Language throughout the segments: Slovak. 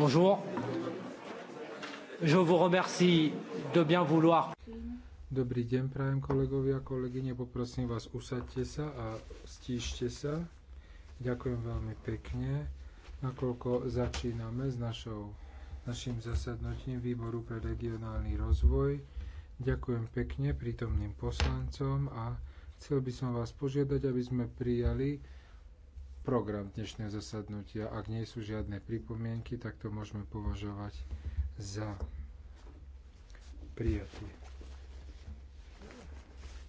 Bonjour. Je vous remercie de bien vouloir. Dobrý deň, prajem kolegovia, kolegyne, poprosím vás, usadte sa a stíšte sa. Ďakujem veľmi pekne, nakoľko začíname s našou, našim zasadnutím Výboru pre regionálny rozvoj. Ďakujem pekne prítomným poslancom a chcel by som vás požiadať, aby sme prijali program dnešného zasadnutia. Ak nie sú žiadne pripomienky, tak to môžeme považovať za prijatý.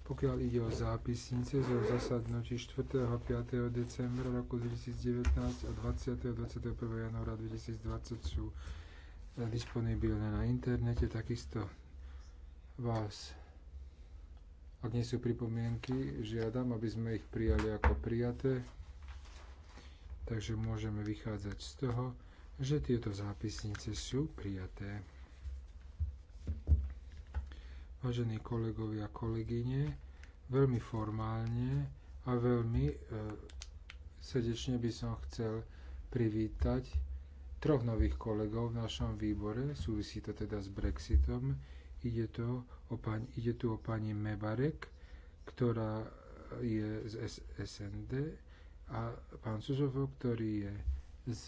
Pokiaľ ide o zápisnice zo zasadnutí 4. a 5. decembra roku 2019 a 20. a 21. januára 2020 sú eh, disponibilné na internete, takisto vás ak nie sú pripomienky, žiadam, aby sme ich prijali ako prijaté takže môžeme vychádzať z toho, že tieto zápisnice sú prijaté. Vážení kolegovia a kolegyne, veľmi formálne a veľmi e, srdečne by som chcel privítať troch nových kolegov v našom výbore. Súvisí to teda s Brexitom. Ide, to o pani, ide tu o pani Mebarek, ktorá e, je z SND a pán Čužovo, ktorý je z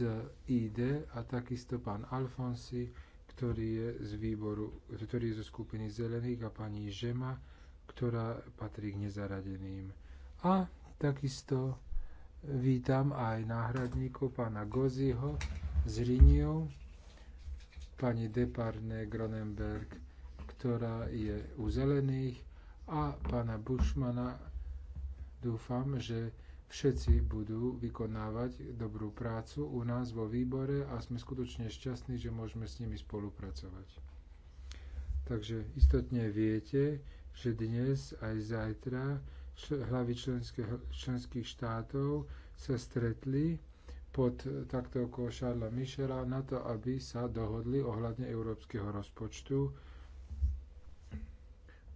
ID a takisto pán Alfonsi, ktorý je z výboru, ktorý je zo skupiny zelených a pani Žema, ktorá patrí k nezaradeným. A takisto vítam aj náhradníkov pána Goziho z Riniou, pani Deparne Gronenberg, ktorá je u zelených a pána Bušmana dúfam, že všetci budú vykonávať dobrú prácu u nás vo výbore a sme skutočne šťastní, že môžeme s nimi spolupracovať. Takže istotne viete, že dnes aj zajtra hlavy členských štátov sa stretli pod taktovkou Šarla Michela na to, aby sa dohodli ohľadne európskeho rozpočtu.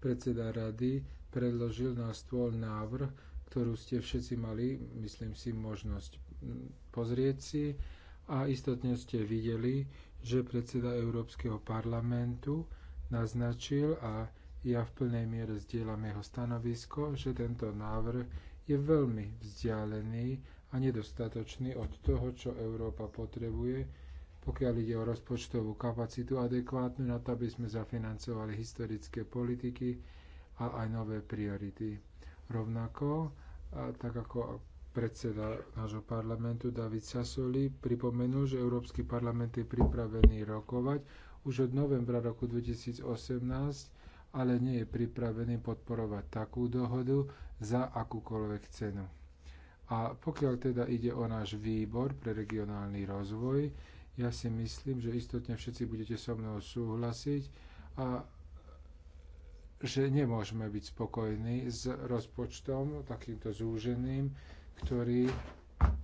Predseda rady predložil na stôl návrh ktorú ste všetci mali, myslím si, možnosť pozrieť si. A istotne ste videli, že predseda Európskeho parlamentu naznačil a ja v plnej miere zdieľam jeho stanovisko, že tento návrh je veľmi vzdialený a nedostatočný od toho, čo Európa potrebuje, pokiaľ ide o rozpočtovú kapacitu adekvátnu na to, aby sme zafinancovali historické politiky a aj nové priority. Rovnako, a tak ako predseda nášho parlamentu David Sassoli pripomenul, že Európsky parlament je pripravený rokovať už od novembra roku 2018, ale nie je pripravený podporovať takú dohodu za akúkoľvek cenu. A pokiaľ teda ide o náš výbor pre regionálny rozvoj, ja si myslím, že istotne všetci budete so mnou súhlasiť a že nemôžeme byť spokojní s rozpočtom takýmto zúženým, ktorý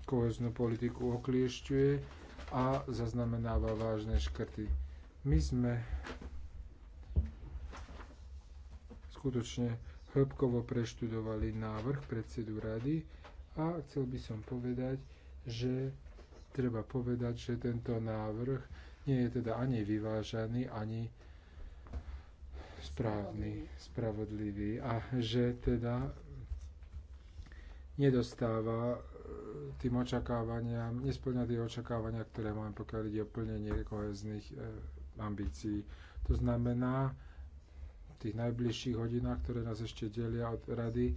koheznú politiku okliešťuje a zaznamenáva vážne škrty. My sme skutočne hĺbkovo preštudovali návrh predsedu rady a chcel by som povedať, že treba povedať, že tento návrh nie je teda ani vyvážaný, ani správny, spravodlivý a že teda nedostáva e, tým očakávaniam, nesplňa tie očakávania, ktoré máme, pokiaľ ide o plnenie kohezných e, ambícií. To znamená, v tých najbližších hodinách, ktoré nás ešte delia od rady, e,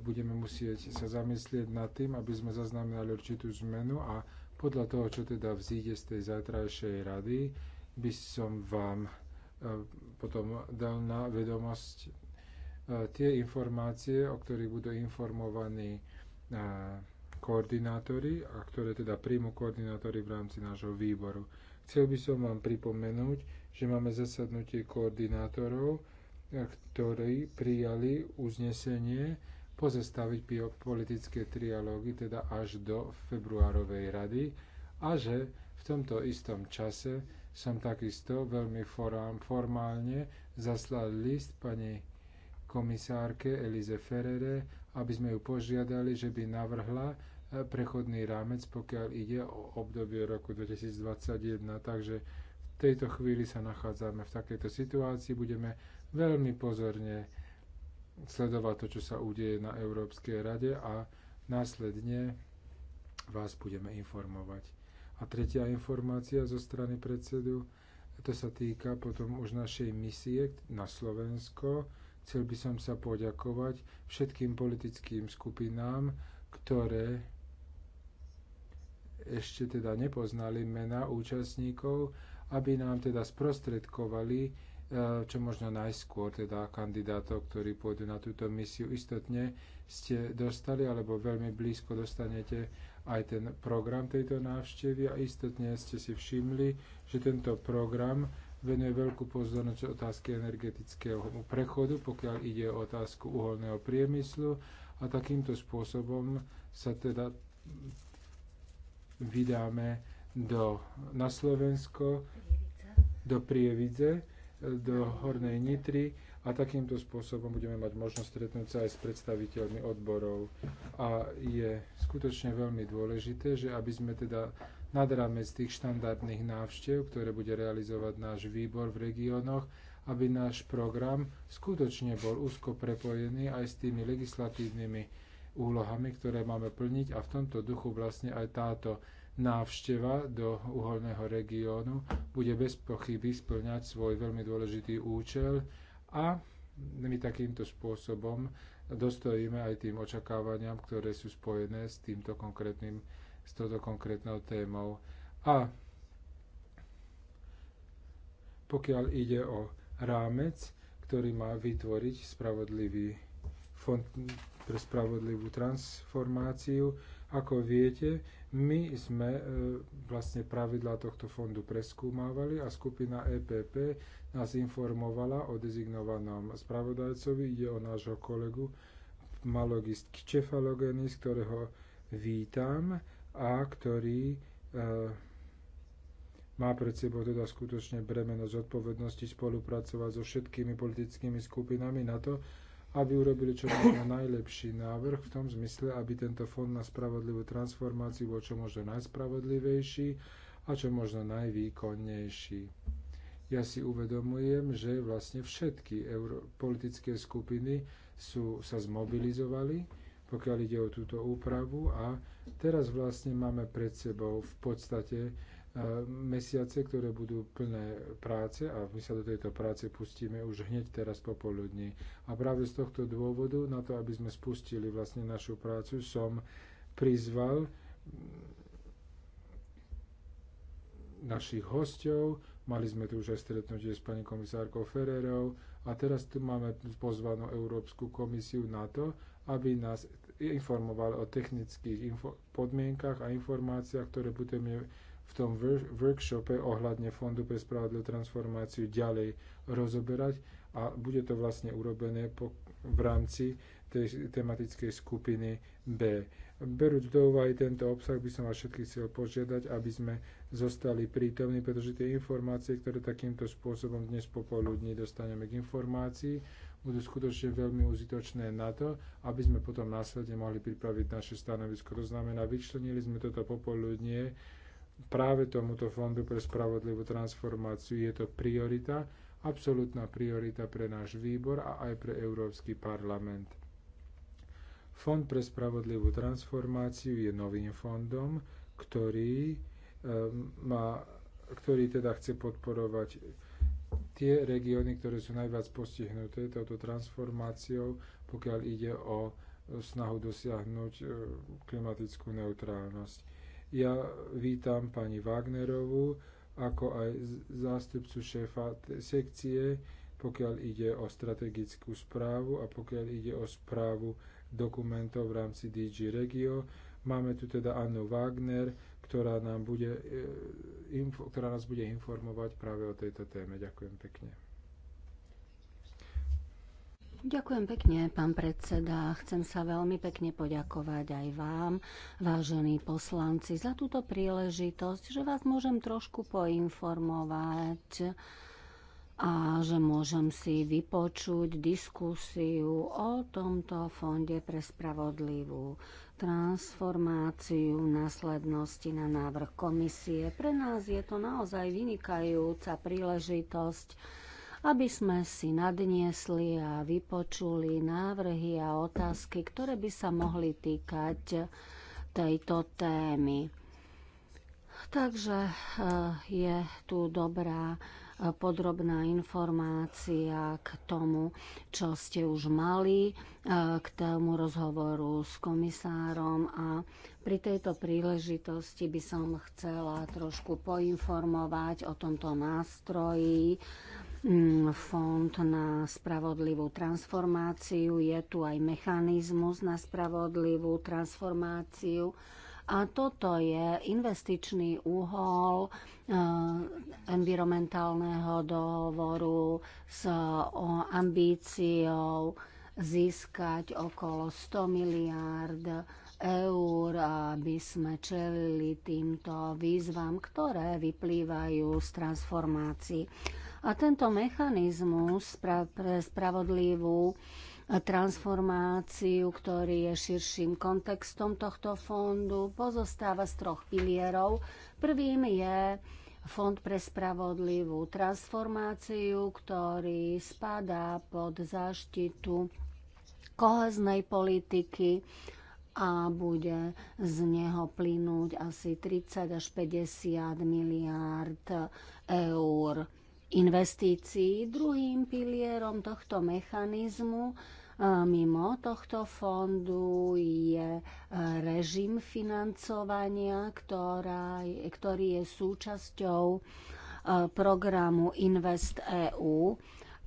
budeme musieť sa zamyslieť nad tým, aby sme zaznamenali určitú zmenu a podľa toho, čo teda vzíde z tej zajtrajšej rady, by som vám e, potom dal na vedomosť e, tie informácie, o ktorých budú informovaní e, koordinátori a ktoré teda príjmu koordinátori v rámci nášho výboru. Chcel by som vám pripomenúť, že máme zasadnutie koordinátorov, e, ktorí prijali uznesenie pozastaviť politické trialógy, teda až do februárovej rady a že v tomto istom čase som takisto veľmi forám, formálne zaslal list pani komisárke Elize Ferrere, aby sme ju požiadali, že by navrhla eh, prechodný rámec, pokiaľ ide o obdobie roku 2021. Takže v tejto chvíli sa nachádzame v takejto situácii. Budeme veľmi pozorne sledovať to, čo sa udeje na Európskej rade a následne vás budeme informovať. A tretia informácia zo strany predsedu, to sa týka potom už našej misie na Slovensko. Chcel by som sa poďakovať všetkým politickým skupinám, ktoré ešte teda nepoznali mena účastníkov, aby nám teda sprostredkovali e, čo možno najskôr teda kandidátov, ktorí pôjdu na túto misiu. Istotne ste dostali alebo veľmi blízko dostanete aj ten program tejto návštevy a istotne ste si všimli, že tento program venuje veľkú pozornosť otázky energetického prechodu, pokiaľ ide o otázku uholného priemyslu a takýmto spôsobom sa teda vydáme do, na Slovensko, do Prievidze, do Hornej Nitry, a takýmto spôsobom budeme mať možnosť stretnúť sa aj s predstaviteľmi odborov. A je skutočne veľmi dôležité, že aby sme teda nad rámec tých štandardných návštev, ktoré bude realizovať náš výbor v regiónoch, aby náš program skutočne bol úzko prepojený aj s tými legislatívnymi úlohami, ktoré máme plniť a v tomto duchu vlastne aj táto návšteva do uholného regiónu bude bez pochyby splňať svoj veľmi dôležitý účel, a my takýmto spôsobom dostojíme aj tým očakávaniam, ktoré sú spojené s týmto konkrétnym, s touto konkrétnou témou. A pokiaľ ide o rámec, ktorý má vytvoriť spravodlivý fond pre spravodlivú transformáciu, ako viete, my sme e, vlastne pravidla tohto fondu preskúmávali a skupina EPP nás informovala o dezignovanom spravodajcovi, ide o nášho kolegu, malogist Kčefalogenis, ktorého vítam a ktorý e, má pred sebou teda skutočne bremeno zodpovednosti spolupracovať so všetkými politickými skupinami na to, aby urobili čo možno najlepší návrh v tom zmysle, aby tento fond na spravodlivú transformáciu bol čo možno najspravodlivejší a čo možno najvýkonnejší. Ja si uvedomujem, že vlastne všetky euro- politické skupiny sú, sa zmobilizovali, pokiaľ ide o túto úpravu a teraz vlastne máme pred sebou v podstate mesiace, ktoré budú plné práce a my sa do tejto práce pustíme už hneď teraz popoludní. A práve z tohto dôvodu, na to, aby sme spustili vlastne našu prácu, som prizval našich hostov, mali sme tu už aj stretnutie s pani komisárkou Ferrerou a teraz tu máme pozvanú Európsku komisiu na to, aby nás informovali o technických info- podmienkach a informáciách, ktoré budeme v tom workshope ohľadne Fondu pre spravodlivú transformáciu ďalej rozoberať a bude to vlastne urobené po, v rámci tej tematickej skupiny B. Berúc do úvahy tento obsah, by som vás všetkých chcel požiadať, aby sme zostali prítomní, pretože tie informácie, ktoré takýmto spôsobom dnes popoludní dostaneme k informácii, budú skutočne veľmi užitočné na to, aby sme potom následne mohli pripraviť naše stanovisko. To znamená, vyčlenili sme toto popoludnie práve tomuto Fondu pre spravodlivú transformáciu. Je to priorita, absolútna priorita pre náš výbor a aj pre Európsky parlament. Fond pre spravodlivú transformáciu je novým fondom, ktorý, ehm, má, ktorý teda chce podporovať tie regióny, ktoré sú najviac postihnuté touto transformáciou, pokiaľ ide o snahu dosiahnuť ehm, klimatickú neutrálnosť. Ja vítam pani Wagnerovú, ako aj zástupcu šéfa sekcie, pokiaľ ide o strategickú správu a pokiaľ ide o správu dokumentov v rámci DG Regio. Máme tu teda Annu Wagner, ktorá, nám bude, e, ktorá nás bude informovať práve o tejto téme. Ďakujem pekne. Ďakujem pekne, pán predseda. Chcem sa veľmi pekne poďakovať aj vám, vážení poslanci, za túto príležitosť, že vás môžem trošku poinformovať a že môžem si vypočuť diskusiu o tomto fonde pre spravodlivú transformáciu následnosti na návrh komisie. Pre nás je to naozaj vynikajúca príležitosť aby sme si nadniesli a vypočuli návrhy a otázky, ktoré by sa mohli týkať tejto témy. Takže eh, je tu dobrá eh, podrobná informácia k tomu, čo ste už mali, eh, k tomu rozhovoru s komisárom a pri tejto príležitosti by som chcela trošku poinformovať o tomto nástroji Mm, fond na spravodlivú transformáciu, je tu aj mechanizmus na spravodlivú transformáciu. A toto je investičný úhol eh, environmentálneho dohovoru s ambíciou získať okolo 100 miliárd eur, aby sme čelili týmto výzvam, ktoré vyplývajú z transformácií. A tento mechanizmus pre spravodlivú transformáciu, ktorý je širším kontextom tohto fondu, pozostáva z troch pilierov. Prvým je Fond pre spravodlivú transformáciu, ktorý spadá pod záštitu koheznej politiky a bude z neho plynúť asi 30 až 50 miliárd eur investícií. Druhým pilierom tohto mechanizmu e, Mimo tohto fondu je e, režim financovania, ktorá, ktorý je súčasťou e, programu Invest EU.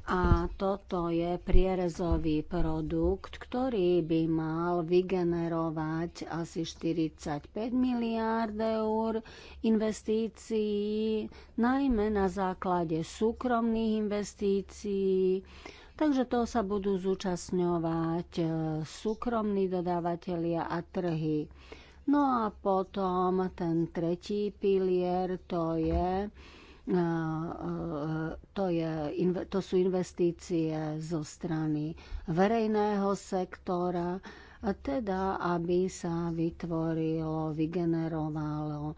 A toto je prierezový produkt, ktorý by mal vygenerovať asi 45 miliárd eur investícií, najmä na základe súkromných investícií. Takže to sa budú zúčastňovať e, súkromní dodávateľia a trhy. No a potom ten tretí pilier to je to, je, to sú investície zo strany verejného sektora, teda aby sa vytvorilo, vygenerovalo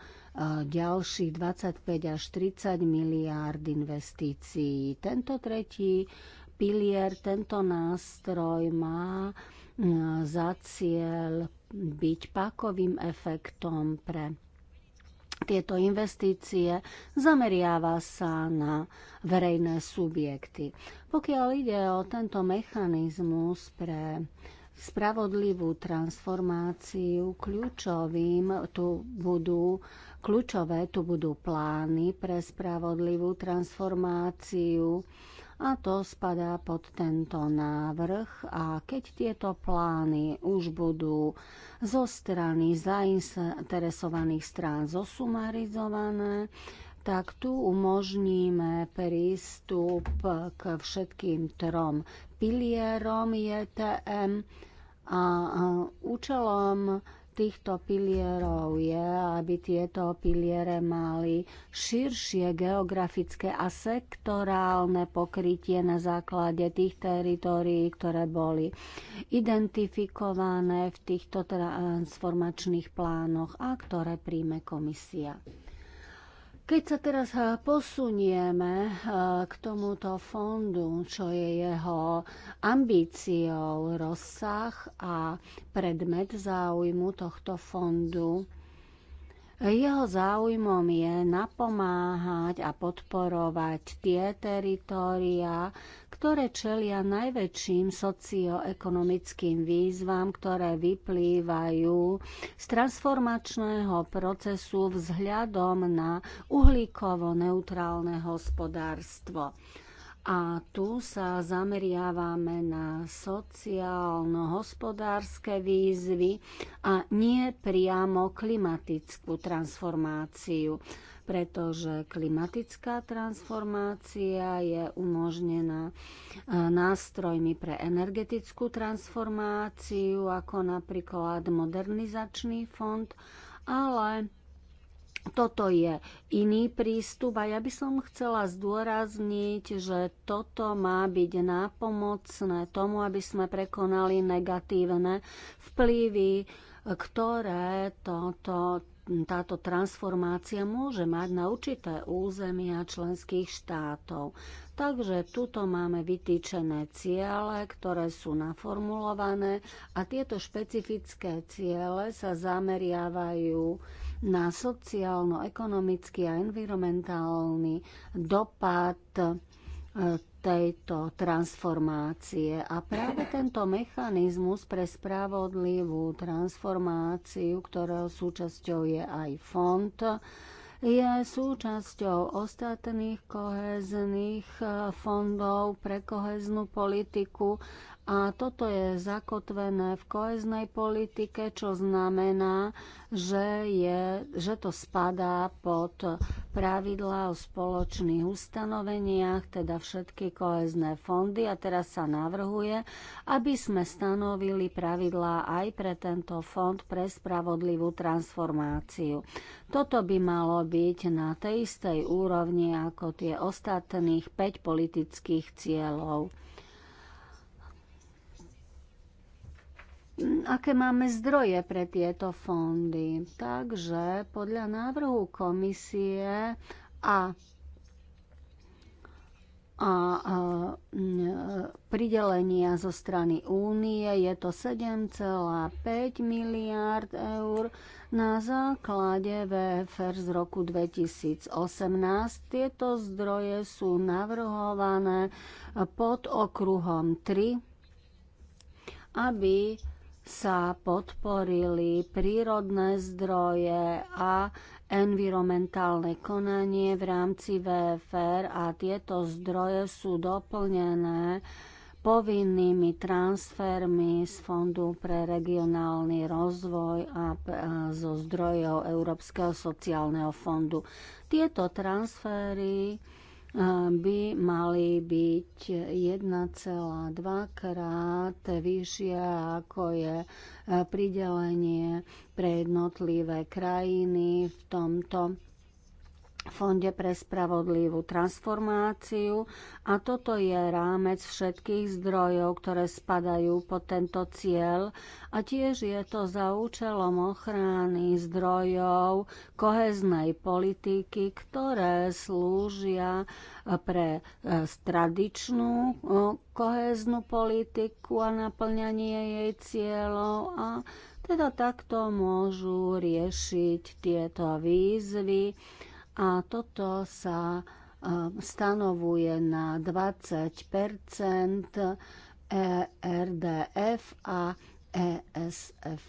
ďalších 25 až 30 miliárd investícií. Tento tretí pilier, tento nástroj má za cieľ byť pákovým efektom pre tieto investície, zameriava sa na verejné subjekty. Pokiaľ ide o tento mechanizmus pre spravodlivú transformáciu kľúčovým tu budú kľúčové tu budú plány pre spravodlivú transformáciu a to spadá pod tento návrh a keď tieto plány už budú zo strany zainteresovaných strán zosumarizované, tak tu umožníme prístup k všetkým trom pilierom JTM a účelom týchto pilierov je, aby tieto piliere mali širšie geografické a sektorálne pokrytie na základe tých teritórií, ktoré boli identifikované v týchto transformačných plánoch a ktoré príjme komisia. Keď sa teraz eh, posunieme eh, k tomuto fondu, čo je jeho ambíciou, rozsah a predmet záujmu tohto fondu, jeho záujmom je napomáhať a podporovať tie teritória, ktoré čelia najväčším socioekonomickým výzvam, ktoré vyplývajú z transformačného procesu vzhľadom na uhlíkovo-neutrálne hospodárstvo. A tu sa zameriavame na sociálno-hospodárske výzvy a nie priamo klimatickú transformáciu pretože klimatická transformácia je umožnená e, nástrojmi pre energetickú transformáciu, ako napríklad modernizačný fond, ale toto je iný prístup a ja by som chcela zdôrazniť, že toto má byť nápomocné tomu, aby sme prekonali negatívne vplyvy, ktoré toto, táto transformácia môže mať na určité územia členských štátov. Takže tuto máme vytýčené ciele, ktoré sú naformulované a tieto špecifické ciele sa zameriavajú na sociálno-ekonomický a environmentálny dopad e, tejto transformácie. A práve tento mechanizmus pre spravodlivú transformáciu, ktorého súčasťou je aj fond, je súčasťou ostatných kohezných fondov pre koheznú politiku a toto je zakotvené v koheznej politike, čo znamená, že, je, že to spadá pod pravidlá o spoločných ustanoveniach, teda všetky koezné fondy. A teraz sa navrhuje, aby sme stanovili pravidlá aj pre tento fond pre spravodlivú transformáciu. Toto by malo byť na tej istej úrovni ako tie ostatných 5 politických cieľov. aké máme zdroje pre tieto fondy. Takže podľa návrhu komisie a a, a pridelenia zo strany únie je to 7,5 miliard eur na základe VFR z roku 2018. Tieto zdroje sú navrhované pod okruhom 3, aby sa podporili prírodné zdroje a environmentálne konanie v rámci VFR a tieto zdroje sú doplnené povinnými transfermi z Fondu pre regionálny rozvoj a zo zdrojov Európskeho sociálneho fondu. Tieto transfery by mali byť 1,2 krát vyššie, ako je e, pridelenie pre jednotlivé krajiny v tomto Fonde pre spravodlivú transformáciu a toto je rámec všetkých zdrojov, ktoré spadajú pod tento cieľ a tiež je to za účelom ochrany zdrojov koheznej politiky, ktoré slúžia eh, pre eh, tradičnú eh, koheznú politiku a naplňanie jej cieľov a teda takto môžu riešiť tieto výzvy a toto sa eh, stanovuje na 20 ERDF a ESF+,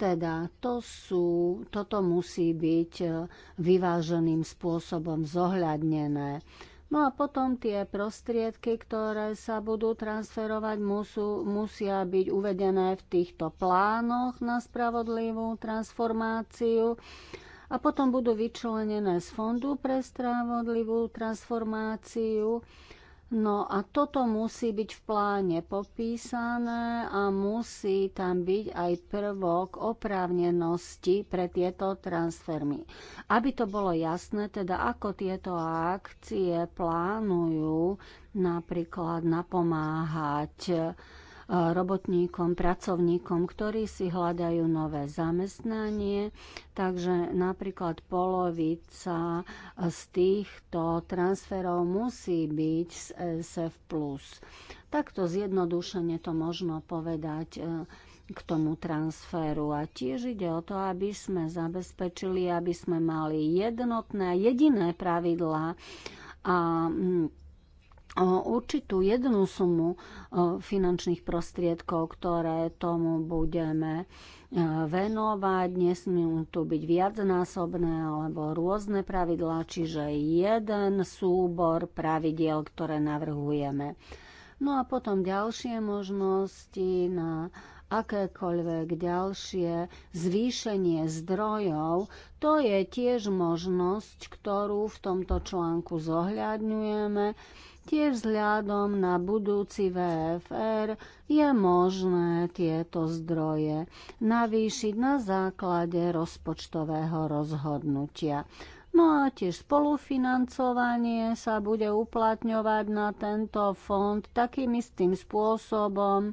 teda to sú, toto musí byť eh, vyváženým spôsobom zohľadnené. No a potom tie prostriedky, ktoré sa budú transferovať, musú, musia byť uvedené v týchto plánoch na spravodlivú transformáciu a potom budú vyčlenené z Fondu pre strávodlivú transformáciu. No a toto musí byť v pláne popísané a musí tam byť aj prvok oprávnenosti pre tieto transfermy. Aby to bolo jasné, teda ako tieto akcie plánujú napríklad napomáhať robotníkom, pracovníkom, ktorí si hľadajú nové zamestnanie. Takže napríklad polovica z týchto transferov musí byť z ESF+. Takto zjednodušene to možno povedať e, k tomu transferu. A tiež ide o to, aby sme zabezpečili, aby sme mali jednotné, jediné pravidlá a mm, určitú jednu sumu finančných prostriedkov, ktoré tomu budeme e, venovať. Nesmú tu byť viacnásobné alebo rôzne pravidlá, čiže jeden súbor pravidiel, ktoré navrhujeme. No a potom ďalšie možnosti na akékoľvek ďalšie zvýšenie zdrojov, to je tiež možnosť, ktorú v tomto článku zohľadňujeme Tie vzhľadom na budúci VFR je možné tieto zdroje navýšiť na základe rozpočtového rozhodnutia. No a tiež spolufinancovanie sa bude uplatňovať na tento fond takým istým spôsobom,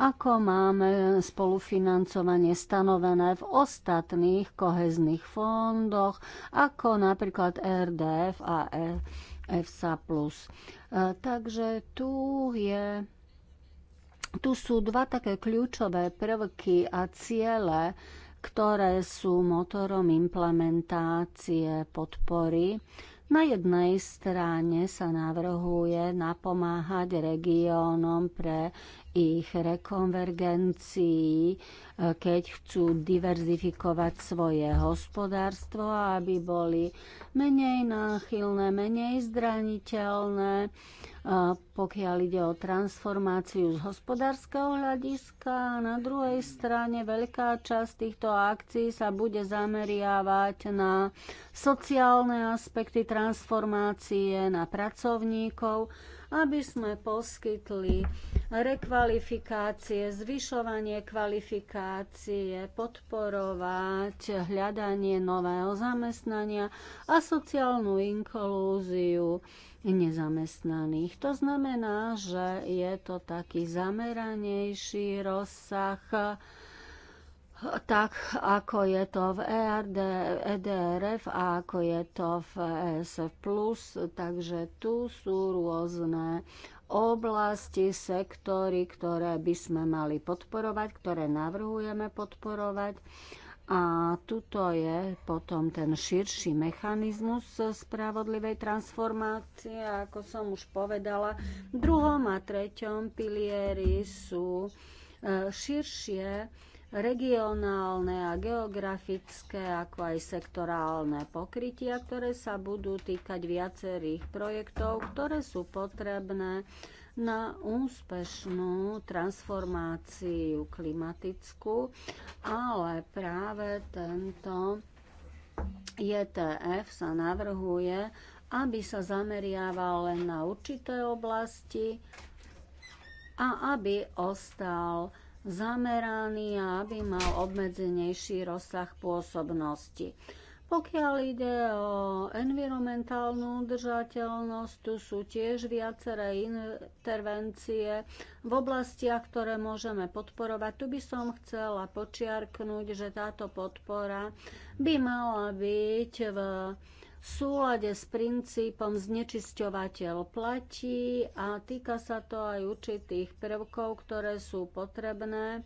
ako máme spolufinancovanie stanovené v ostatných kohezných fondoch, ako napríklad RDF a e. EFSA+. E, takže tu je tu sú dva také kľúčové prvky a ciele, ktoré sú motorom implementácie podpory na jednej strane sa navrhuje napomáhať regiónom pre ich rekonvergencii, e, keď chcú diverzifikovať svoje hospodárstvo, aby boli menej náchylné, menej zraniteľné pokiaľ ide o transformáciu z hospodárskeho hľadiska. Na druhej strane veľká časť týchto akcií sa bude zameriavať na sociálne aspekty transformácie, na pracovníkov, aby sme poskytli rekvalifikácie, zvyšovanie kvalifikácie, podporovať hľadanie nového zamestnania a sociálnu inkolúziu nezamestnaných. To znamená, že je to taký zameranejší rozsah tak ako je to v ERD, EDRF a ako je to v ESF+, takže tu sú rôzne oblasti, sektory, ktoré by sme mali podporovať, ktoré navrhujeme podporovať. A tuto je potom ten širší mechanizmus spravodlivej transformácie. Ako som už povedala, v druhom a treťom pilieri sú e, širšie regionálne a geografické, ako aj sektorálne pokrytia, ktoré sa budú týkať viacerých projektov, ktoré sú potrebné na úspešnú transformáciu klimatickú, ale práve tento ETF sa navrhuje, aby sa zameriaval len na určité oblasti a aby ostal zameraný a aby mal obmedzenejší rozsah pôsobnosti. Pokiaľ ide o environmentálnu udržateľnosť, tu sú tiež viaceré intervencie v oblastiach, ktoré môžeme podporovať. Tu by som chcela počiarknúť, že táto podpora by mala byť v v súlade s princípom znečisťovateľ platí a týka sa to aj určitých prvkov, ktoré sú potrebné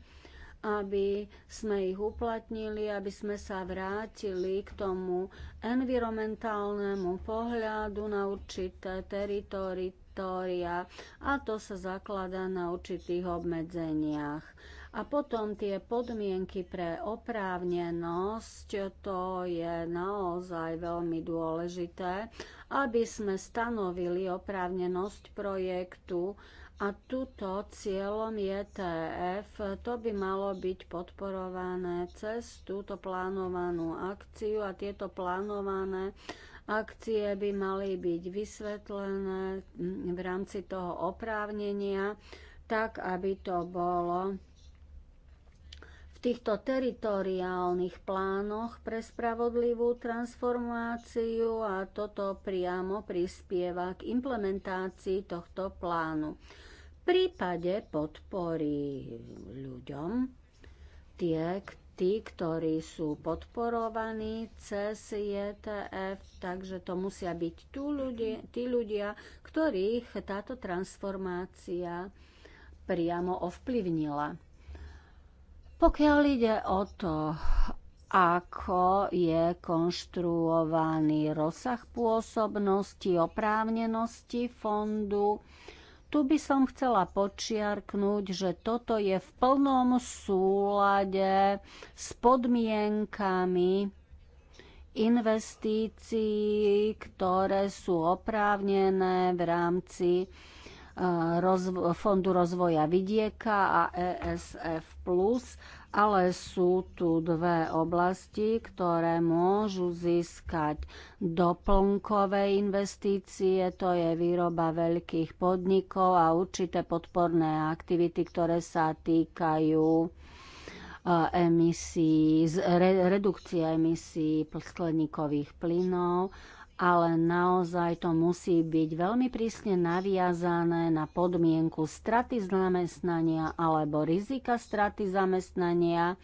aby sme ich uplatnili, aby sme sa vrátili k tomu environmentálnemu pohľadu na určité teritória a to sa zaklada na určitých obmedzeniach. A potom tie podmienky pre oprávnenosť, to je naozaj veľmi dôležité, aby sme stanovili oprávnenosť projektu a tuto cieľom ETF, e to by malo byť podporované cez túto plánovanú akciu a tieto plánované akcie by mali byť vysvetlené v rámci toho oprávnenia, tak aby to bolo týchto teritoriálnych plánoch pre spravodlivú transformáciu a toto priamo prispieva k implementácii tohto plánu. V prípade podpory ľuďom, tie, tí, ktorí sú podporovaní cez JTF, e takže to musia byť tu ľudia, tí ľudia, ktorých táto transformácia priamo ovplyvnila. Pokiaľ ide o to, ako je konštruovaný rozsah pôsobnosti, oprávnenosti fondu, tu by som chcela počiarknúť, že toto je v plnom súlade s podmienkami investícií, ktoré sú oprávnené v rámci Fondu rozvoja vidieka a ESF+, ale sú tu dve oblasti, ktoré môžu získať doplnkové investície, to je výroba veľkých podnikov a určité podporné aktivity, ktoré sa týkajú e, emisí, redukcie emisí skleníkových plynov ale naozaj to musí byť veľmi prísne naviazané na podmienku straty zamestnania alebo rizika straty zamestnania.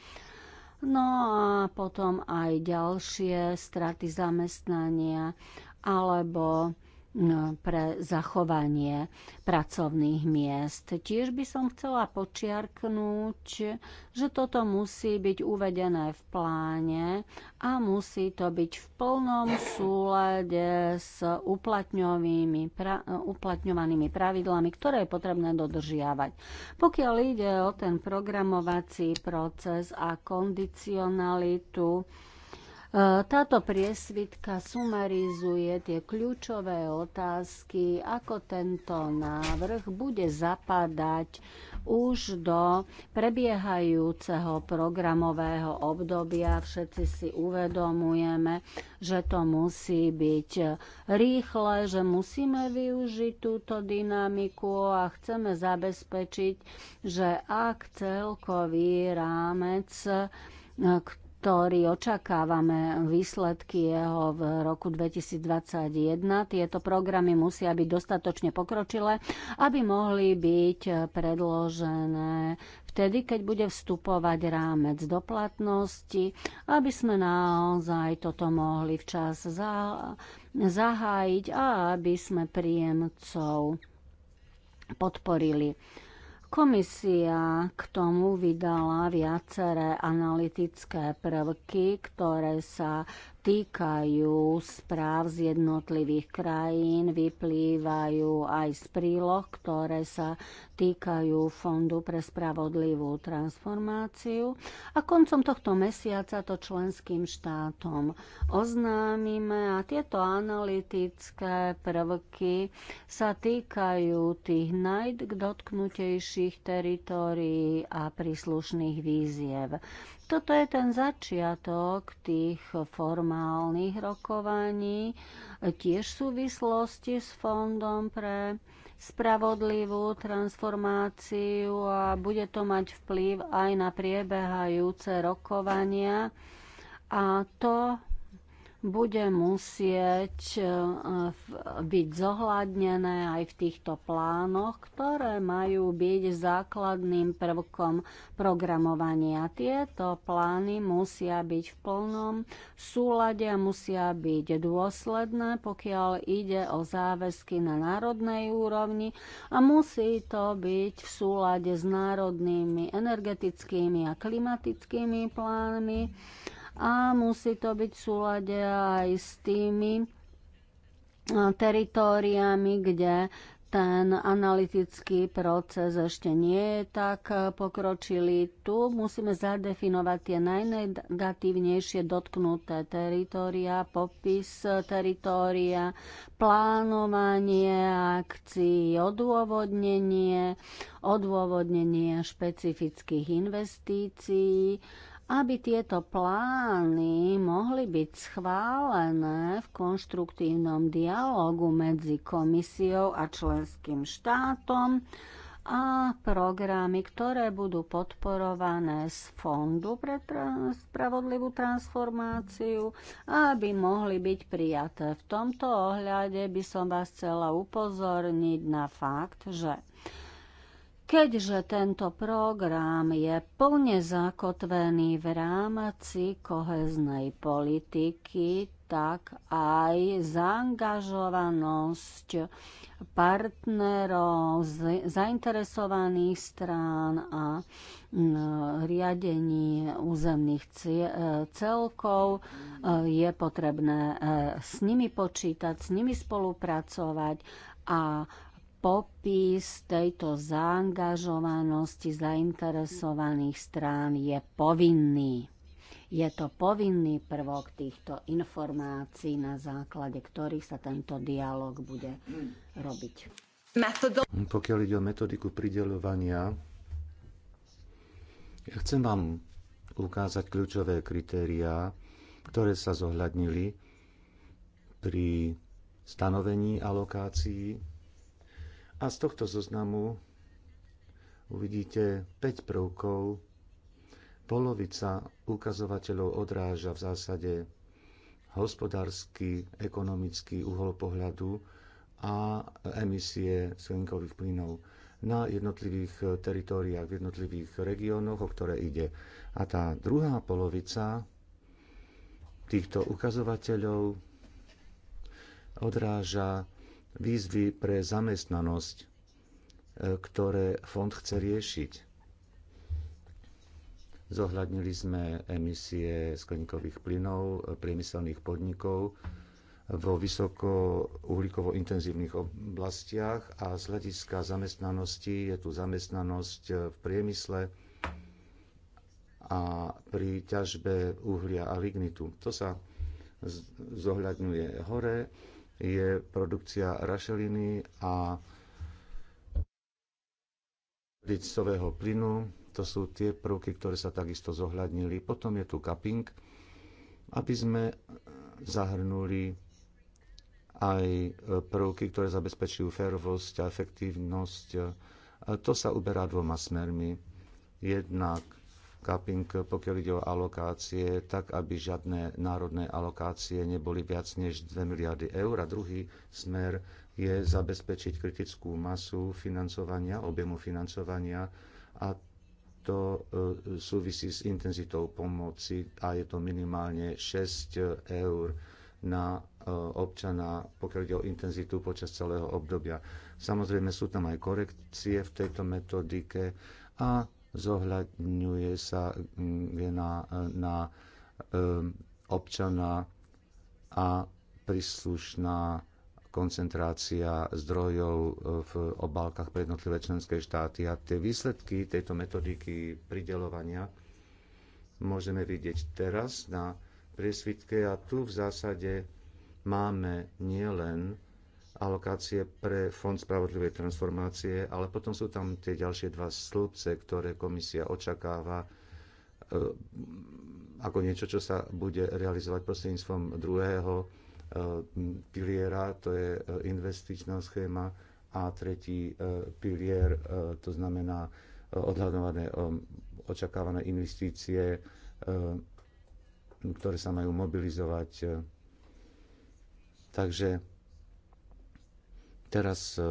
No a potom aj ďalšie straty zamestnania alebo No, pre zachovanie pracovných miest. Tiež by som chcela počiarknúť, že toto musí byť uvedené v pláne a musí to byť v plnom súlade s pra, uplatňovanými pravidlami, ktoré je potrebné dodržiavať. Pokiaľ ide o ten programovací proces a kondicionalitu, E, táto priesvitka sumarizuje tie kľúčové otázky, ako tento návrh bude zapadať už do prebiehajúceho programového obdobia. Všetci si uvedomujeme, že to musí byť rýchle, že musíme využiť túto dynamiku a chceme zabezpečiť, že ak celkový rámec, e, ktorý očakávame výsledky jeho v roku 2021. Tieto programy musia byť dostatočne pokročilé, aby mohli byť predložené vtedy, keď bude vstupovať rámec do platnosti, aby sme naozaj toto mohli včas zahájiť a aby sme príjemcov podporili. Komisia k tomu vydala viaceré analytické prvky, ktoré sa týkajú správ z jednotlivých krajín, vyplývajú aj z príloh, ktoré sa týkajú Fondu pre spravodlivú transformáciu. A koncom tohto mesiaca to členským štátom oznámime a tieto analytické prvky sa týkajú tých najdotknutejších teritórií a príslušných výziev. Toto je ten začiatok tých formálnych rokovaní, tiež v súvislosti s Fondom pre spravodlivú transformáciu a bude to mať vplyv aj na priebehajúce rokovania. A to bude musieť e, byť zohľadnené aj v týchto plánoch, ktoré majú byť základným prvkom programovania. Tieto plány musia byť v plnom súlade a musia byť dôsledné, pokiaľ ide o záväzky na národnej úrovni a musí to byť v súlade s národnými energetickými a klimatickými plánmi a musí to byť v súlade aj s tými e, teritóriami, kde ten analytický proces ešte nie je tak e, pokročilý. Tu musíme zadefinovať tie najnegatívnejšie dotknuté teritória, popis e, teritória, plánovanie akcií, odôvodnenie, odôvodnenie špecifických investícií aby tieto plány mohli byť schválené v konštruktívnom dialogu medzi komisiou a členským štátom a programy, ktoré budú podporované z Fondu pre trans- spravodlivú transformáciu, aby mohli byť prijaté. V tomto ohľade by som vás chcela upozorniť na fakt, že keďže tento program je plne zakotvený v rámci koheznej politiky, tak aj zaangažovanosť partnerov, zainteresovaných strán a riadení územných e, celkov. E, je potrebné e, s nimi počítať, s nimi spolupracovať a popis tejto zaangažovanosti zainteresovaných strán je povinný. Je to povinný prvok týchto informácií, na základe ktorých sa tento dialog bude robiť. Pokiaľ ide o metodiku prideľovania, ja chcem vám ukázať kľúčové kritériá, ktoré sa zohľadnili pri stanovení alokácií a z tohto zoznamu uvidíte 5 prvkov. Polovica ukazovateľov odráža v zásade hospodársky, ekonomický uhol pohľadu a emisie slinkových plynov na jednotlivých teritóriách, v jednotlivých regiónoch, o ktoré ide. A tá druhá polovica týchto ukazovateľov odráža výzvy pre zamestnanosť, e, ktoré fond chce riešiť. Zohľadnili sme emisie skleníkových plynov, e, priemyselných podnikov vo vysoko uhlíkovo intenzívnych oblastiach a z hľadiska zamestnanosti je tu zamestnanosť e, v priemysle a pri ťažbe uhlia a lignitu. To sa zohľadňuje hore je produkcia rašeliny a licového plynu. To sú tie prvky, ktoré sa takisto zohľadnili. Potom je tu cupping, aby sme zahrnuli aj prvky, ktoré zabezpečujú férovosť a efektívnosť. To sa uberá dvoma smermi. Jednak capping, pokiaľ ide o alokácie, tak aby žiadne národné alokácie neboli viac než 2 miliardy eur. A druhý smer je zabezpečiť kritickú masu financovania, objemu financovania a to e, súvisí s intenzitou pomoci a je to minimálne 6 eur na e, občana, pokiaľ ide o intenzitu počas celého obdobia. Samozrejme sú tam aj korekcie v tejto metodike a zohľadňuje sa mm, na, na ehm, občana a príslušná koncentrácia zdrojov e, v obálkach pre jednotlivé členské štáty a tie výsledky tejto metodiky pridelovania môžeme vidieť teraz na priesvitke a tu v zásade máme nielen alokácie pre Fond spravodlivej transformácie, ale potom sú tam tie ďalšie dva slupce, ktoré komisia očakáva e, ako niečo, čo sa bude realizovať prostredníctvom druhého e, piliera, to je e, investičná schéma a tretí pilier, to znamená odhadované očakávané investície, ktoré sa majú mobilizovať. Takže Teraz e, e,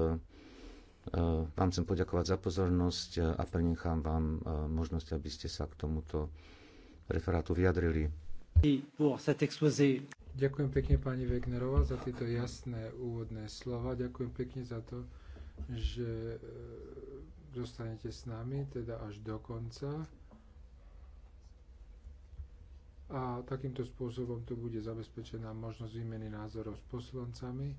vám chcem poďakovať za pozornosť e, a prenechám vám možnosť, aby ste sa k tomuto referátu vyjadrili. Ďakujem pekne pani Wegnerová za tieto jasné úvodné slova. Ďakujem pekne za to, že zostanete s nami, teda až do konca. A takýmto spôsobom tu bude zabezpečená možnosť výmeny názorov s poslancami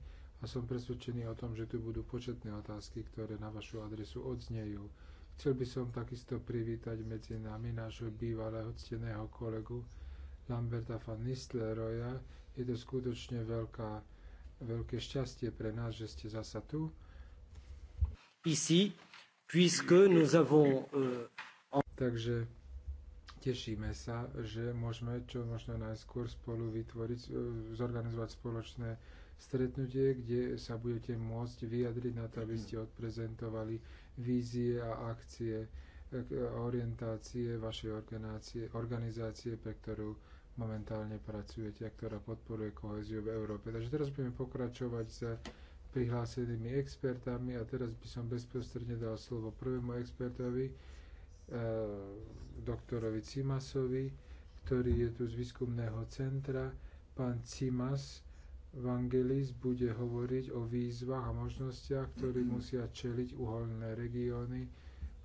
a som presvedčený o tom, že tu budú početné otázky, ktoré na vašu adresu odznejú. Chcel by som takisto privítať medzi nami nášho bývalého cteného kolegu Lamberta van Nistleroja. Je to skutočne veľká, veľké šťastie pre nás, že ste zasa tu. Ici, puisque nous avons, euh, en... Takže tešíme sa, že môžeme čo možno najskôr spolu vytvoriť, zorganizovať spoločné stretnutie, kde sa budete môcť vyjadriť na to, aby ste odprezentovali vízie a akcie, e, e, orientácie vašej organizácie, pre ktorú momentálne pracujete a ktorá podporuje koheziu v Európe. Takže teraz budeme pokračovať s prihlásenými expertami a teraz by som bezprostredne dal slovo prvému expertovi, e, doktorovi Cimasovi, ktorý je tu z výskumného centra. Pán Cimas evangelist bude hovoriť o výzvach a možnostiach, ktoré mhm. musia čeliť uholné regióny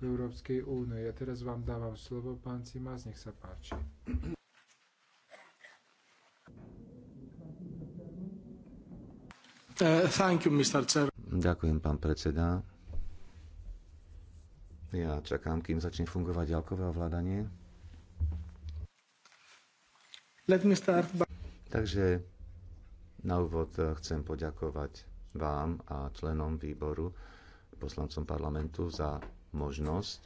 v Európskej únii. Ja teraz vám dávam slovo, pán Cimas, nech sa páči. Uh, thank you, Mr. Chair. Ďakujem, pán predseda. Ja čakám, kým začne fungovať ďalkové ovládanie. Let me start by... Takže na úvod e, chcem poďakovať vám a členom výboru, poslancom parlamentu za možnosť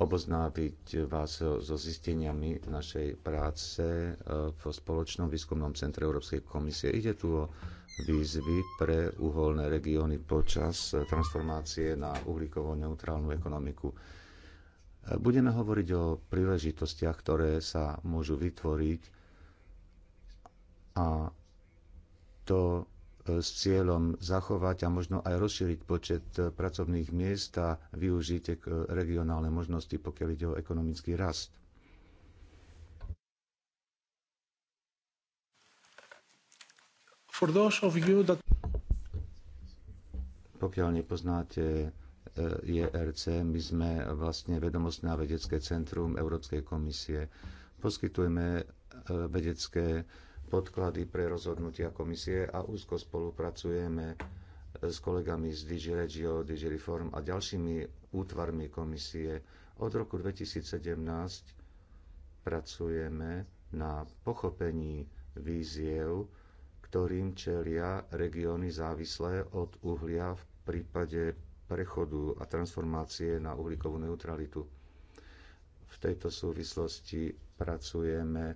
oboznáviť vás so zisteniami našej práce e, v spoločnom výskumnom centre Európskej komisie. Ide tu o výzvy pre uholné regióny počas transformácie na uhlíkovo-neutrálnu ekonomiku. E, budeme hovoriť o príležitostiach, ktoré sa môžu vytvoriť a to e, s cieľom zachovať a možno aj rozšíriť počet e, pracovných miest a využiť e, regionálne možnosti, pokiaľ ide o ekonomický rast. Pokiaľ nepoznáte IRC, my sme vlastne vedomostné a vedecké centrum Európskej komisie. Poskytujeme vedecké podklady pre rozhodnutia komisie a úzko spolupracujeme s kolegami z DigiRegio, DigiReform a ďalšími útvarmi komisie. Od roku 2017 pracujeme na pochopení víziev, ktorým čelia regióny závislé od uhlia v prípade prechodu a transformácie na uhlíkovú neutralitu. V tejto súvislosti pracujeme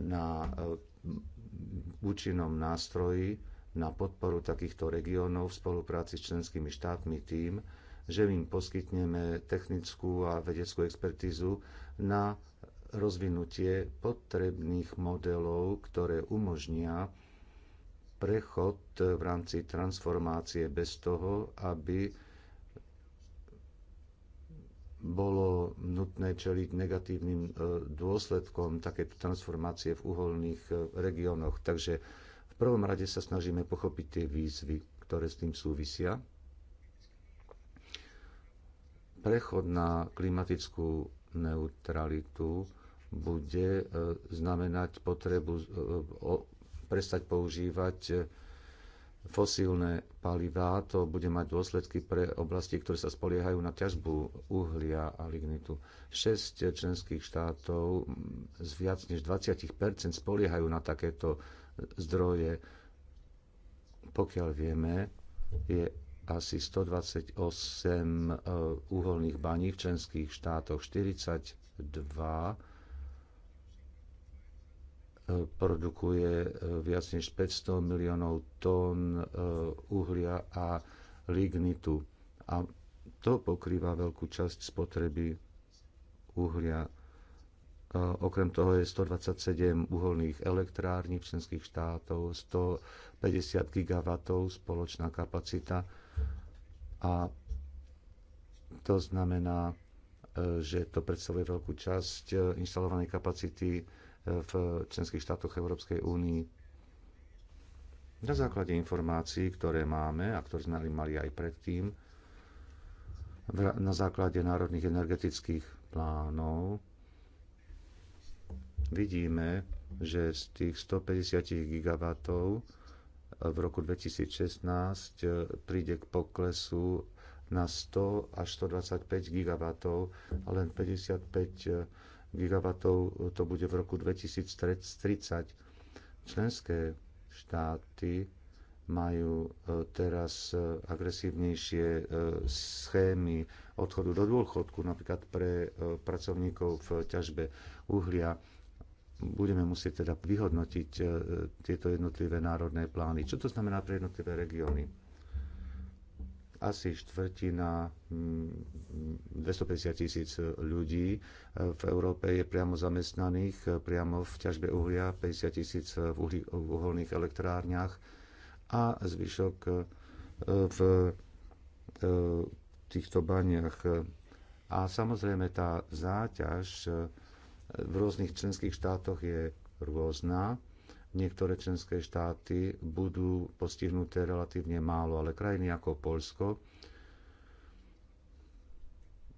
na účinnom nástroji na podporu takýchto regiónov v spolupráci s členskými štátmi tým, že im poskytneme technickú a vedeckú expertízu na rozvinutie potrebných modelov, ktoré umožnia prechod v rámci transformácie bez toho, aby bolo nutné čeliť negatívnym e, dôsledkom takéto transformácie v uholných e, regiónoch. Takže v prvom rade sa snažíme pochopiť tie výzvy, ktoré s tým súvisia. Prechod na klimatickú neutralitu bude e, znamenať potrebu prestať používať fosílne palivá, to bude mať dôsledky pre oblasti, ktoré sa spoliehajú na ťažbu uhlia a lignitu. 6 členských štátov z viac než 20 spoliehajú na takéto zdroje. Pokiaľ vieme, je asi 128 e, uholných baní v členských štátoch, 42 E, produkuje e, viac než 500 miliónov tón e, uhlia a lignitu. A to pokrýva veľkú časť spotreby uhlia. Okrem toho je 127 uholných elektrární členských štátov, 150 gigawatov spoločná kapacita a to znamená, že to predstavuje veľkú časť inštalovanej kapacity v členských štátoch Európskej únii. Na základe informácií, ktoré máme a ktoré sme mali aj predtým, na základe národných energetických plánov vidíme, že z tých 150 GW v roku 2016 eh, príde k poklesu na 100 až 125 GW, len 55 gigawatov, to bude v roku 2030. Členské štáty majú e, teraz e, agresívnejšie e, schémy odchodu do dôchodku, napríklad pre pracovníkov v ťažbe uhlia. Budeme musieť teda vyhodnotiť tieto jednotlivé národné plány. Čo to znamená pre jednotlivé regióny? asi štvrtina 250 mm, tisíc ľudí e, v Európe je priamo zamestnaných, e, priamo v ťažbe uhlia, 50 tisíc v, uhli, v uholných elektrárniach a zvyšok e, v týchto baniach. A samozrejme tá záťaž v rôznych členských štátoch je rôzna Niektoré členské štáty budú postihnuté relatívne málo, ale krajiny ako Polsko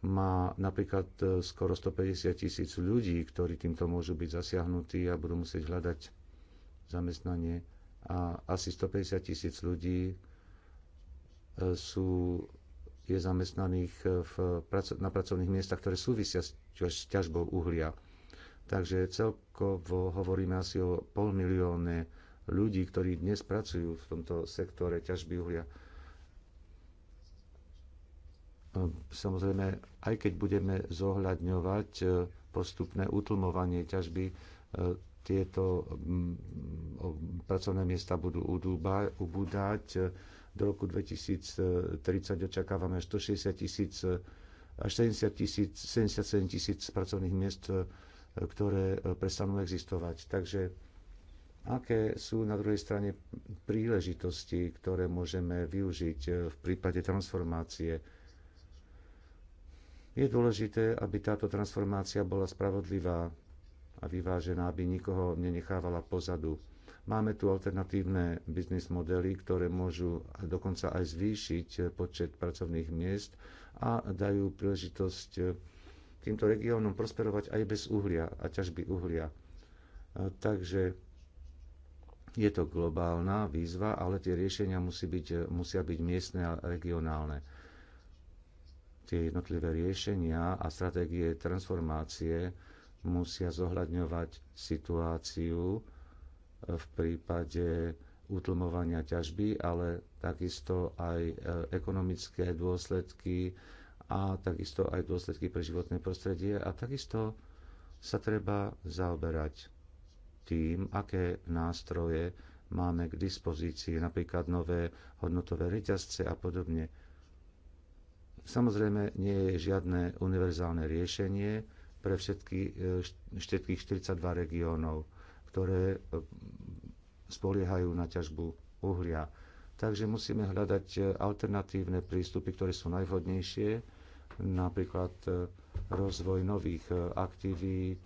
má napríklad e, skoro 150 tisíc ľudí, ktorí týmto môžu byť zasiahnutí a budú musieť hľadať zamestnanie. A asi 150 tisíc ľudí e, sú, je zamestnaných e, v, na pracovných miestach, ktoré súvisia s ťažbou uhlia. Takže celkovo hovoríme asi o pol milióne ľudí, ktorí dnes pracujú v tomto sektore ťažby uhlia. No, samozrejme, aj keď budeme zohľadňovať e, postupné utlmovanie ťažby, e, tieto mm, pracovné miesta budú ubúdať. E, do roku 2030 očakávame 160 tisíc až 70 tisíc, 77 tisíc pracovných miest ktoré e, prestanú existovať. Takže aké sú na druhej strane príležitosti, ktoré môžeme využiť e, v prípade transformácie? Je dôležité, aby táto transformácia bola spravodlivá a vyvážená, aby nikoho nenechávala pozadu. Máme tu alternatívne biznis modely, ktoré môžu dokonca aj zvýšiť e, počet pracovných miest a dajú príležitosť týmto regiónom prosperovať aj bez uhlia a ťažby uhlia. E, takže je to globálna výzva, ale tie riešenia musí byť, musia byť miestne a regionálne. Tie jednotlivé riešenia a stratégie transformácie musia zohľadňovať situáciu e, v prípade utlmovania ťažby, ale takisto aj e, ekonomické dôsledky, a takisto aj dôsledky pre životné prostredie a takisto sa treba zaoberať tým, aké nástroje máme k dispozícii, napríklad nové hodnotové reťazce a podobne. Samozrejme, nie je žiadne univerzálne riešenie pre všetky, eh, všetkých 42 regiónov, ktoré eh, spoliehajú na ťažbu uhlia. Takže musíme hľadať eh, alternatívne prístupy, ktoré sú najvhodnejšie napríklad e, rozvoj nových e, aktivít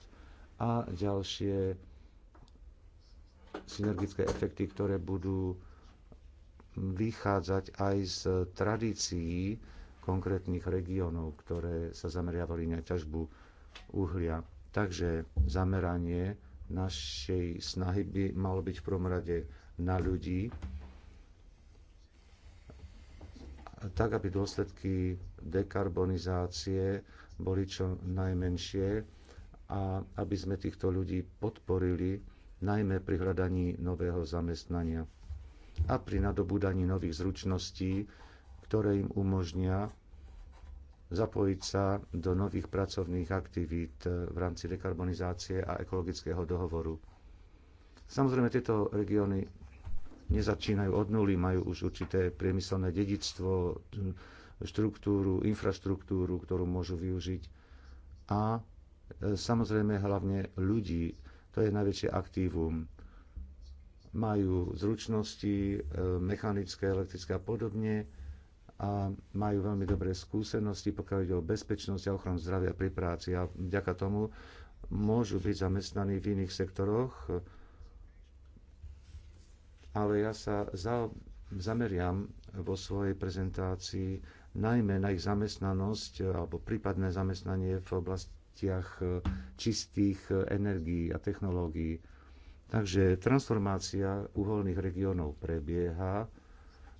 a ďalšie synergické efekty, ktoré budú vychádzať aj z tradícií konkrétnych regiónov, ktoré sa zameriavali na ťažbu uhlia. Takže zameranie našej snahy by malo byť v prvom rade na ľudí, tak aby dôsledky dekarbonizácie boli čo najmenšie a aby sme týchto ľudí podporili najmä pri hľadaní nového zamestnania a pri nadobúdaní nových zručností, ktoré im umožnia zapojiť sa do nových pracovných aktivít v rámci dekarbonizácie a ekologického dohovoru. Samozrejme, tieto regióny nezačínajú od nuly, majú už určité priemyselné dedičstvo, štruktúru, infraštruktúru, ktorú môžu využiť. A e, samozrejme hlavne ľudí, to je najväčšie aktívum. Majú zručnosti e, mechanické, elektrické a podobne a majú veľmi dobré skúsenosti, pokiaľ ide o bezpečnosť a ochranu zdravia pri práci a vďaka tomu môžu byť zamestnaní v iných sektoroch, ale ja sa za, zameriam vo svojej prezentácii najmä na ich zamestnanosť alebo prípadné zamestnanie v oblastiach e, čistých e, energií a technológií. Takže transformácia uholných regiónov prebieha.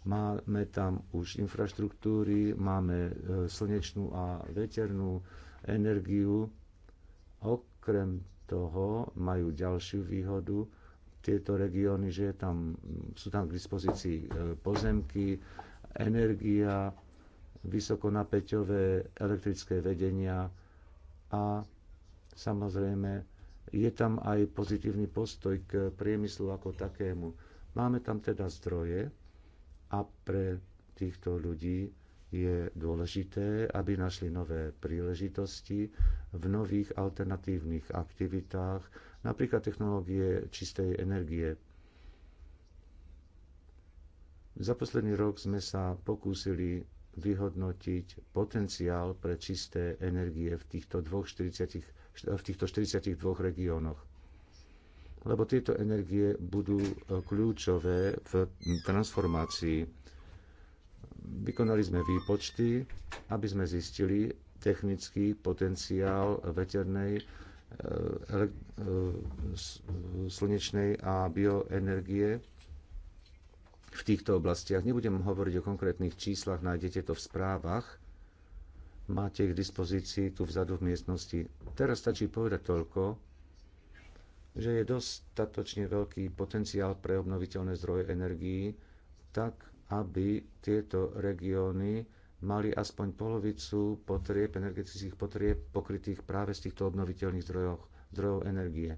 Máme tam už infraštruktúry, máme e, slnečnú a veternú energiu. Okrem toho majú ďalšiu výhodu, tieto regióny, že je tam, sú tam k dispozícii e, pozemky, energia, vysokonapäťové elektrické vedenia a samozrejme je tam aj pozitívny postoj k priemyslu ako takému. Máme tam teda zdroje a pre týchto ľudí je dôležité, aby našli nové príležitosti v nových alternatívnych aktivitách, napríklad technológie čistej energie. Za posledný rok sme sa pokúsili vyhodnotiť potenciál pre čisté energie v týchto, dvoch 40, v týchto 42 regiónoch. Lebo tieto energie budú e, kľúčové v transformácii. Vykonali sme výpočty, aby sme zistili technický potenciál veternej Eh, eh, slnečnej a bioenergie v týchto oblastiach. Nebudem hovoriť o konkrétnych číslach, nájdete to v správach. Máte ich k dispozícii tu vzadu v miestnosti. Teraz stačí povedať toľko, že je dostatočne veľký potenciál pre obnoviteľné zdroje energií, tak aby tieto regióny mali aspoň polovicu potrieb, energetických potrieb pokrytých práve z týchto obnoviteľných zdrojov, zdrojov energie.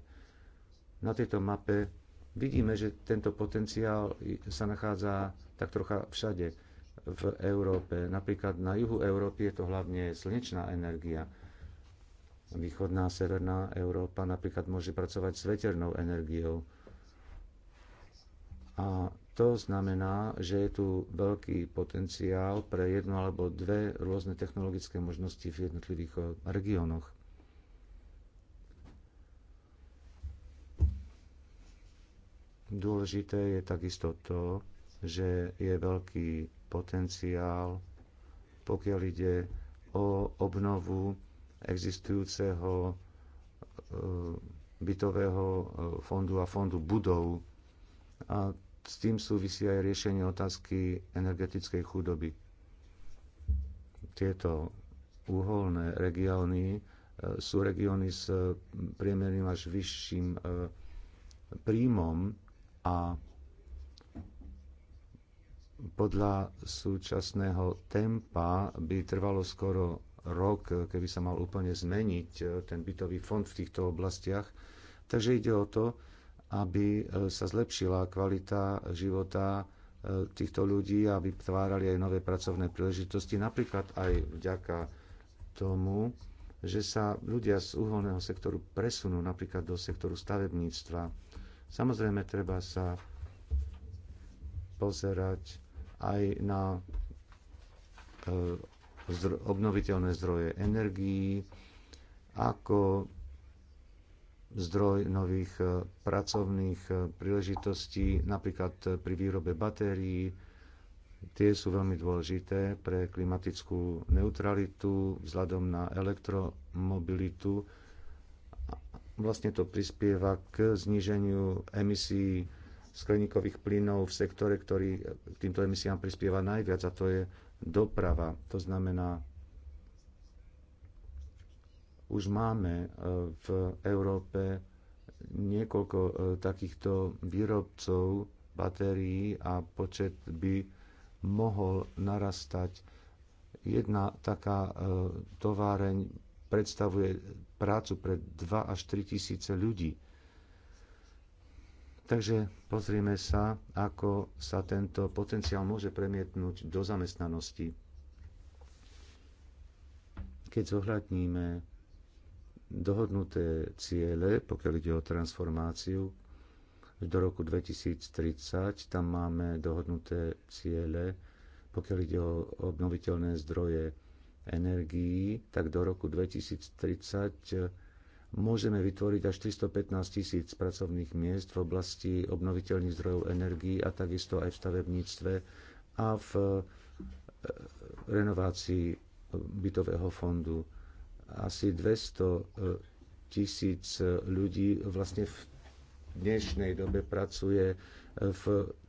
Na tejto mape vidíme, že tento potenciál sa nachádza tak trocha všade v Európe. Napríklad na juhu Európy je to hlavne slnečná energia. Východná, severná Európa napríklad môže pracovať s veternou energiou. A to znamená, že je tu veľký potenciál pre jednu alebo dve rôzne technologické možnosti v jednotlivých eh, regiónoch. Dôležité je takisto to, že je veľký potenciál, pokiaľ ide o obnovu existujúceho eh, bytového eh, fondu a fondu budov. A s tým súvisí aj riešenie otázky energetickej chudoby. Tieto uholné regióny e, sú regióny s e, priemerným až vyšším e, príjmom a podľa súčasného tempa by trvalo skoro rok, keby sa mal úplne zmeniť ten bytový fond v týchto oblastiach. Takže ide o to, aby e, sa zlepšila kvalita života e, týchto ľudí a vytvárali aj nové pracovné príležitosti, napríklad aj vďaka tomu, že sa ľudia z uholného sektoru presunú napríklad do sektoru stavebníctva. Samozrejme, treba sa pozerať aj na e, obnoviteľné zdroje energií, ako zdroj nových e, pracovných e, príležitostí, napríklad e, pri výrobe batérií. Tie sú veľmi dôležité pre klimatickú neutralitu vzhľadom na elektromobilitu. Vlastne to prispieva k zníženiu emisí skleníkových plynov v sektore, ktorý k týmto emisiám prispieva najviac, a to je doprava. To znamená už máme e, v Európe niekoľko e, takýchto výrobcov batérií a počet by mohol narastať. Jedna taká e, továreň predstavuje prácu pre 2 až 3 tisíce ľudí. Takže pozrieme sa, ako sa tento potenciál môže premietnúť do zamestnanosti. Keď zohľadníme dohodnuté ciele, pokiaľ ide o transformáciu, do roku 2030 tam máme dohodnuté ciele, pokiaľ ide o obnoviteľné zdroje energií, tak do roku 2030 e, môžeme vytvoriť až 315 tisíc pracovných miest v oblasti obnoviteľných zdrojov energií a takisto aj v stavebníctve a v e, renovácii bytového fondu asi 200 e, tisíc e, ľudí vlastne v dnešnej dobe pracuje e, v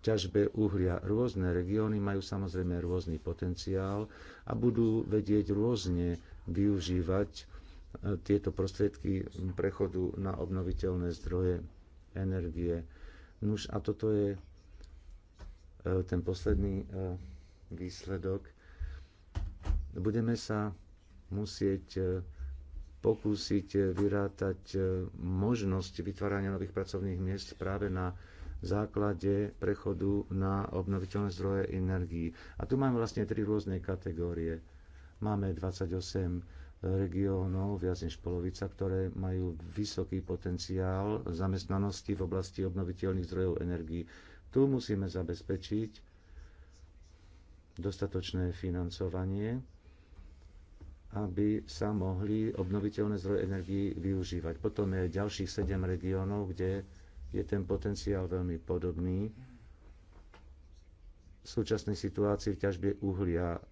ťažbe uhlia. Rôzne regióny majú samozrejme rôzny potenciál a budú vedieť rôzne využívať tieto prostriedky prechodu na obnoviteľné zdroje energie. Nuž a toto je ten posledný výsledok. Budeme sa musieť pokúsiť eh, vyrátať eh, možnosť vytvárania nových pracovných miest práve na základe prechodu na obnoviteľné zdroje energií. A tu máme vlastne tri rôzne kategórie. Máme 28 regiónov, viac než polovica, ktoré majú vysoký potenciál zamestnanosti v oblasti obnoviteľných zdrojov energií. Tu musíme zabezpečiť dostatočné financovanie aby sa mohli obnoviteľné zdroje energii využívať. Potom je ďalších 7 regiónov, kde je ten potenciál veľmi podobný. V súčasnej situácii v ťažbe uhlia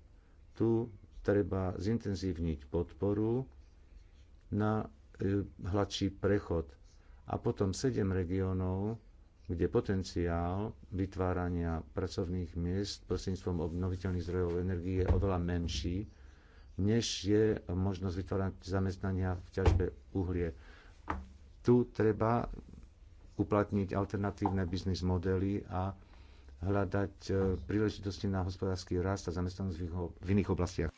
tu treba zintenzívniť podporu na e, hladší prechod. A potom 7 regiónov, kde potenciál vytvárania pracovných miest prostredníctvom obnoviteľných zdrojov energie je oveľa menší, než je možnosť vytvárať zamestnania v ťažbe uhlie. Tu treba uplatniť alternatívne biznis modely a hľadať e, príležitosti na hospodársky rast a zamestnanosť v iných oblastiach.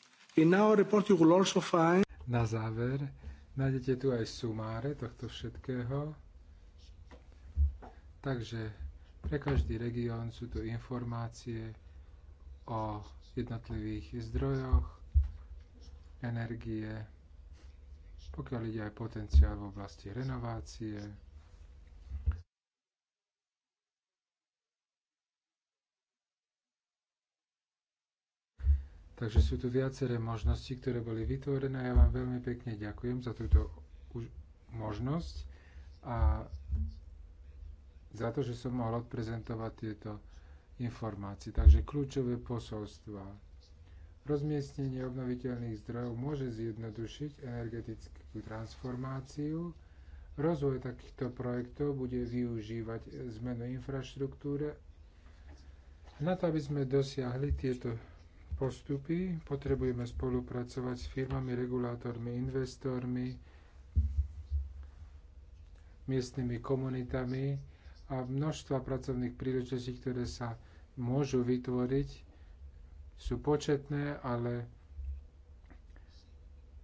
Na záver nájdete tu aj sumáre tohto všetkého. Takže pre každý región sú tu informácie o jednotlivých zdrojoch, energie, pokiaľ ide aj potenciál v oblasti renovácie, Takže sú tu viaceré možnosti, ktoré boli vytvorené. Ja vám veľmi pekne ďakujem za túto možnosť a za to, že som mohol odprezentovať tieto informácie. Takže kľúčové posolstva. Rozmiestnenie obnoviteľných zdrojov môže zjednodušiť energetickú transformáciu. Rozvoj takýchto projektov bude využívať zmenu infraštruktúre. Na to, aby sme dosiahli tieto postupy, potrebujeme spolupracovať s firmami, regulátormi, investormi, miestnymi komunitami a množstva pracovných príležitostí, ktoré sa môžu vytvoriť sú početné, ale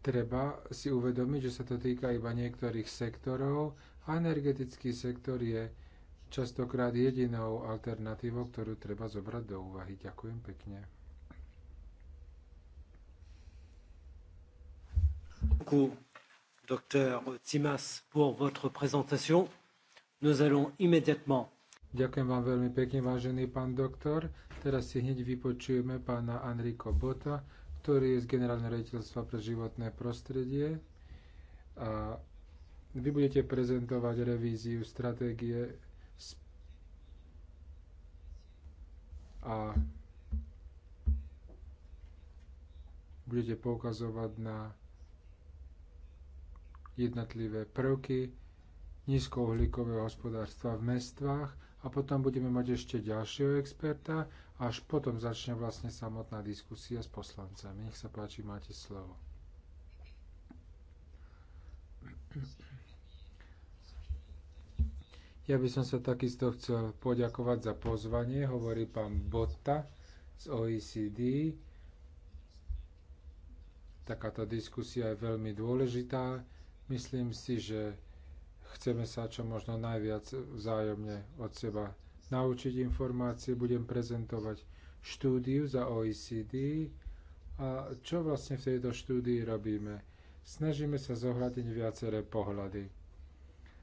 treba si uvedomiť, že sa to týka iba niektorých sektorov a energetický sektor je častokrát jedinou alternatívou, ktorú treba zobrať do úvahy. Ďakujem pekne. Ďakujem, doktor Cimas, pour votre présentation. Nous allons immédiatement Ďakujem vám veľmi pekne, vážený pán doktor. Teraz si hneď vypočujeme pána Enrico Bota, ktorý je z Generálneho rejiteľstva pre životné prostredie. A vy budete prezentovať revíziu stratégie a budete poukazovať na jednotlivé prvky nízkouhlíkového hospodárstva v mestvách a potom budeme mať ešte ďalšieho experta, až potom začne vlastne samotná diskusia s poslancami. Nech sa páči, máte slovo. Ja by som sa takisto chcel poďakovať za pozvanie, hovorí pán Botta z OECD. Takáto diskusia je veľmi dôležitá. Myslím si, že Chceme sa čo možno najviac vzájomne od seba naučiť informácie. Budem prezentovať štúdiu za OECD. A čo vlastne v tejto štúdii robíme? Snažíme sa zohľadiť viaceré pohľady.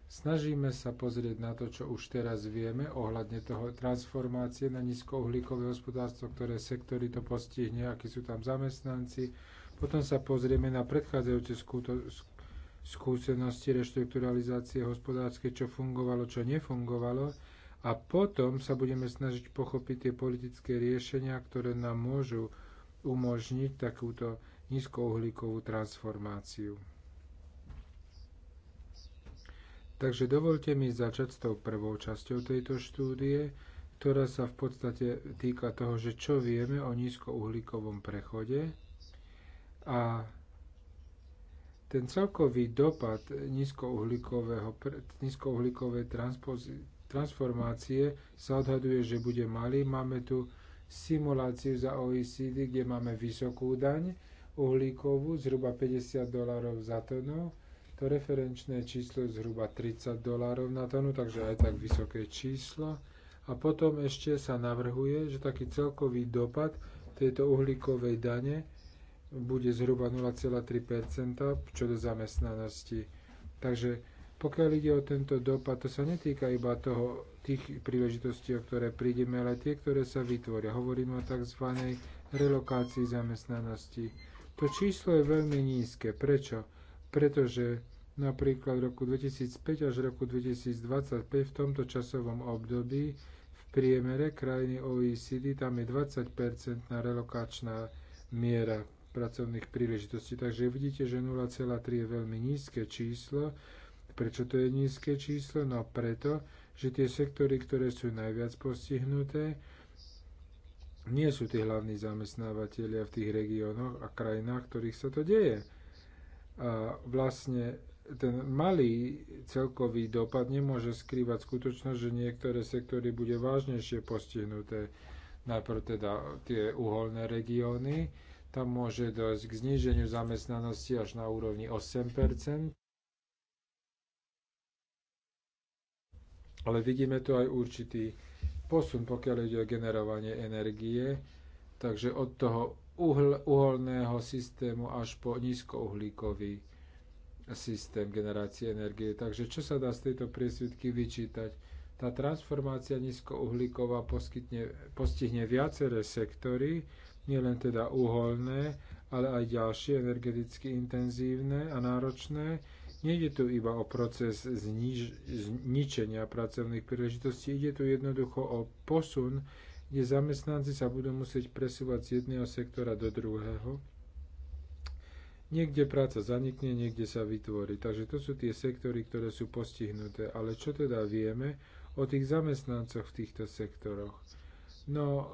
Snažíme sa pozrieť na to, čo už teraz vieme ohľadne toho transformácie na nízkouhlíkové hospodárstvo, ktoré sektory to postihne, akí sú tam zamestnanci. Potom sa pozrieme na predchádzajúce skúsenosti reštrukturalizácie hospodárskej, čo fungovalo, čo nefungovalo a potom sa budeme snažiť pochopiť tie politické riešenia, ktoré nám môžu umožniť takúto nízkouhlíkovú transformáciu. Takže dovolte mi začať s tou prvou časťou tejto štúdie, ktorá sa v podstate týka toho, že čo vieme o nízkouhlíkovom prechode a ten celkový dopad nízkouhlíkového, nízkouhlíkovej transformácie sa odhaduje, že bude malý. Máme tu simuláciu za OECD, kde máme vysokú daň uhlíkovú, zhruba 50 dolárov za tonu. To referenčné číslo je zhruba 30 dolárov na tonu, takže aj tak vysoké číslo. A potom ešte sa navrhuje, že taký celkový dopad tejto uhlíkovej dane bude zhruba 0,3 čo do zamestnanosti. Takže pokiaľ ide o tento dopad, to sa netýka iba toho, tých príležitostí, o ktoré prídeme, ale tie, ktoré sa vytvoria. Hovoríme o tzv. relokácii zamestnanosti. To číslo je veľmi nízke. Prečo? Pretože napríklad v roku 2005 až roku 2025 v tomto časovom období v priemere krajiny OECD tam je 20 relokačná miera pracovných príležitostí. Takže vidíte, že 0,3 je veľmi nízke číslo. Prečo to je nízke číslo? No preto, že tie sektory, ktoré sú najviac postihnuté, nie sú tí hlavní zamestnávateľia v tých regiónoch a krajinách, ktorých sa to deje. A vlastne ten malý celkový dopad nemôže skrývať skutočnosť, že niektoré sektory bude vážnejšie postihnuté. Najprv teda tie uholné regióny, tam môže dojsť k zníženiu zamestnanosti až na úrovni 8 Ale vidíme tu aj určitý posun, pokiaľ ide o generovanie energie, takže od toho uhl, uholného systému až po nízkouhlíkový systém generácie energie. Takže čo sa dá z tejto priesvitky vyčítať? Tá transformácia nízkouhlíková poskytne, postihne viaceré sektory, nielen teda uholné, ale aj ďalšie energeticky intenzívne a náročné. Nejde tu iba o proces znič- zničenia pracovných príležitostí, ide tu jednoducho o posun, kde zamestnanci sa budú musieť presúvať z jedného sektora do druhého. Niekde práca zanikne, niekde sa vytvorí. Takže to sú tie sektory, ktoré sú postihnuté. Ale čo teda vieme o tých zamestnancoch v týchto sektoroch? No,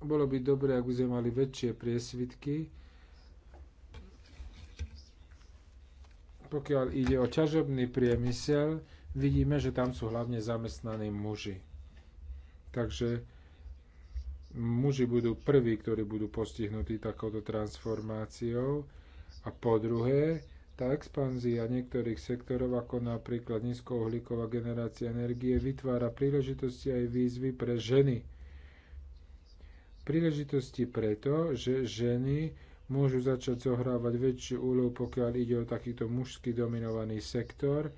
bolo by dobre, ak by sme mali väčšie priesvitky, pokiaľ ide o ťažobný priemysel, vidíme, že tam sú hlavne zamestnaní muži. Takže muži budú prví, ktorí budú postihnutí takouto transformáciou. A po druhé, tá expanzia niektorých sektorov, ako napríklad nízkouhlíková generácia energie, vytvára príležitosti aj výzvy pre ženy príležitosti preto, že ženy môžu začať zohrávať väčšiu úlohu, pokiaľ ide o takýto mužsky dominovaný sektor.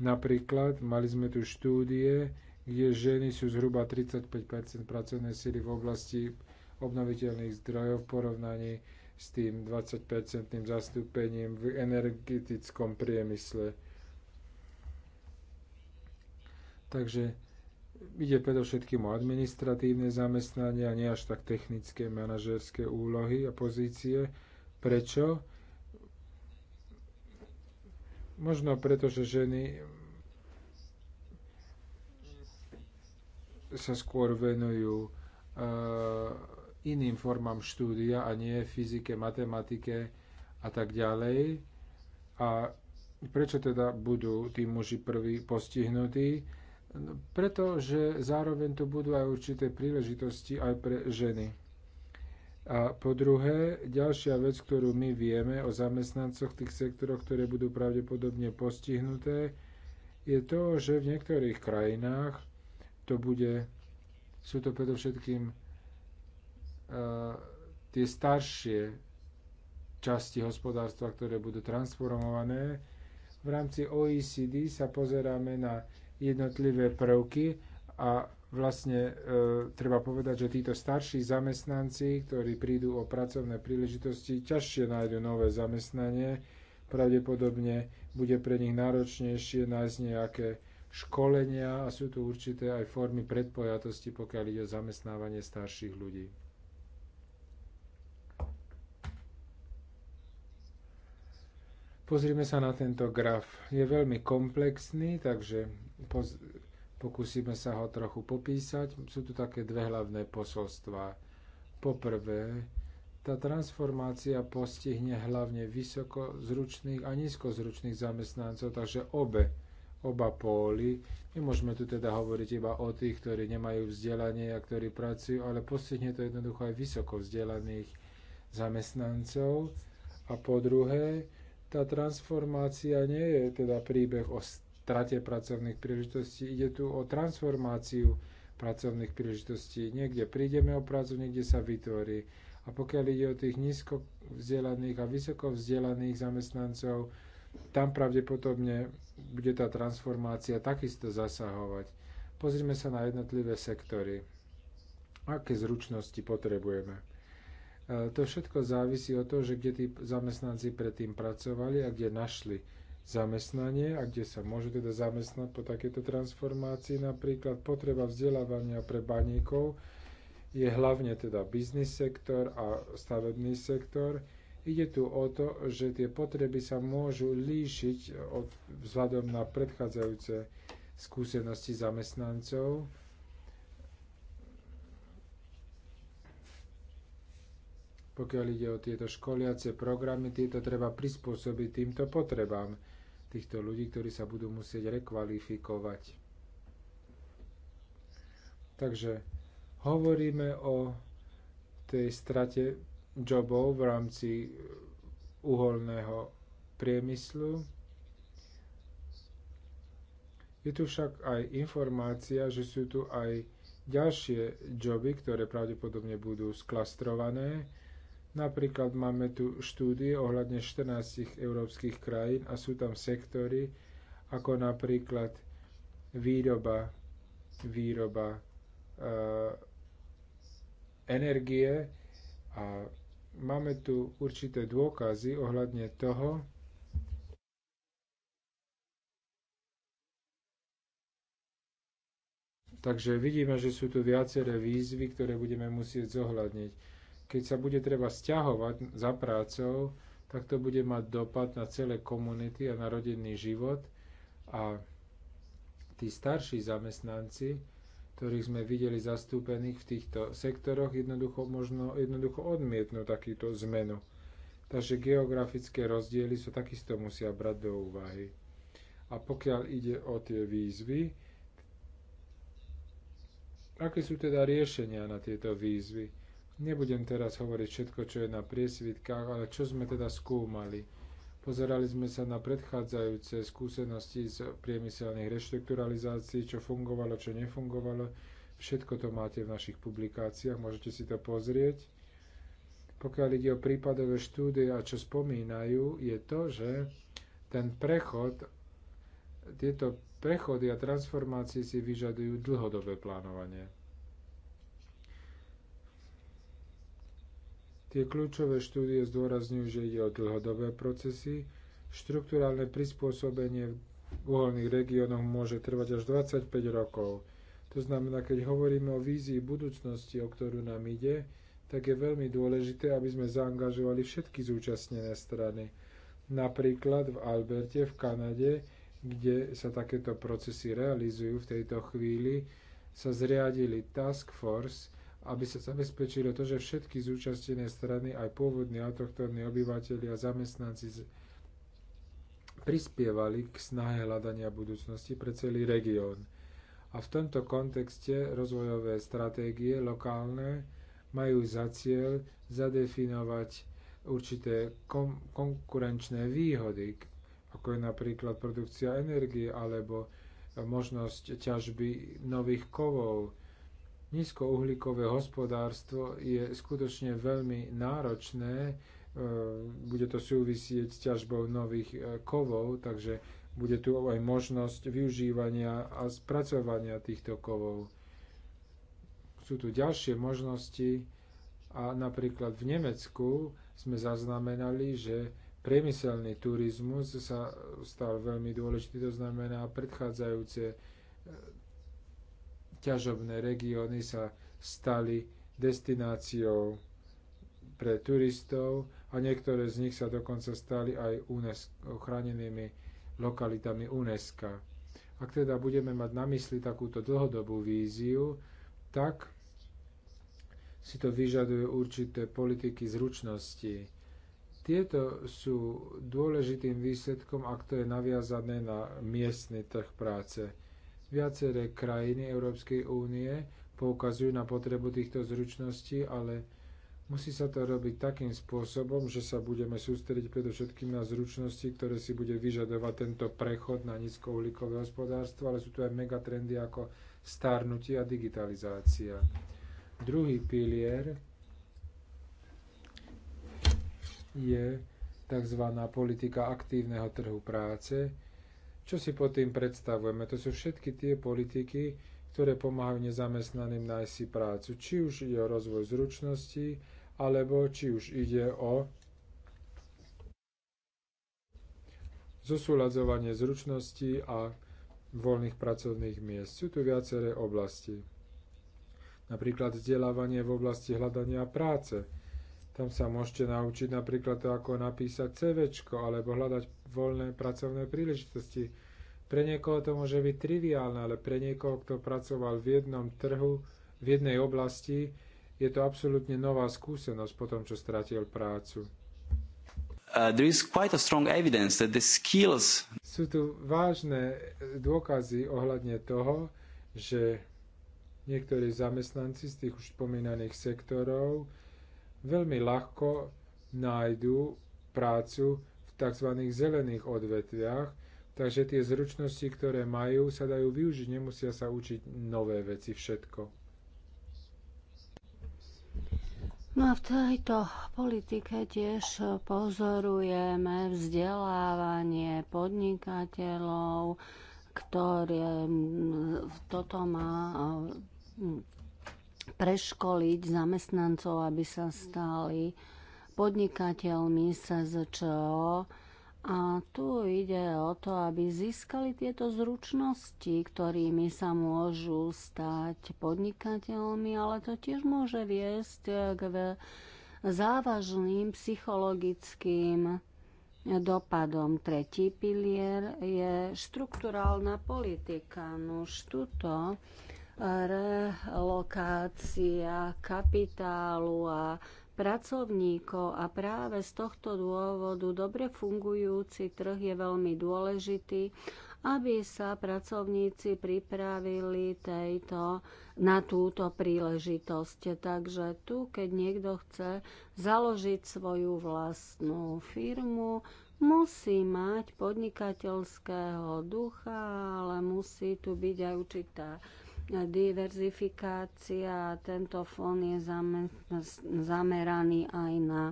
Napríklad mali sme tu štúdie, kde ženy sú zhruba 35 pracovnej sily v oblasti obnoviteľných zdrojov v porovnaní s tým 20-percentným zastúpením v energetickom priemysle. Takže Ide predovšetkým o administratívne zamestnania, a nie až tak technické manažérske úlohy a pozície. Prečo? Možno preto, že ženy sa skôr venujú e, iným formám štúdia a nie fyzike, matematike a tak ďalej. A prečo teda budú tí muži prví postihnutí? pretože zároveň tu budú aj určité príležitosti aj pre ženy. A po druhé, ďalšia vec, ktorú my vieme o zamestnancoch v tých sektoroch, ktoré budú pravdepodobne postihnuté, je to, že v niektorých krajinách to bude, sú to predovšetkým uh, tie staršie časti hospodárstva, ktoré budú transformované. V rámci OECD sa pozeráme na jednotlivé prvky a vlastne e, treba povedať, že títo starší zamestnanci, ktorí prídu o pracovné príležitosti, ťažšie nájdu nové zamestnanie, pravdepodobne bude pre nich náročnejšie nájsť nejaké školenia a sú tu určité aj formy predpojatosti, pokiaľ ide o zamestnávanie starších ľudí. Pozrime sa na tento graf. Je veľmi komplexný, takže pokúsime sa ho trochu popísať. Sú tu také dve hlavné posolstvá. Poprvé, tá transformácia postihne hlavne vysokozručných a nízkozručných zamestnancov, takže obe, oba póly. Nemôžeme tu teda hovoriť iba o tých, ktorí nemajú vzdelanie a ktorí pracujú, ale postihne to jednoducho aj vysoko vzdelaných zamestnancov. A po druhé, tá transformácia nie je teda príbeh o strate pracovných príležitostí, ide tu o transformáciu pracovných príležitostí. Niekde prídeme o prácu, niekde sa vytvorí. A pokiaľ ide o tých nízko vzdelaných a vysoko vzdelaných zamestnancov, tam pravdepodobne bude tá transformácia takisto zasahovať. Pozrime sa na jednotlivé sektory. Aké zručnosti potrebujeme? E, to všetko závisí od toho, že kde tí zamestnanci predtým pracovali a kde našli zamestnanie a kde sa môže teda zamestnať po takéto transformácii. Napríklad potreba vzdelávania pre baníkov je hlavne teda biznis sektor a stavebný sektor. Ide tu o to, že tie potreby sa môžu líšiť od, vzhľadom na predchádzajúce skúsenosti zamestnancov. Pokiaľ ide o tieto školiace programy, tieto treba prispôsobiť týmto potrebám týchto ľudí, ktorí sa budú musieť rekvalifikovať. Takže hovoríme o tej strate jobov v rámci uholného priemyslu. Je tu však aj informácia, že sú tu aj ďalšie joby, ktoré pravdepodobne budú sklastrované Napríklad máme tu štúdie ohľadne 14 európskych krajín a sú tam sektory, ako napríklad výroba, výroba eh, energie a máme tu určité dôkazy ohľadne toho, Takže vidíme, že sú tu viaceré výzvy, ktoré budeme musieť zohľadniť keď sa bude treba sťahovať za prácou, tak to bude mať dopad na celé komunity a na rodinný život. A tí starší zamestnanci, ktorých sme videli zastúpených v týchto sektoroch, jednoducho, možno, jednoducho odmietnú takýto zmenu. Takže geografické rozdiely sa so takisto musia brať do úvahy. A pokiaľ ide o tie výzvy, aké sú teda riešenia na tieto výzvy? Nebudem teraz hovoriť všetko, čo je na priesvitkách, ale čo sme teda skúmali. Pozerali sme sa na predchádzajúce skúsenosti z priemyselných reštrukturalizácií, čo fungovalo, čo nefungovalo. Všetko to máte v našich publikáciách, môžete si to pozrieť. Pokiaľ ide o prípadové štúdie a čo spomínajú, je to, že ten prechod, tieto prechody a transformácie si vyžadujú dlhodobé plánovanie. Tie kľúčové štúdie zdôrazňujú, že ide o dlhodobé procesy. Štrukturálne prispôsobenie v uholných regiónoch môže trvať až 25 rokov. To znamená, keď hovoríme o vízii budúcnosti, o ktorú nám ide, tak je veľmi dôležité, aby sme zaangažovali všetky zúčastnené strany. Napríklad v Alberte v Kanade, kde sa takéto procesy realizujú v tejto chvíli, sa zriadili Task Force, aby sa zabezpečilo to, že všetky zúčastnené strany, aj pôvodní autochtónni obyvateľi a zamestnanci prispievali k snahe hľadania budúcnosti pre celý región. A v tomto kontexte rozvojové stratégie lokálne majú za cieľ zadefinovať určité konkurenčné výhody, ako je napríklad produkcia energie alebo možnosť ťažby nových kovov, nízkouhlíkové hospodárstvo je skutočne veľmi náročné. E, bude to súvisieť s ťažbou nových e, kovov, takže bude tu aj možnosť využívania a spracovania týchto kovov. Sú tu ďalšie možnosti a napríklad v Nemecku sme zaznamenali, že priemyselný turizmus sa stal veľmi dôležitý, to znamená predchádzajúce ťažobné regióny sa stali destináciou pre turistov a niektoré z nich sa dokonca stali aj UNESCO, chránenými lokalitami UNESCO. Ak teda budeme mať na mysli takúto dlhodobú víziu, tak si to vyžaduje určité politiky zručnosti. Tieto sú dôležitým výsledkom, ak to je naviazané na miestny trh práce. Viaceré krajiny Európskej únie poukazujú na potrebu týchto zručností, ale musí sa to robiť takým spôsobom, že sa budeme sústrediť predovšetkým na zručnosti, ktoré si bude vyžadovať tento prechod na nízkouhlíkové hospodárstvo, ale sú tu aj megatrendy ako starnutie a digitalizácia. Druhý pilier je tzv. politika aktívneho trhu práce, čo si pod tým predstavujeme? To sú všetky tie politiky, ktoré pomáhajú nezamestnaným nájsť si prácu. Či už ide o rozvoj zručností, alebo či už ide o zosúľadzovanie zručností a voľných pracovných miest. Sú tu viaceré oblasti. Napríklad vzdelávanie v oblasti hľadania práce – tam sa môžete naučiť napríklad to, ako napísať CV, alebo hľadať voľné pracovné príležitosti. Pre niekoho to môže byť triviálne, ale pre niekoho, kto pracoval v jednom trhu, v jednej oblasti, je to absolútne nová skúsenosť po tom, čo stratil prácu. Uh, there is quite a strong evidence that the skills... Sú tu vážne dôkazy ohľadne toho, že niektorí zamestnanci z tých už spomínaných sektorov veľmi ľahko nájdu prácu v tzv. zelených odvetviach, takže tie zručnosti, ktoré majú, sa dajú využiť, nemusia sa učiť nové veci všetko. No a v tejto politike tiež pozorujeme vzdelávanie podnikateľov, ktoré toto má preškoliť zamestnancov, aby sa stali podnikateľmi SZČO. A tu ide o to, aby získali tieto zručnosti, ktorými sa môžu stať podnikateľmi, ale to tiež môže viesť k závažným psychologickým dopadom. Tretí pilier je štrukturálna politika. Nuž tuto relokácia kapitálu a pracovníkov a práve z tohto dôvodu dobre fungujúci trh je veľmi dôležitý, aby sa pracovníci pripravili tejto, na túto príležitosť. Takže tu, keď niekto chce založiť svoju vlastnú firmu, musí mať podnikateľského ducha, ale musí tu byť aj určitá diverzifikácia. Tento fond je zameraný aj na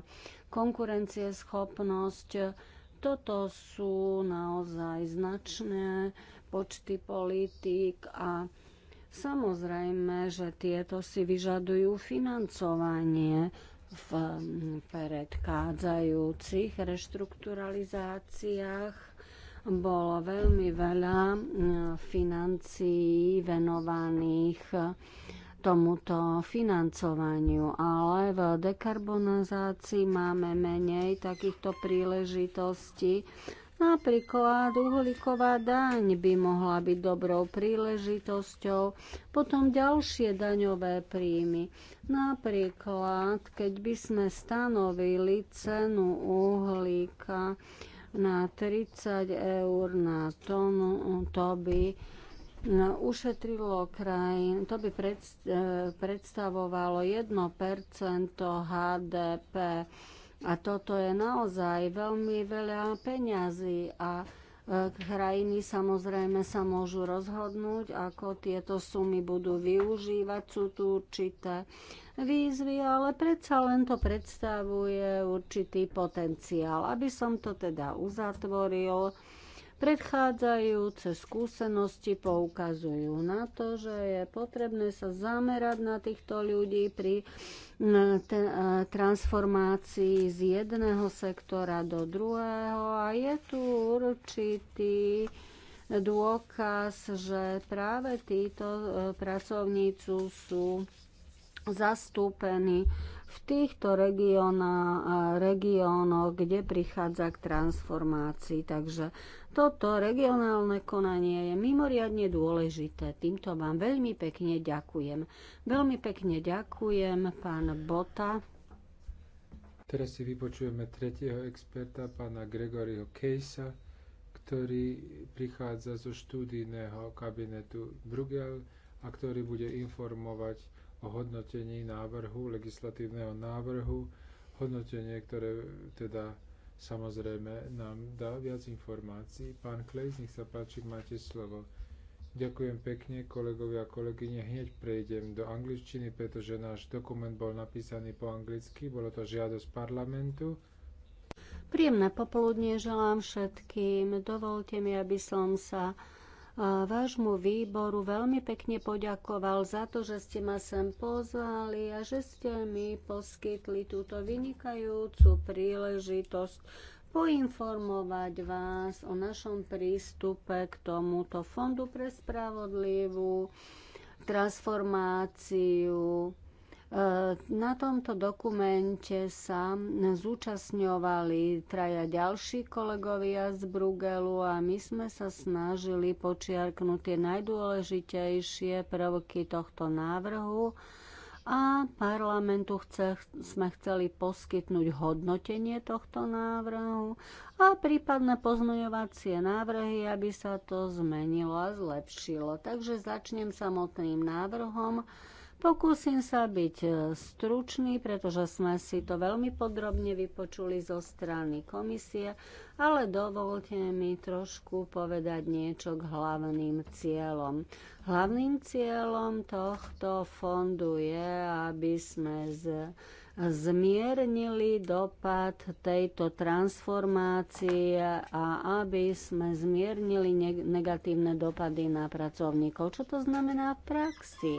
konkurencieschopnosť. Toto sú naozaj značné počty politík a Samozrejme, že tieto si vyžadujú financovanie v predchádzajúcich reštrukturalizáciách bolo veľmi veľa mm, financií venovaných e, tomuto financovaniu, ale v dekarbonizácii máme menej takýchto príležitostí. Napríklad uhlíková daň by mohla byť dobrou príležitosťou, potom ďalšie daňové príjmy. Napríklad, keď by sme stanovili cenu uhlíka, na 30 eur na tonu, to by no, ušetrilo krajín, to by e, predstavovalo 1% HDP. A toto je naozaj veľmi veľa peňazí a Krajiny samozrejme sa môžu rozhodnúť, ako tieto sumy budú využívať. Sú tu určité výzvy, ale predsa len to predstavuje určitý potenciál. Aby som to teda uzatvoril, Predchádzajúce skúsenosti poukazujú na to, že je potrebné sa zamerať na týchto ľudí pri transformácii z jedného sektora do druhého a je tu určitý dôkaz, že práve títo e, pracovníci sú zastúpení v týchto regiónoch, kde prichádza k transformácii. Takže toto regionálne konanie je mimoriadne dôležité. Týmto vám veľmi pekne ďakujem. Veľmi pekne ďakujem, pán Bota. Teraz si vypočujeme tretieho experta, pána Gregorio Kejsa, ktorý prichádza zo štúdijného kabinetu Brugel a ktorý bude informovať o hodnotení návrhu, legislatívneho návrhu, hodnotenie, ktoré teda samozrejme nám dá viac informácií. Pán Klejs, nech sa páči, máte slovo. Ďakujem pekne, kolegovia a kolegyne. Hneď prejdem do angličtiny, pretože náš dokument bol napísaný po anglicky. Bolo to žiadosť parlamentu. Príjemné popoludnie želám všetkým. Dovolte mi, aby som sa vášmu výboru veľmi pekne poďakoval za to, že ste ma sem pozvali a že ste mi poskytli túto vynikajúcu príležitosť poinformovať vás o našom prístupe k tomuto Fondu pre spravodlivú transformáciu na tomto dokumente sa zúčastňovali traja ďalší kolegovia z Brugelu a my sme sa snažili počiarknúť tie najdôležitejšie prvky tohto návrhu a parlamentu chce, sme chceli poskytnúť hodnotenie tohto návrhu a prípadné pozmeňovacie návrhy, aby sa to zmenilo a zlepšilo. Takže začnem samotným návrhom Pokúsim sa byť e, stručný, pretože sme si to veľmi podrobne vypočuli zo strany komisie, ale dovolte mi trošku povedať niečo k hlavným cieľom. Hlavným cieľom tohto fondu je, aby sme z zmiernili dopad tejto transformácie a aby sme zmiernili negatívne dopady na pracovníkov. Čo to znamená v praxi?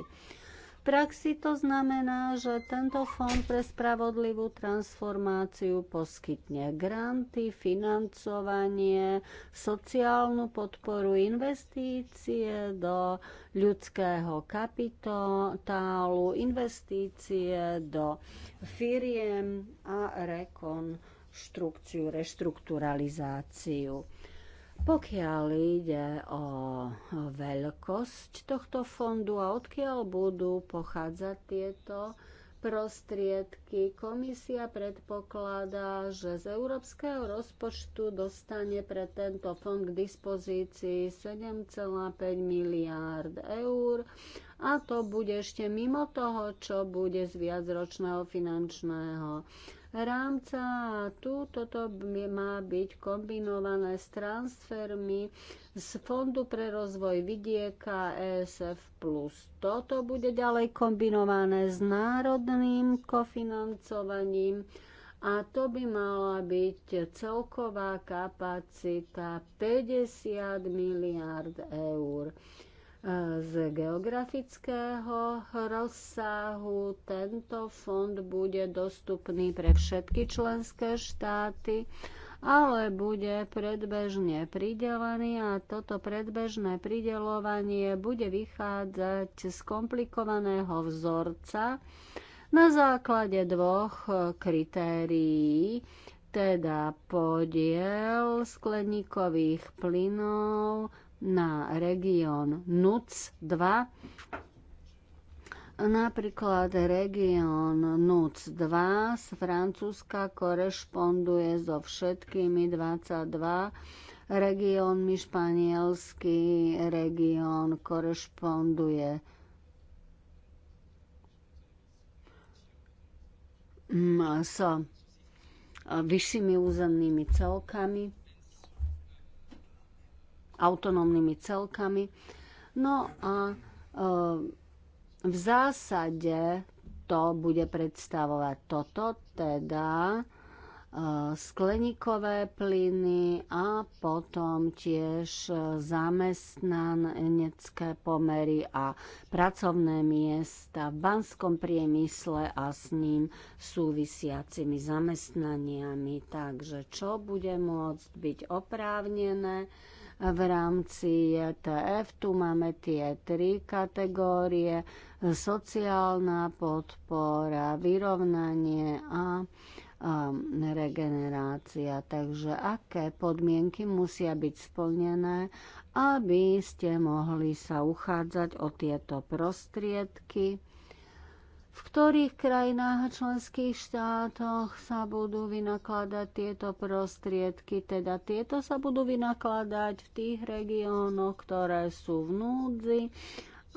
praxi to znamená, že tento fond pre spravodlivú transformáciu poskytne granty, financovanie, sociálnu podporu, investície do ľudského kapitálu, investície do firiem a rekonštrukciu, reštrukturalizáciu. Pokiaľ ide o veľkosť tohto fondu a odkiaľ budú pochádzať tieto prostriedky, komisia predpokladá, že z európskeho rozpočtu dostane pre tento fond k dispozícii 7,5 miliárd eur a to bude ešte mimo toho, čo bude z viacročného finančného rámca a tu toto má byť kombinované s transfermi z Fondu pre rozvoj vidieka ESF+. Toto bude ďalej kombinované s národným kofinancovaním a to by mala byť celková kapacita 50 miliard eur z geografického rozsahu. Tento fond bude dostupný pre všetky členské štáty, ale bude predbežne pridelený a toto predbežné pridelovanie bude vychádzať z komplikovaného vzorca na základe dvoch kritérií teda podiel skleníkových plynov na región NUC 2. Napríklad región NUC 2 z Francúzska korešponduje so všetkými 22 regiónmi. Španielský región korešponduje mm, s vyššími územnými celkami autonómnymi celkami. No a e, v zásade to bude predstavovať toto, teda e, skleníkové plyny a potom tiež zamestnanecké pomery a pracovné miesta v banskom priemysle a s ním súvisiacimi zamestnaniami. Takže čo bude môcť byť oprávnené? v rámci ETF. Tu máme tie tri kategórie. Sociálna podpora, vyrovnanie a regenerácia. Takže aké podmienky musia byť splnené, aby ste mohli sa uchádzať o tieto prostriedky? v ktorých krajinách a členských štátoch sa budú vynakladať tieto prostriedky. Teda tieto sa budú vynakladať v tých regiónoch, ktoré sú v núdzi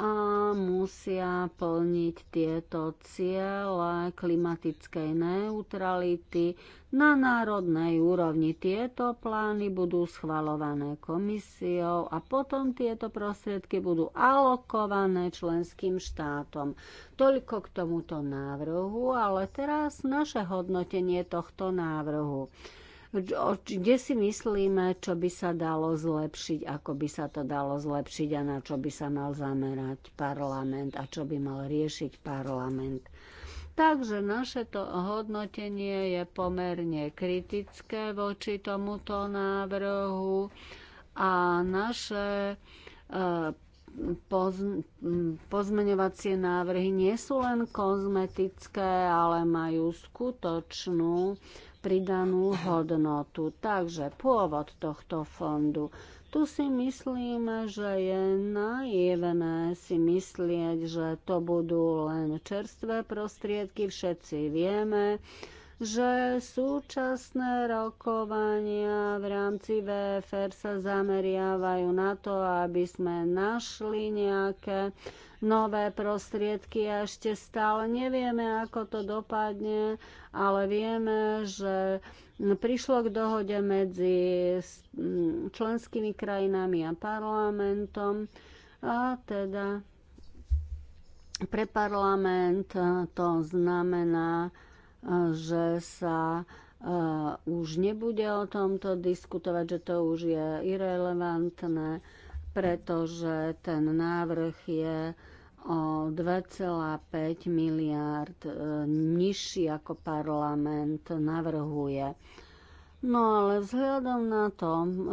a musia plniť tieto ciele klimatickej neutrality na národnej úrovni. Tieto plány budú schvalované komisiou a potom tieto prostriedky budú alokované členským štátom. Toľko k tomuto návrhu, ale teraz naše hodnotenie tohto návrhu kde si myslíme, čo by sa dalo zlepšiť, ako by sa to dalo zlepšiť a na čo by sa mal zamerať parlament a čo by mal riešiť parlament. Takže naše to hodnotenie je pomerne kritické voči tomuto návrhu a naše e, pozmeňovacie návrhy nie sú len kozmetické, ale majú skutočnú pridanú hodnotu. Takže pôvod tohto fondu. Tu si myslíme, že je naivné si myslieť, že to budú len čerstvé prostriedky. Všetci vieme, že súčasné rokovania v rámci VFR sa zameriavajú na to, aby sme našli nejaké nové prostriedky a ešte stále nevieme, ako to dopadne, ale vieme, že prišlo k dohode medzi členskými krajinami a parlamentom a teda pre parlament to znamená, že sa Uh, už nebude o tomto diskutovať, že to už je irrelevantné, pretože ten návrh je o 2,5 miliard e, nižší ako parlament navrhuje. No ale vzhľadom na to,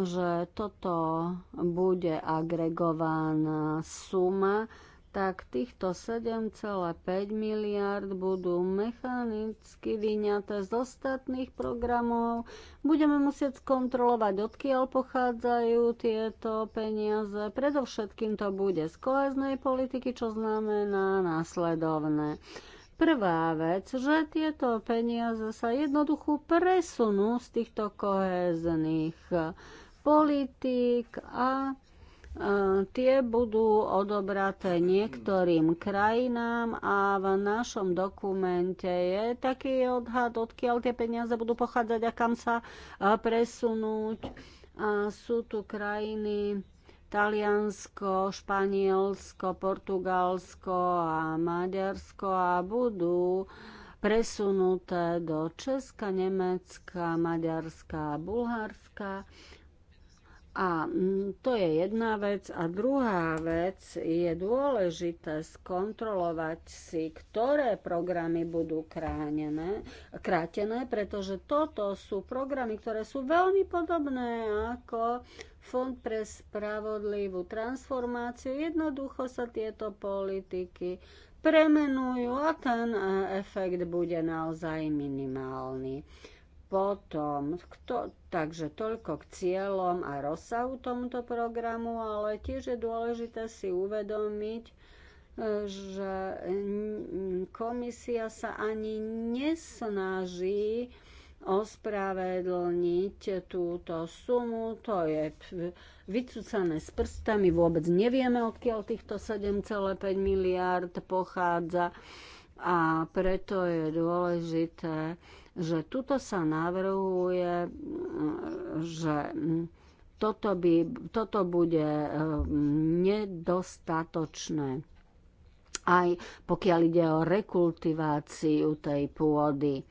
že toto bude agregovaná suma, tak týchto 7,5 miliard budú mechanicky vyňaté z ostatných programov. Budeme musieť skontrolovať, odkiaľ pochádzajú tieto peniaze. Predovšetkým to bude z koheznej politiky, čo znamená následovné. Prvá vec, že tieto peniaze sa jednoducho presunú z týchto kohezných politík a Tie budú odobraté niektorým krajinám a v našom dokumente je taký odhad, odkiaľ tie peniaze budú pochádzať a kam sa presunúť. A sú tu krajiny Taliansko, Španielsko, Portugalsko a Maďarsko a budú presunuté do Česka, Nemecka, Maďarska a Bulharska. A mm, to je jedna vec. A druhá vec je dôležité skontrolovať si, ktoré programy budú kránené, krátené, pretože toto sú programy, ktoré sú veľmi podobné ako Fond pre spravodlivú transformáciu. Jednoducho sa tieto politiky premenujú a ten eh, efekt bude naozaj minimálny. Potom, kto, takže toľko k cieľom a rozsahu tomuto programu, ale tiež je dôležité si uvedomiť, e, že komisia sa ani nesnaží ospravedlniť túto sumu. To je vycúcané s prstami, vôbec nevieme, odkiaľ týchto 7,5 miliárd pochádza a preto je dôležité že tuto sa navrhuje, že toto, by, toto bude eh, nedostatočné aj pokiaľ ide o rekultiváciu tej pôdy.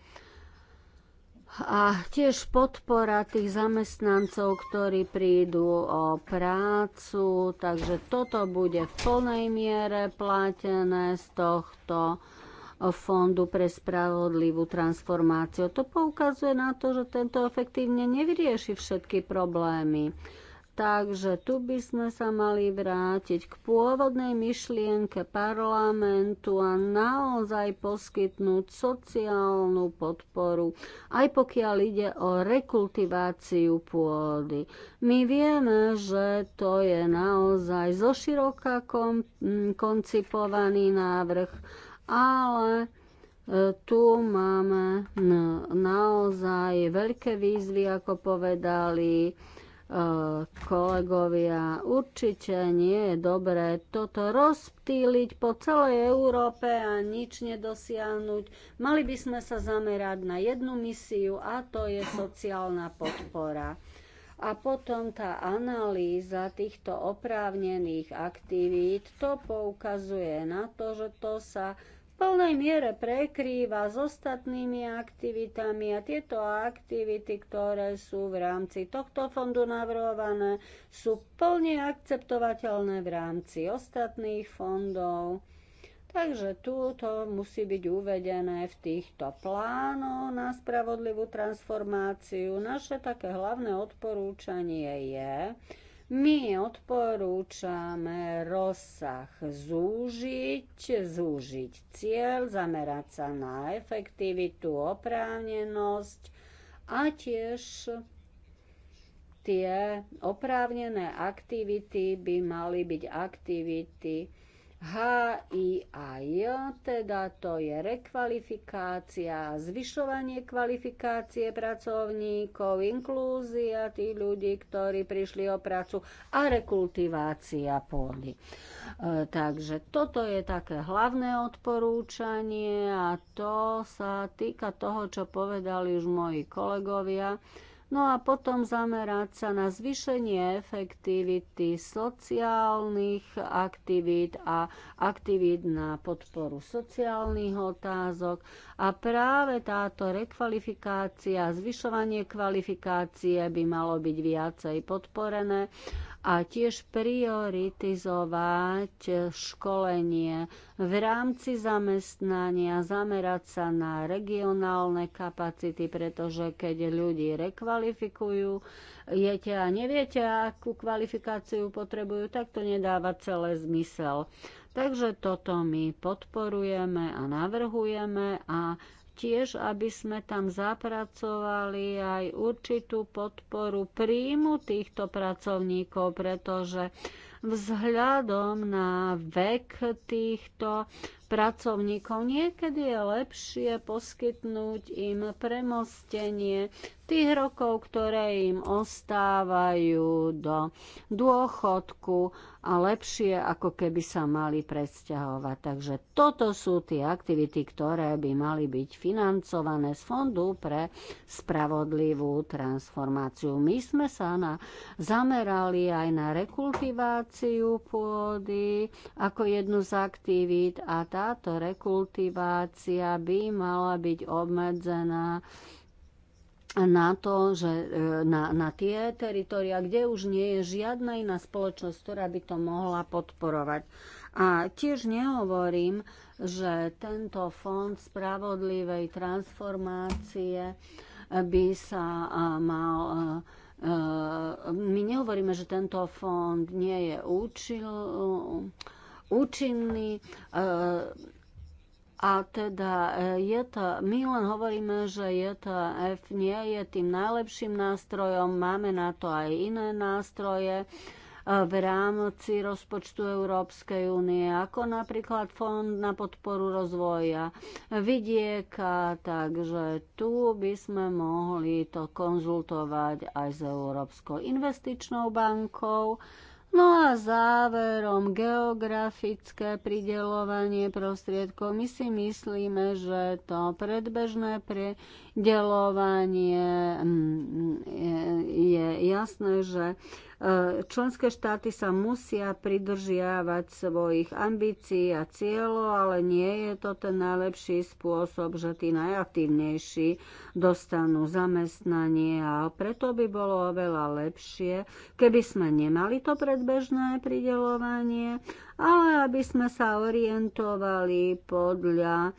A tiež podpora tých zamestnancov, ktorí prídu o prácu, takže toto bude v plnej miere platené z tohto Fondu pre spravodlivú transformáciu. To poukazuje na to, že tento efektívne nevyrieši všetky problémy. Takže tu by sme sa mali vrátiť k pôvodnej myšlienke parlamentu a naozaj poskytnúť sociálnu podporu, aj pokiaľ ide o rekultiváciu pôdy. My vieme, že to je naozaj zoširoka koncipovaný návrh, ale e, tu máme naozaj veľké výzvy, ako povedali e, kolegovia. Určite nie je dobré toto rozptýliť po celej Európe a nič nedosiahnuť. Mali by sme sa zamerať na jednu misiu a to je sociálna podpora. A potom tá analýza týchto oprávnených aktivít, to poukazuje na to, že to sa plnej miere prekrýva s ostatnými aktivitami a tieto aktivity, ktoré sú v rámci tohto fondu navrhované, sú plne akceptovateľné v rámci ostatných fondov. Takže túto musí byť uvedené v týchto plánoch na spravodlivú transformáciu. Naše také hlavné odporúčanie je, my odporúčame rozsah zúžiť, zúžiť cieľ, zamerať sa na efektivitu, oprávnenosť a tiež tie oprávnené aktivity by mali byť aktivity, HIAJ, teda to je rekvalifikácia, zvyšovanie kvalifikácie pracovníkov, inklúzia tých ľudí, ktorí prišli o prácu a rekultivácia pôdy. E, takže toto je také hlavné odporúčanie a to sa týka toho, čo povedali už moji kolegovia. No a potom zamerať sa na zvýšenie efektivity sociálnych aktivít a aktivít na podporu sociálnych otázok. A práve táto rekvalifikácia, zvyšovanie kvalifikácie by malo byť viacej podporené a tiež prioritizovať školenie v rámci zamestnania, zamerať sa na regionálne kapacity, pretože keď ľudí rekvalifikujú, jete a neviete, akú kvalifikáciu potrebujú, tak to nedáva celé zmysel. Takže toto my podporujeme a navrhujeme a tiež, aby sme tam zapracovali aj určitú podporu príjmu týchto pracovníkov, pretože vzhľadom na vek týchto pracovníkov. Niekedy je lepšie poskytnúť im premostenie tých rokov, ktoré im ostávajú do dôchodku a lepšie, ako keby sa mali presťahovať. Takže toto sú tie aktivity, ktoré by mali byť financované z Fondu pre spravodlivú transformáciu. My sme sa na, zamerali aj na rekultiváciu pôdy ako jednu z aktivít a tá táto rekultivácia by mala byť obmedzená na to, že e, na, na tie teritoria, kde už nie je žiadna iná spoločnosť, ktorá by to mohla podporovať. A tiež nehovorím, že tento fond spravodlivej transformácie by sa mal e, my nehovoríme, že tento fond nie je účil, účinný eh, a teda eh, je to, my len hovoríme, že F nie je tým najlepším nástrojom, máme na to aj iné nástroje eh, v rámci rozpočtu Európskej únie, ako napríklad Fond na podporu rozvoja vidieka, takže tu by sme mohli to konzultovať aj s Európskou investičnou bankou No a záverom geografické pridelovanie prostriedkov. My si myslíme, že to predbežné pridelovanie mm, je jasné, že Členské štáty sa musia pridržiavať svojich ambícií a cieľov, ale nie je to ten najlepší spôsob, že tí najaktívnejší dostanú zamestnanie a preto by bolo oveľa lepšie, keby sme nemali to predbežné pridelovanie, ale aby sme sa orientovali podľa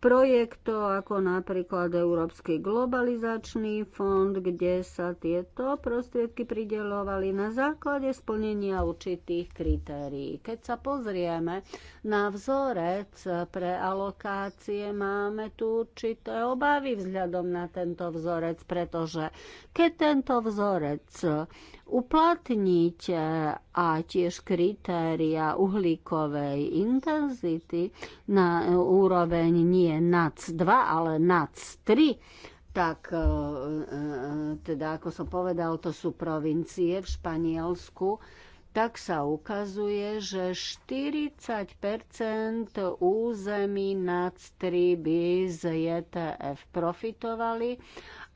projektov, ako napríklad Európsky globalizačný fond, kde sa tieto prostriedky pridelovali na základe splnenia určitých kritérií. Keď sa pozrieme na vzorec pre alokácie máme tu určité obavy vzhľadom na tento vzorec, pretože keď tento vzorec uplatníte a tiež kritéria uhlíkovej intenzity na úroveň nie NAC 2, ale NAC 3, tak e, e, e, teda ako som povedal, to sú provincie v Španielsku tak sa ukazuje, že 40 území nad 3 by z JTF e profitovali,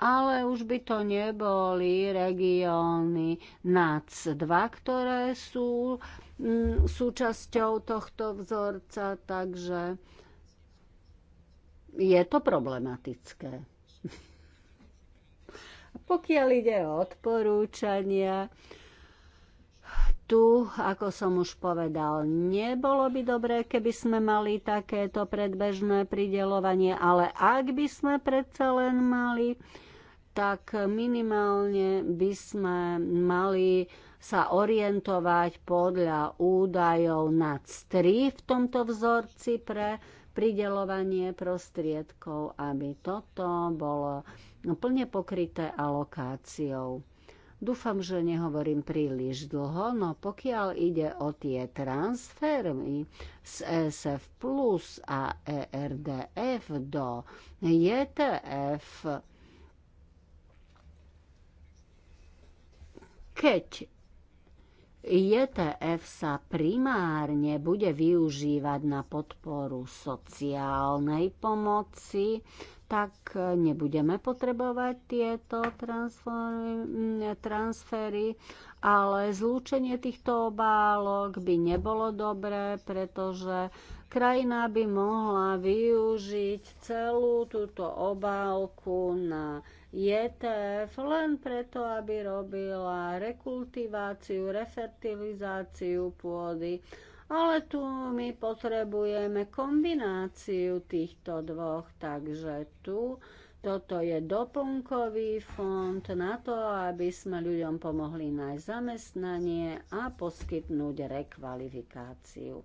ale už by to neboli regióny NAC 2, ktoré sú mm, súčasťou tohto vzorca, takže je to problematické. Pokiaľ ide o odporúčania, tu, ako som už povedal, nebolo by dobré, keby sme mali takéto predbežné pridelovanie, ale ak by sme predsa len mali, tak minimálne by sme mali sa orientovať podľa údajov na 3 v tomto vzorci pre pridelovanie prostriedkov, aby toto bolo plne pokryté alokáciou. Dúfam, že nehovorím príliš dlho, no pokiaľ ide o tie transfermy z ESF Plus a ERDF do JTF, keď JTF sa primárne bude využívať na podporu sociálnej pomoci, tak e, nebudeme potrebovať tieto transfery, ale zlúčenie týchto obálok by nebolo dobré, pretože krajina by mohla využiť celú túto obálku na JTF e len preto, aby robila rekultiváciu, refertilizáciu pôdy ale tu my potrebujeme kombináciu týchto dvoch, takže tu toto je doplnkový fond na to, aby sme ľuďom pomohli nájsť zamestnanie a poskytnúť rekvalifikáciu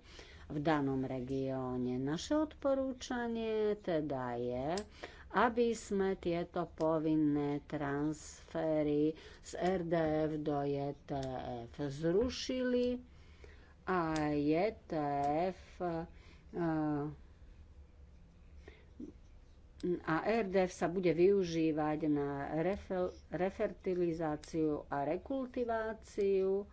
v danom regióne. Naše odporúčanie teda je, aby sme tieto povinné transfery z RDF do JTF e zrušili a ETF eh, a RDF sa bude využívať na refer, refertilizáciu a rekultiváciu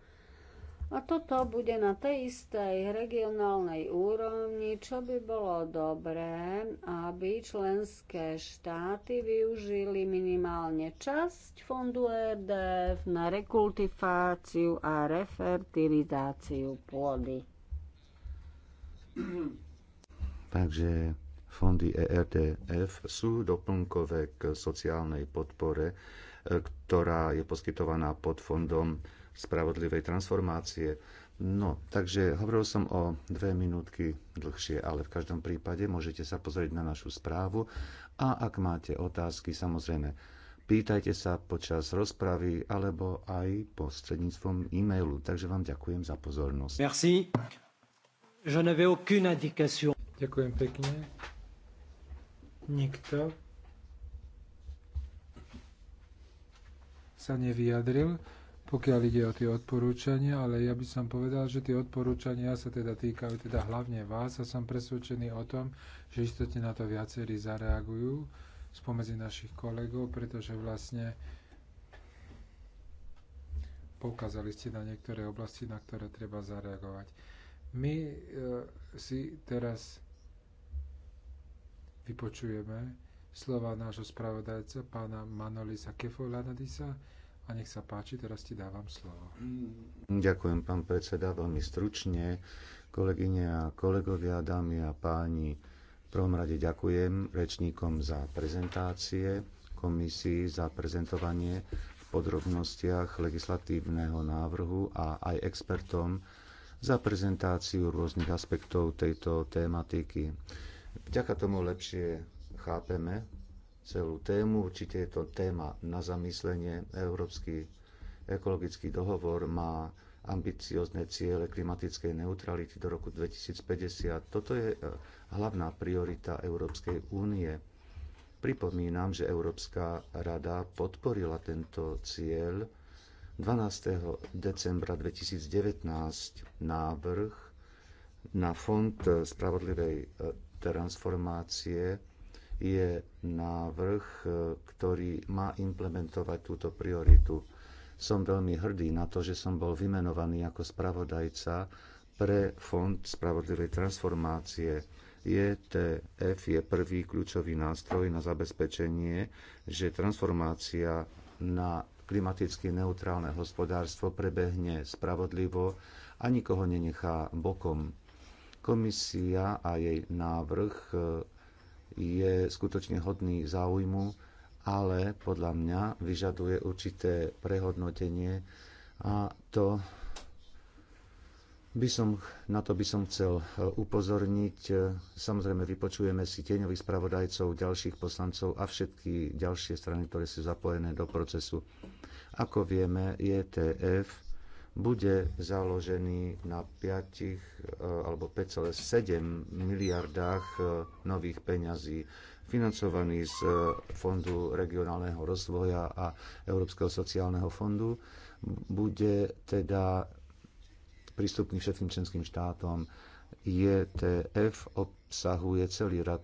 a toto bude na tej istej regionálnej úrovni, čo by bolo dobré, aby členské štáty využili minimálne časť fondu EDF na rekultiváciu a refertilizáciu pôdy. Takže fondy ERDF sú doplnkové k sociálnej podpore, e, ktorá je poskytovaná pod fondom spravodlivej transformácie. No, takže hovoril som o dve minútky dlhšie, ale v každom prípade môžete sa pozrieť na našu správu a ak máte otázky, samozrejme, pýtajte sa počas rozpravy alebo aj prostredníctvom e-mailu. Takže vám ďakujem za pozornosť. Merci. Je n'avais aucune indication. Ďakujem pekne. Nikto sa nevyjadril pokiaľ ide o tie odporúčania, ale ja by som povedal, že tie odporúčania sa teda týkajú teda hlavne vás a som presvedčený o tom, že istotne na to viacerí zareagujú spomedzi našich kolegov, pretože vlastne poukázali ste na niektoré oblasti, na ktoré treba zareagovať. My e, si teraz vypočujeme slova nášho spravodajca pána Manolisa Kefolanadisa, a nech sa páči, teraz ti dávam slovo. Ďakujem, pán predseda, veľmi stručne. Kolegyne a kolegovia, dámy a páni, v prvom rade ďakujem rečníkom za prezentácie, komisii za prezentovanie v podrobnostiach legislatívneho návrhu a aj expertom za prezentáciu rôznych aspektov tejto tematiky. Vďaka tomu lepšie chápeme celú tému. Určite je to téma na zamyslenie. Európsky ekologický dohovor má ambiciozne ciele klimatickej neutrality do roku 2050. Toto je e, hlavná priorita Európskej únie. Pripomínam, že Európska rada podporila tento cieľ 12. decembra 2019 návrh na Fond spravodlivej e, transformácie je návrh, e, ktorý má implementovať túto prioritu. Som veľmi hrdý na to, že som bol vymenovaný ako spravodajca pre Fond spravodlivej transformácie. JTF e je prvý kľúčový nástroj na zabezpečenie, že transformácia na klimaticky neutrálne hospodárstvo prebehne spravodlivo a nikoho nenechá bokom. Komisia a jej návrh e, je skutočne hodný záujmu, ale podľa mňa vyžaduje určité prehodnotenie a to by som, na to by som chcel e, upozorniť. E, samozrejme, vypočujeme si tieňových spravodajcov, ďalších poslancov a všetky ďalšie strany, ktoré sú zapojené do procesu. Ako vieme, ETF bude založený na 5 eh, alebo 5,7 miliardách eh, nových peňazí financovaný z eh, Fondu regionálneho rozvoja a Európskeho sociálneho fondu. Bude teda prístupný všetkým členským štátom. JTF e obsahuje celý rad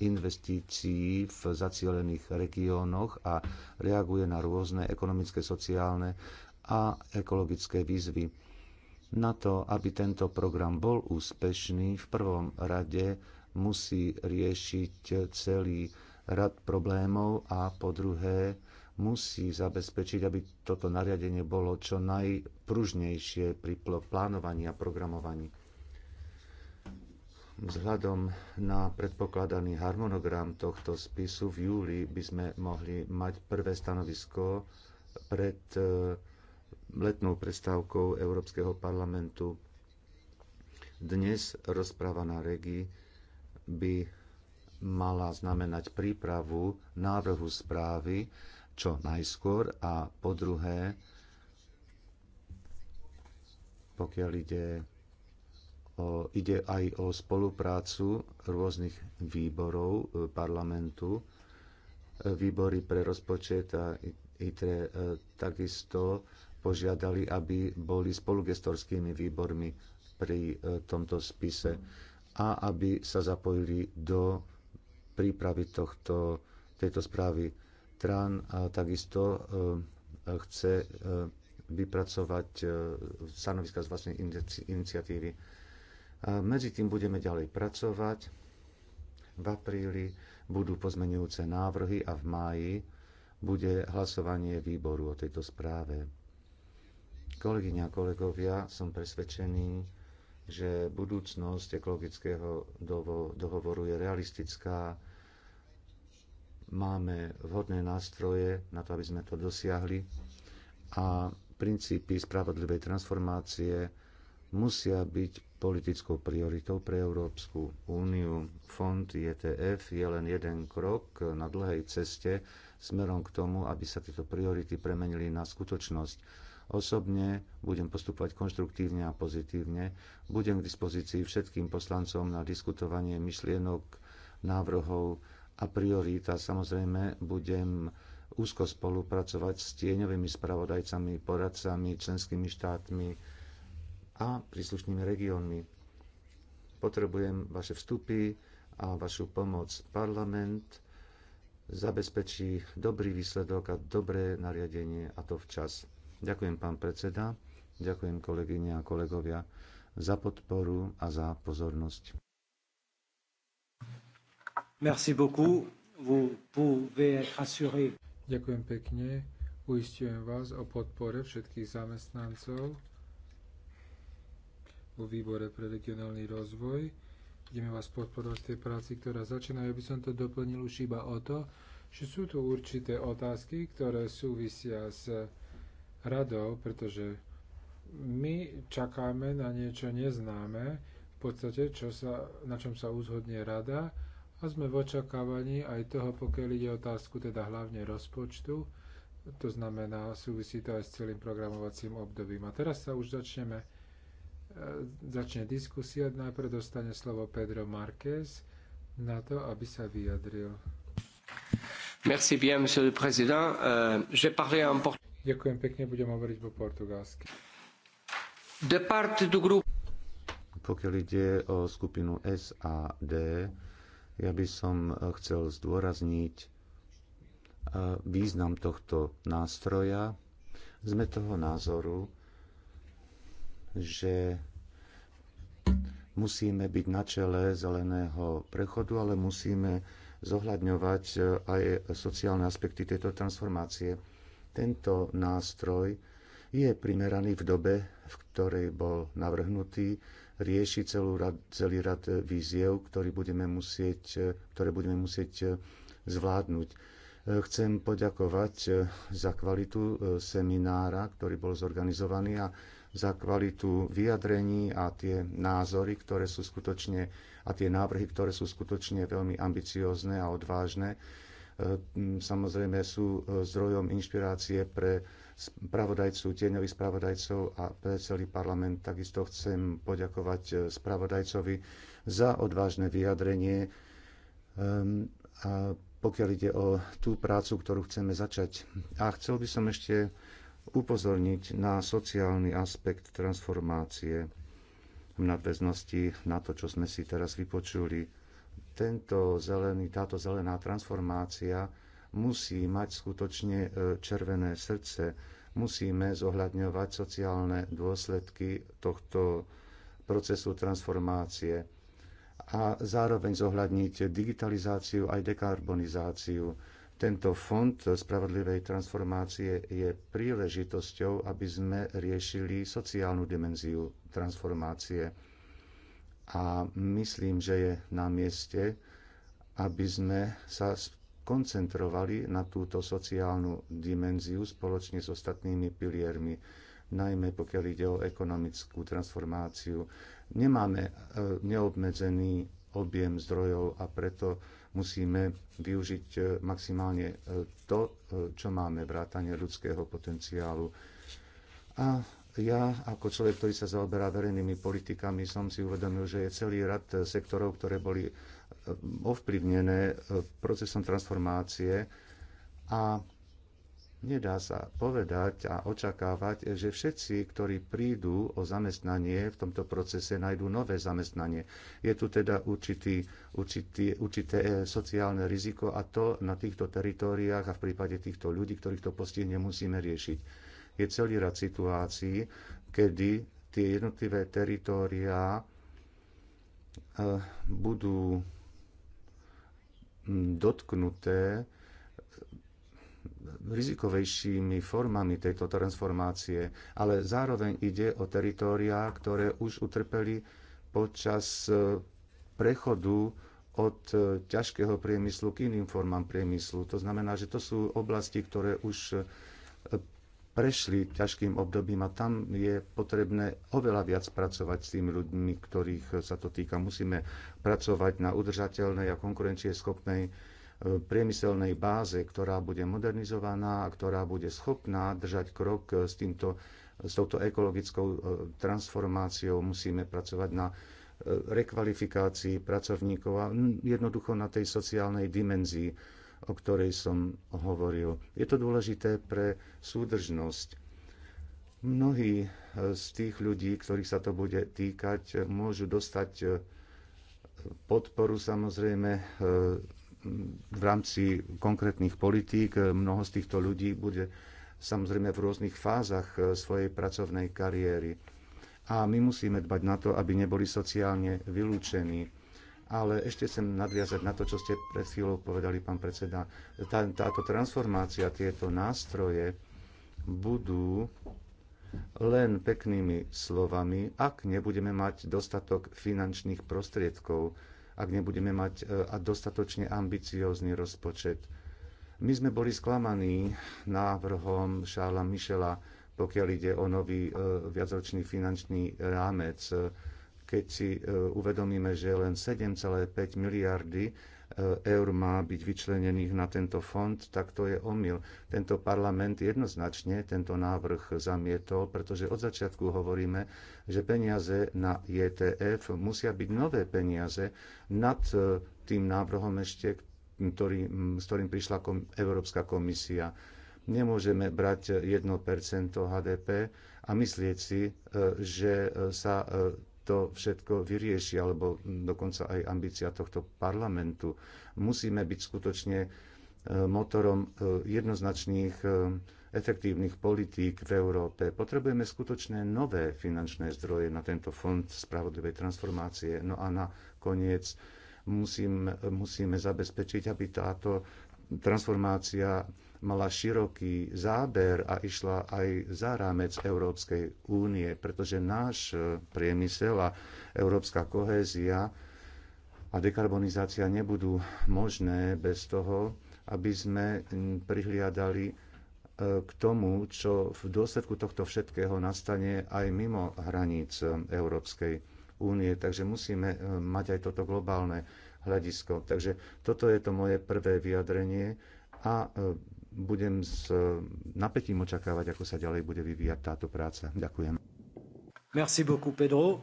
investícií v zacielených regiónoch a reaguje na rôzne ekonomické, sociálne a ekologické výzvy. Na to, aby tento program bol úspešný, v prvom rade musí riešiť celý rad problémov a po druhé musí zabezpečiť, aby toto nariadenie bolo čo najpružnejšie pri plánovaní a programovaní. Vzhľadom na predpokladaný harmonogram tohto spisu v júli by sme mohli mať prvé stanovisko pred eh, letnou prestávkou Európskeho parlamentu. Dnes rozpráva na regi by mala znamenať prípravu návrhu správy čo najskôr a po druhé, pokiaľ ide, o, ide aj o spoluprácu rôznych výborov e, parlamentu, e, výbory pre rozpočet a ITRE e, takisto požiadali, aby boli spolugestorskými výbormi pri e, tomto spise a aby sa zapojili do prípravy tohto, tejto správy. TRAN a e, takisto e, chce vypracovať stanoviska z vlastnej iniciatívy. Medzi tým budeme ďalej pracovať. V apríli budú pozmenujúce návrhy a v máji bude hlasovanie výboru o tejto správe. Kolegyňa a kolegovia, som presvedčený, že budúcnosť ekologického dohovoru je realistická. Máme vhodné nástroje na to, aby sme to dosiahli a princípy spravodlivej transformácie musia byť politickou prioritou pre Európsku úniu. Fond ETF je len jeden krok na dlhej ceste smerom k tomu, aby sa tieto priority premenili na skutočnosť Osobne budem postupovať konštruktívne a pozitívne. Budem k dispozícii všetkým poslancom na diskutovanie myšlienok, návrhov a priorít a samozrejme budem úzko spolupracovať s tieňovými spravodajcami, poradcami, členskými štátmi a príslušnými regiónmi. Potrebujem vaše vstupy a vašu pomoc. Parlament zabezpečí dobrý výsledok a dobré nariadenie a to včas. Ďakujem, pán predseda, ďakujem kolegyne a kolegovia za podporu a za pozornosť. Merci beaucoup. Vous pouvez être assuré. Ďakujem pekne. Uistujem vás o podpore všetkých zamestnancov vo výbore pre regionálny rozvoj. Budeme vás podporovať v tej práci, ktorá začína. Ja by som to doplnil už iba o to, že sú tu určité otázky, ktoré súvisia s radou, pretože my čakáme na niečo neznáme, v podstate, čo sa, na čom sa uzhodne rada a sme v očakávaní aj toho, pokiaľ ide otázku teda hlavne rozpočtu, to znamená, súvisí to aj s celým programovacím obdobím. A teraz sa už začneme, e, začne diskusia, najprv dostane slovo Pedro Marquez na to, aby sa vyjadril. Merci bien, monsieur le président. Euh, J'ai parlé en portugais. Ďakujem pekne, budem hovoriť po portugalsky. Pokiaľ ide o skupinu SAD, ja by som eh, chcel zdôrazniť eh, význam tohto nástroja. Sme toho názoru, že musíme byť na čele zeleného prechodu, ale musíme zohľadňovať eh, aj sociálne aspekty tejto transformácie tento nástroj je primeraný v dobe, v ktorej bol navrhnutý, rieši celú rad, celý rad e, víziev, ktorý budeme musieť, e, ktoré budeme musieť e, zvládnuť. Chcem poďakovať za kvalitu seminára, ktorý bol zorganizovaný a za kvalitu vyjadrení a tie názory, ktoré sú skutočne a tie návrhy, ktoré sú skutočne veľmi ambiciózne a odvážne Ehm, samozrejme sú e, zdrojom inšpirácie pre spravodajcu, tieňových spravodajcov a pre celý parlament. Takisto chcem poďakovať e, spravodajcovi za odvážne vyjadrenie. Ehm, a pokiaľ ide o tú prácu, ktorú chceme začať. A chcel by som ešte upozorniť na sociálny aspekt transformácie v nadväznosti na to, čo sme si teraz vypočuli tento zelený, táto zelená transformácia musí mať skutočne e, červené srdce. Musíme zohľadňovať sociálne dôsledky tohto procesu transformácie a zároveň zohľadniť digitalizáciu aj dekarbonizáciu. Tento fond spravodlivej transformácie je príležitosťou, aby sme riešili sociálnu dimenziu transformácie a myslím, že je na mieste, aby sme sa koncentrovali na túto sociálnu dimenziu spoločne s ostatnými piliermi, najmä pokiaľ ide o ekonomickú transformáciu. Nemáme e, neobmedzený objem zdrojov a preto musíme využiť e, maximálne e, to, čo máme, vrátanie ľudského potenciálu. A ja ako človek, ktorý sa zaoberá verejnými politikami, som si uvedomil, že je celý rad sektorov, ktoré boli e, ovplyvnené e, procesom transformácie a nedá sa povedať a očakávať, že všetci, ktorí prídu o zamestnanie v tomto procese, nájdú nové zamestnanie. Je tu teda určitý, určitý, určité e, sociálne riziko a to na týchto teritóriách a v prípade týchto ľudí, ktorých to postihne, musíme riešiť je celý rad situácií, kedy tie jednotlivé teritória eh, budú hm, dotknuté eh, rizikovejšími formami tejto transformácie, ale zároveň ide o teritóriá, ktoré už utrpeli počas eh, prechodu od ťažkého priemyslu k iným formám priemyslu. To znamená, že to sú oblasti, ktoré už prešli ťažkým obdobím a tam je potrebné oveľa viac pracovať s tými ľuďmi, ktorých sa to týka. Musíme pracovať na udržateľnej a konkurencieschopnej e, priemyselnej báze, ktorá bude modernizovaná a ktorá bude schopná držať krok s, týmto, s touto ekologickou e, transformáciou. Musíme pracovať na e, rekvalifikácii pracovníkov a mm, jednoducho na tej sociálnej dimenzii o ktorej som hovoril. Je to dôležité pre súdržnosť. Mnohí eh, z tých ľudí, ktorých sa to bude týkať, môžu dostať eh, podporu samozrejme eh, v rámci konkrétnych politík. Mnoho z týchto ľudí bude samozrejme v rôznych fázach svojej pracovnej kariéry. A my musíme dbať na to, aby neboli sociálne vylúčení. Ale ešte chcem nadviazať na to, čo ste pred chvíľou povedali, pán predseda. Tá, táto transformácia, tieto nástroje budú len peknými slovami, ak nebudeme mať dostatok finančných prostriedkov, ak nebudeme mať e, a dostatočne ambiciózny rozpočet. My sme boli sklamaní návrhom Šála Mišela, pokiaľ ide o nový e, viacročný finančný rámec keď si e, uvedomíme, že len 7,5 miliardy e, eur má byť vyčlenených na tento fond, tak to je omyl. Tento parlament jednoznačne tento návrh zamietol, pretože od začiatku hovoríme, že peniaze na JTF e musia byť nové peniaze nad tým návrhom ešte, ktorý, s ktorým prišla kom, Európska komisia. Nemôžeme brať 1% HDP a myslieť si, že sa to všetko vyrieši, alebo dokonca aj ambícia tohto parlamentu. Musíme byť skutočne e, motorom e, jednoznačných e, efektívnych politík v Európe. Potrebujeme skutočné nové finančné zdroje na tento fond spravodlivej transformácie. No a na koniec musím, musíme zabezpečiť, aby táto transformácia mala široký záber a išla aj za rámec Európskej únie, pretože náš e, priemysel a európska kohézia a dekarbonizácia nebudú možné bez toho, aby sme prihliadali e, k tomu, čo v dôsledku tohto všetkého nastane aj mimo hraníc e, Európskej únie. Takže musíme mať aj toto globálne hľadisko. Takže toto je to moje prvé vyjadrenie a budem s eh, napätím očakávať, ako sa ďalej bude vyvíjať táto práca. Ďakujem. Merci beaucoup, Pedro.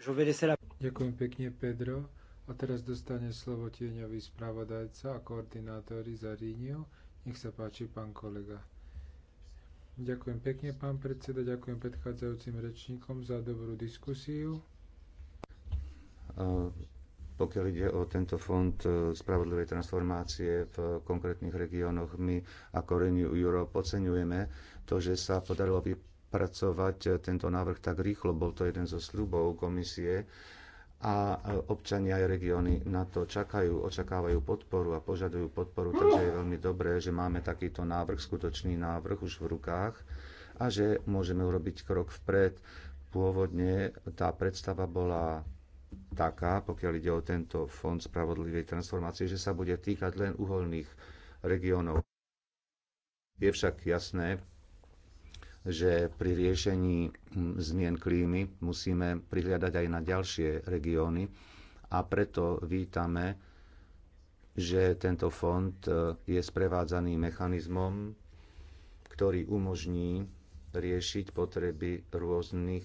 Je vais la... Ďakujem pekne, Pedro. A teraz dostane slovo tieňový správodajca a koordinátori za Ríniu. Nech sa páči, pán kolega. Ďakujem pekne, pán predseda. Ďakujem predchádzajúcim rečníkom za dobrú diskusiu. Uh pokiaľ ide o tento fond e, spravodlivej transformácie v konkrétnych regiónoch, my ako Renew Europe oceňujeme to, že sa podarilo vypracovať tento návrh tak rýchlo. Bol to jeden zo sľubov komisie a občania aj regióny na to čakajú, očakávajú podporu a požadujú podporu, takže je veľmi dobré, že máme takýto návrh, skutočný návrh už v rukách a že môžeme urobiť krok vpred. Pôvodne tá predstava bola taká, pokiaľ ide o tento fond spravodlivej transformácie, že sa bude týkať len uholných regiónov. Je však jasné, že pri riešení hm, zmien klímy musíme prihľadať aj na ďalšie regióny a preto vítame, že tento fond e, je sprevádzaný mechanizmom, ktorý umožní riešiť potreby rôznych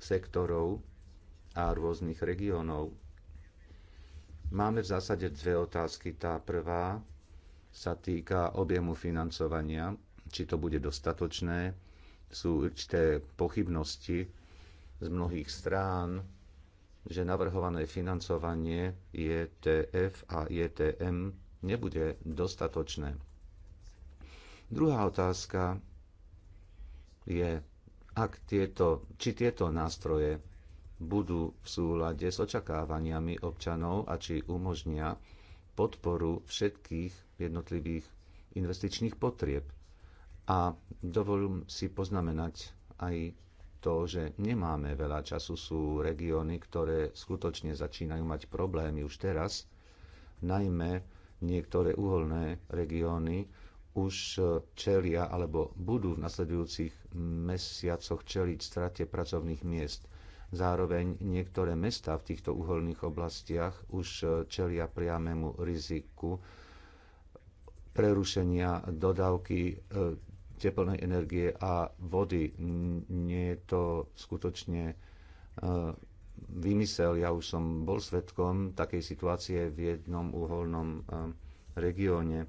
sektorov a rôznych regiónov. Máme v zásade dve otázky. Tá prvá sa týka objemu financovania, či to bude dostatočné. Sú určité pochybnosti z mnohých strán, že navrhované financovanie ETF a ETM nebude dostatočné. Druhá otázka je, ak tieto, či tieto nástroje budú v súlade s očakávaniami občanov a či umožnia podporu všetkých jednotlivých investičných potrieb. A dovolím si poznamenať aj to, že nemáme veľa času, sú regióny, ktoré skutočne začínajú mať problémy už teraz, najmä niektoré uholné regióny už čelia alebo budú v nasledujúcich mesiacoch čeliť strate pracovných miest – Zároveň niektoré mesta v týchto uholných oblastiach už eh, čelia priamému riziku prerušenia dodávky eh, teplnej energie a vody. Nie je to skutočne eh, vymysel. Ja už som bol svetkom takej situácie v jednom uholnom regióne.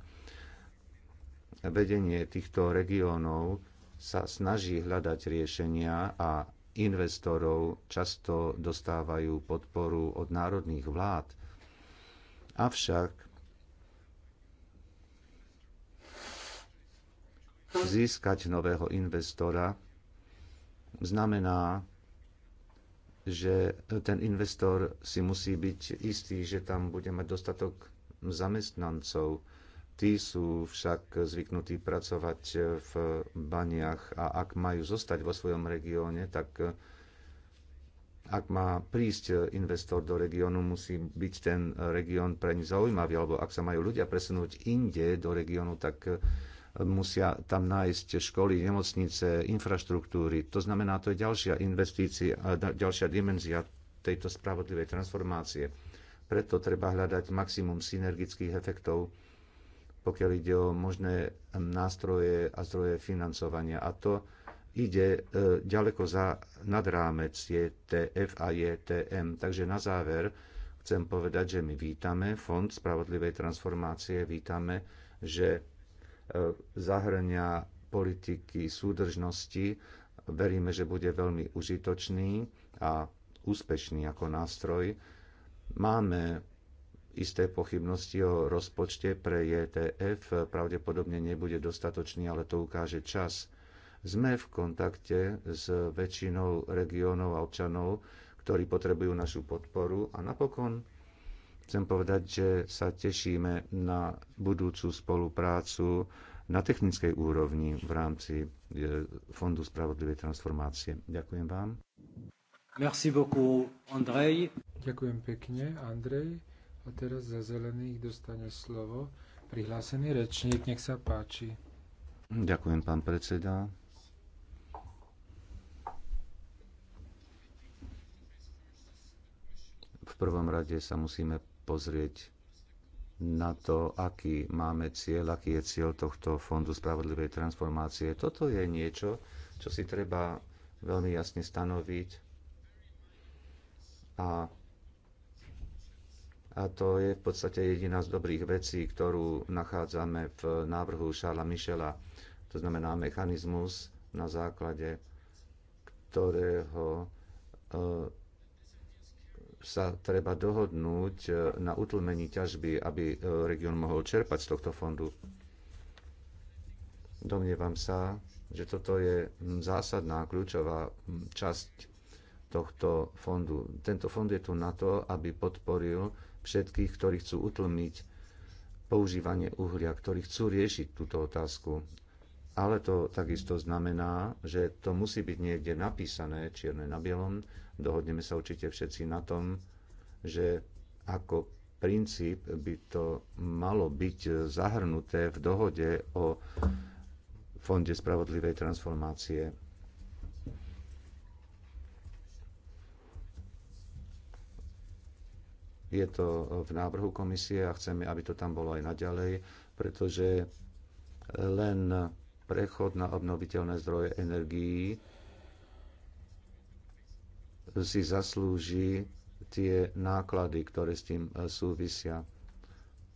Vedenie týchto regiónov sa snaží hľadať riešenia a investorov často dostávajú podporu od národných vlád. Avšak získať nového investora znamená, že ten investor si musí byť istý, že tam bude mať dostatok zamestnancov Tí sú však zvyknutí pracovať v baniach a ak majú zostať vo svojom regióne, tak eh, ak má prísť investor do regiónu, musí byť ten eh, región pre nich zaujímavý, alebo ak sa majú ľudia presunúť inde do regiónu, tak eh, musia tam nájsť školy, nemocnice, infraštruktúry. To znamená, to je ďalšia investícia, ďalšia dimenzia tejto spravodlivej transformácie. Preto treba hľadať maximum synergických efektov pokiaľ ide o možné nástroje a zdroje financovania. A to ide e, ďaleko za nadrámec JTF e a JTM. E Takže na záver chcem povedať, že my vítame Fond spravodlivej transformácie, vítame, že zahrňa politiky súdržnosti. Veríme, že bude veľmi užitočný a úspešný ako nástroj. Máme isté pochybnosti o rozpočte pre JTF. E Pravdepodobne nebude dostatočný, ale to ukáže čas. Sme v kontakte s väčšinou regiónov a občanov, ktorí potrebujú našu podporu a napokon chcem povedať, že sa tešíme na budúcu spoluprácu na technickej úrovni v rámci e, Fondu spravodlivej transformácie. Ďakujem vám. Merci beaucoup, Andrej. Ďakujem pekne, Andrej. A teraz za zelených dostane slovo prihlásený rečník. Nech sa páči. Ďakujem, pán predseda. V prvom rade sa musíme pozrieť na to, aký máme cieľ, aký je cieľ tohto Fondu spravodlivej transformácie. Toto je niečo, čo si treba veľmi jasne stanoviť a a to je v podstate jediná z dobrých vecí, ktorú nachádzame v návrhu Šála Mišela. To znamená mechanizmus, na základe ktorého e, sa treba dohodnúť e, na utlmení ťažby, aby e, región mohol čerpať z tohto fondu. Domnievam sa, že toto je zásadná, kľúčová časť tohto fondu. Tento fond je tu na to, aby podporil všetkých, ktorí chcú utlmiť používanie uhlia, ktorí chcú riešiť túto otázku. Ale to takisto znamená, že to musí byť niekde napísané čierne na bielom. Dohodneme sa určite všetci na tom, že ako princíp by to malo byť zahrnuté v dohode o Fonde spravodlivej transformácie Je to v návrhu komisie a chceme, aby to tam bolo aj naďalej, pretože len prechod na obnoviteľné zdroje energií si zaslúži tie náklady, ktoré s tým súvisia.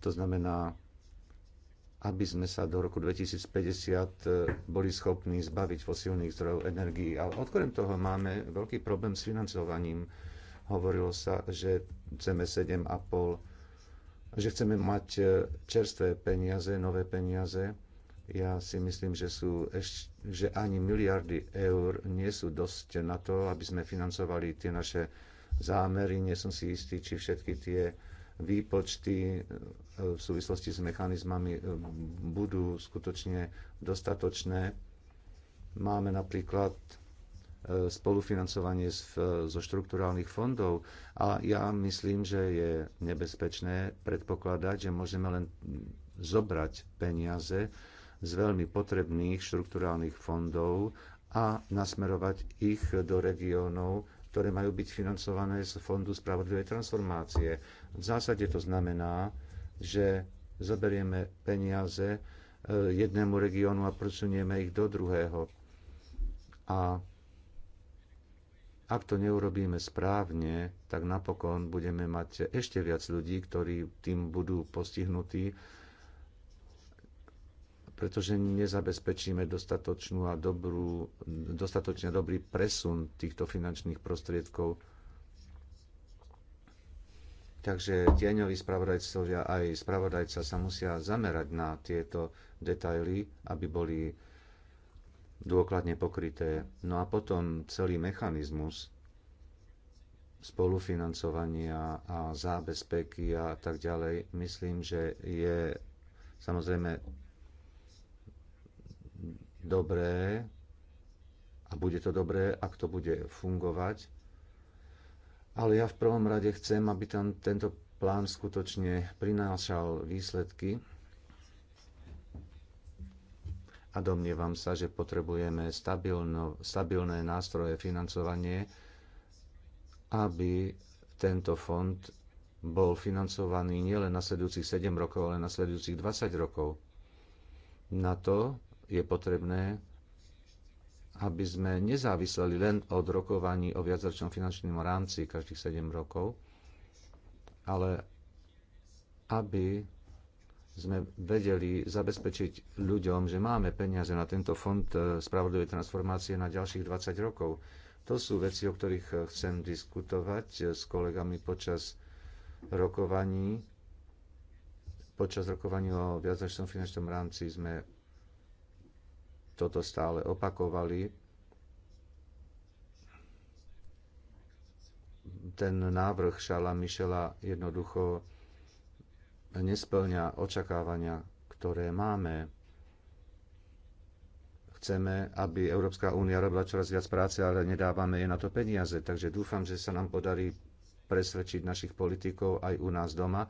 To znamená, aby sme sa do roku 2050 boli schopní zbaviť fosílnych zdrojov energií. Ale okrem toho máme veľký problém s financovaním Hovorilo sa, že chceme 7,5, že chceme mať e, čerstvé peniaze, nové peniaze. Ja si myslím, že, sú eš, že ani miliardy eur nie sú dosť na to, aby sme financovali tie naše zámery. Nie som si istý, či všetky tie výpočty e, v súvislosti s mechanizmami e, budú skutočne dostatočné. Máme napríklad E, spolufinancovanie e, zo štrukturálnych fondov a ja myslím, že je nebezpečné predpokladať, že môžeme len zobrať peniaze z veľmi potrebných štrukturálnych fondov a nasmerovať ich do regiónov, ktoré majú byť financované z Fondu spravodlivej transformácie. V zásade to znamená, že zoberieme peniaze e, jednému regiónu a presunieme ich do druhého. A ak to neurobíme správne, tak napokon budeme mať ešte viac ľudí, ktorí tým budú postihnutí, pretože nezabezpečíme dostatočnú a dobrú, dostatočne dobrý presun týchto finančných prostriedkov. Takže tieňoví spravodajcovia aj spravodajca sa musia zamerať na tieto detaily, aby boli dôkladne pokryté. No a potom celý mechanizmus spolufinancovania a zábezpeky a tak ďalej, myslím, že je samozrejme dobré a bude to dobré, ak to bude fungovať. Ale ja v prvom rade chcem, aby tam tento plán skutočne prinášal výsledky a domnievam sa, že potrebujeme stabilno, stabilné nástroje financovanie, aby tento fond bol financovaný nielen sledujúcich 7 rokov, ale na sledujúcich 20 rokov. Na to je potrebné, aby sme nezávisleli len od rokovaní o viacročnom finančnom rámci každých 7 rokov, ale aby sme vedeli zabezpečiť ľuďom, že máme peniaze na tento fond e, spravodlivej transformácie na ďalších 20 rokov. To sú veci, o ktorých e, chcem diskutovať e, s kolegami počas rokovaní. Počas rokovaní o viacročnom finančnom rámci sme toto stále opakovali. Ten návrh Šala Mišela jednoducho nesplňa očakávania, ktoré máme. Chceme, aby Európska únia robila čoraz viac práce, ale nedávame jej na to peniaze. Takže dúfam, že sa nám podarí presvedčiť našich politikov aj u nás doma,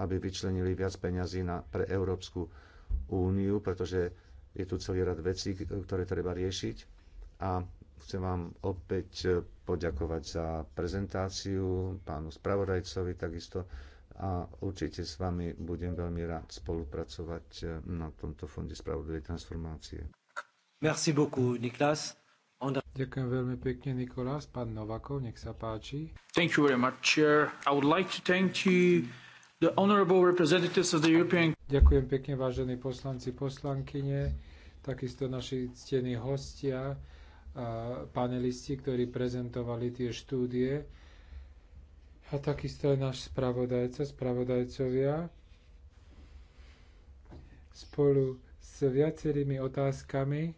aby vyčlenili viac peňazí na, pre Európsku úniu, pretože je tu celý rad vecí, ktoré treba riešiť. A chcem vám opäť poďakovať za prezentáciu, pánu spravodajcovi takisto a určite s vami budem veľmi rád spolupracovať eh, na tomto fonde spravodlivej transformácie. Merci beaucoup, Niklas. Onda... Ďakujem veľmi pekne, Nikolás. Pán Novakov, nech sa páči. Thank you very much, Chair. I would like to thank you the honorable representatives of the European... Ďakujem pekne, vážení poslanci, poslankyne, takisto naši ctení hostia, panelisti, ktorí prezentovali tie štúdie a takisto aj náš spravodajca, spravodajcovia spolu s viacerými otázkami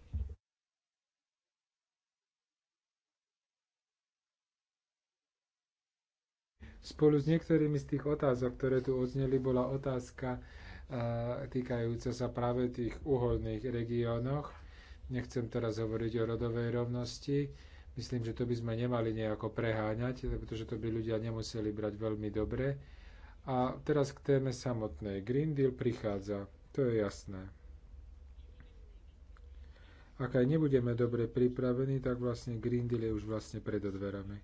Spolu s niektorými z tých otázok, ktoré tu odzneli, bola otázka týkajúca sa práve tých uholných regiónoch. Nechcem teraz hovoriť o rodovej rovnosti, Myslím, že to by sme nemali nejako preháňať, pretože to by ľudia nemuseli brať veľmi dobre. A teraz k téme samotnej. Green Deal prichádza, to je jasné. Ak aj nebudeme dobre pripravení, tak vlastne Green Deal je už vlastne pred odverami.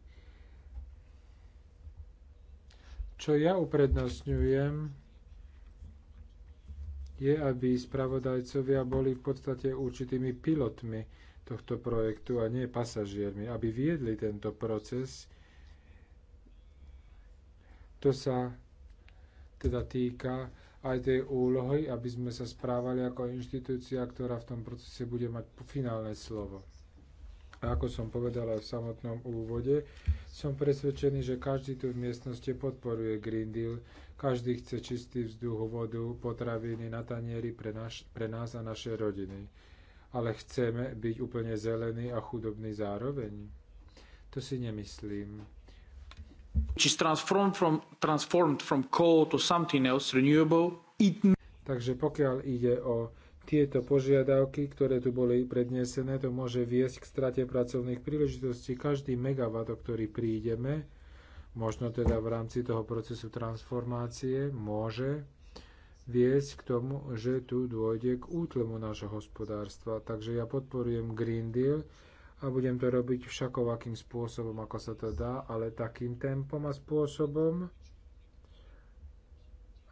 Čo ja uprednostňujem, je, aby spravodajcovia boli v podstate určitými pilotmi, tohto projektu a nie pasažiermi, aby viedli tento proces. To sa teda týka aj tej úlohy, aby sme sa správali ako inštitúcia, ktorá v tom procese bude mať finálne slovo. A ako som povedal aj v samotnom úvode, som presvedčený, že každý tu v miestnosti podporuje Green Deal, každý chce čistý vzduch, vodu, potraviny na tanieri pre, naš, pre nás a naše rodiny ale chceme byť úplne zelený a chudobný zároveň. To si nemyslím. Takže pokiaľ ide o tieto požiadavky, ktoré tu boli prednesené, to môže viesť k strate pracovných príležitostí. Každý megawatt, o ktorý prídeme, možno teda v rámci toho procesu transformácie, môže viesť k tomu, že tu dôjde k útlmu nášho hospodárstva. Takže ja podporujem Green Deal a budem to robiť všakovakým spôsobom, ako sa to dá, ale takým tempom a spôsobom,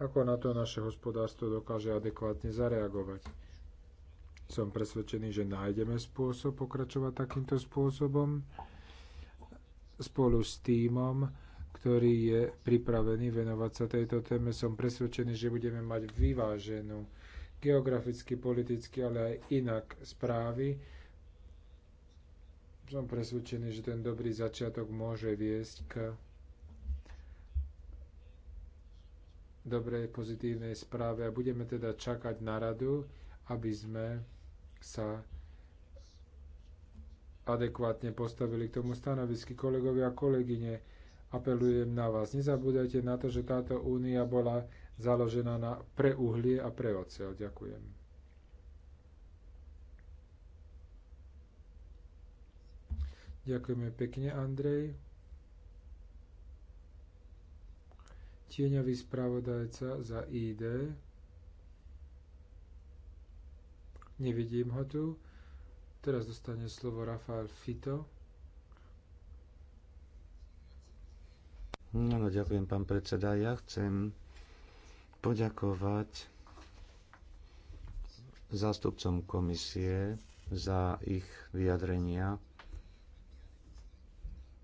ako na to naše hospodárstvo dokáže adekvátne zareagovať. Som presvedčený, že nájdeme spôsob pokračovať takýmto spôsobom spolu s týmom, ktorý je pripravený venovať sa tejto téme. Som presvedčený, že budeme mať vyváženú geograficky, politicky, ale aj inak správy. Som presvedčený, že ten dobrý začiatok môže viesť k dobrej, pozitívnej správe a budeme teda čakať na radu, aby sme sa adekvátne postavili k tomu stanovisky kolegovia a kolegyne Apelujem na vás, nezabúdajte na to, že táto únia bola založená na pre uhlie a pre oceľ. Ďakujem. Ďakujeme pekne, Andrej. Tieňový spravodajca za ID. Nevidím ho tu. Teraz dostane slovo Rafael Fito. No, ďakujem, pán predseda. Ja chcem poďakovať zástupcom komisie za ich vyjadrenia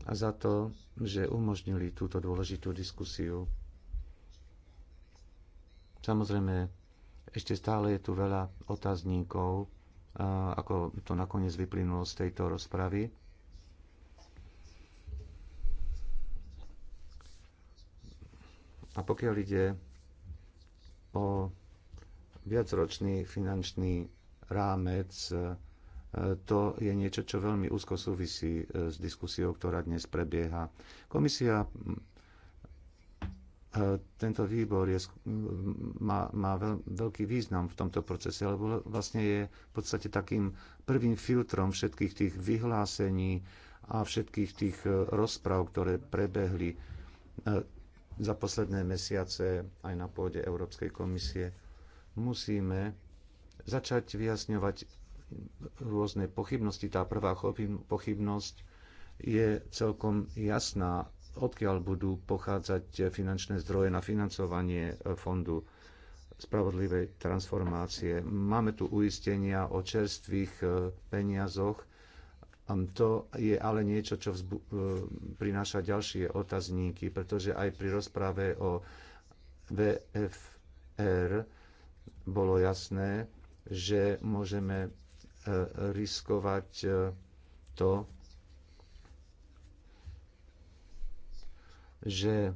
a za to, že umožnili túto dôležitú diskusiu. Samozrejme, ešte stále je tu veľa otázníkov, ako to nakoniec vyplynulo z tejto rozpravy. A pokiaľ ide o viacročný finančný rámec, e, to je niečo, čo veľmi úzko súvisí e, s diskusiou, ktorá dnes prebieha. Komisia, e, tento výbor je, má, má veľký význam v tomto procese, lebo vlastne je v podstate takým prvým filtrom všetkých tých vyhlásení a všetkých tých rozpráv, ktoré prebehli za posledné mesiace aj na pôde Európskej komisie. Musíme začať vyjasňovať rôzne pochybnosti. Tá prvá pochybnosť je celkom jasná, odkiaľ budú pochádzať finančné zdroje na financovanie e, fondu spravodlivej transformácie. Máme tu uistenia o čerstvých e, peniazoch, to je ale niečo, čo e, prináša ďalšie otazníky, pretože aj pri rozprave o VFR bolo jasné, že môžeme e, riskovať e, to, že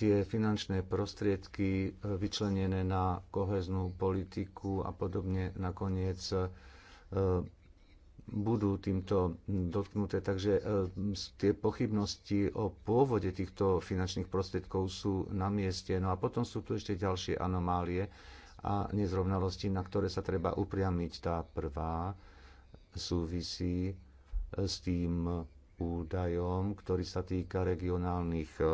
tie finančné prostriedky vyčlenené na koheznú politiku a podobne nakoniec budú týmto dotknuté. Takže e, tie pochybnosti o pôvode týchto finančných prostriedkov sú na mieste. No a potom sú tu ešte ďalšie anomálie a nezrovnalosti, na ktoré sa treba upriamiť. Tá prvá súvisí e, s tým údajom, ktorý sa týka regionálnych e,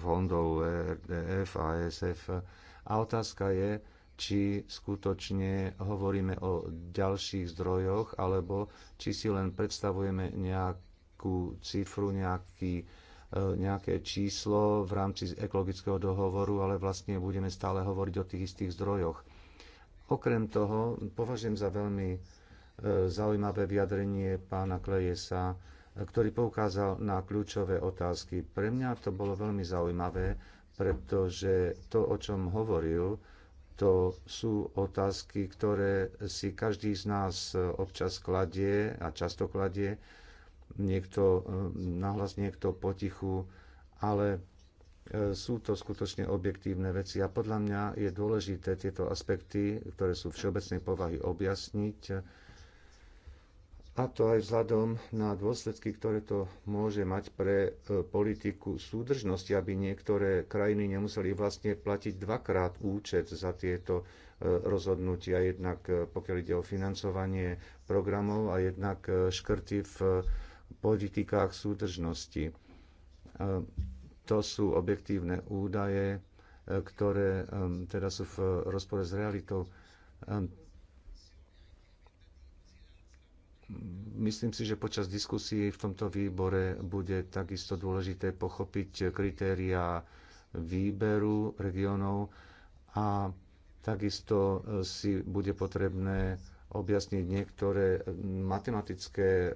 fondov RDF a ESF. A otázka je, či skutočne hovoríme o ďalších zdrojoch, alebo či si len predstavujeme nejakú cifru, nejaký, e, nejaké číslo v rámci ekologického dohovoru, ale vlastne budeme stále hovoriť o tých istých zdrojoch. Okrem toho považujem za veľmi e, zaujímavé vyjadrenie pána Klejesa, ktorý poukázal na kľúčové otázky. Pre mňa to bolo veľmi zaujímavé, pretože to, o čom hovoril, to sú otázky, ktoré si každý z nás e, občas kladie a často kladie, niekto e, nahlas, niekto potichu, ale e, sú to skutočne objektívne veci a podľa mňa je dôležité tieto aspekty, ktoré sú všeobecnej povahy, objasniť a to aj vzhľadom na dôsledky, ktoré to môže mať pre e, politiku súdržnosti, aby niektoré krajiny nemuseli vlastne platiť dvakrát účet za tieto e, rozhodnutia, jednak e, pokiaľ ide o financovanie programov a jednak škrty v politikách súdržnosti. To sú objektívne údaje, ktoré teda sú v rozpore s realitou Myslím si, že počas diskusí v tomto výbore bude takisto dôležité pochopiť kritéria výberu regionov a takisto si bude potrebné objasniť niektoré matematické e,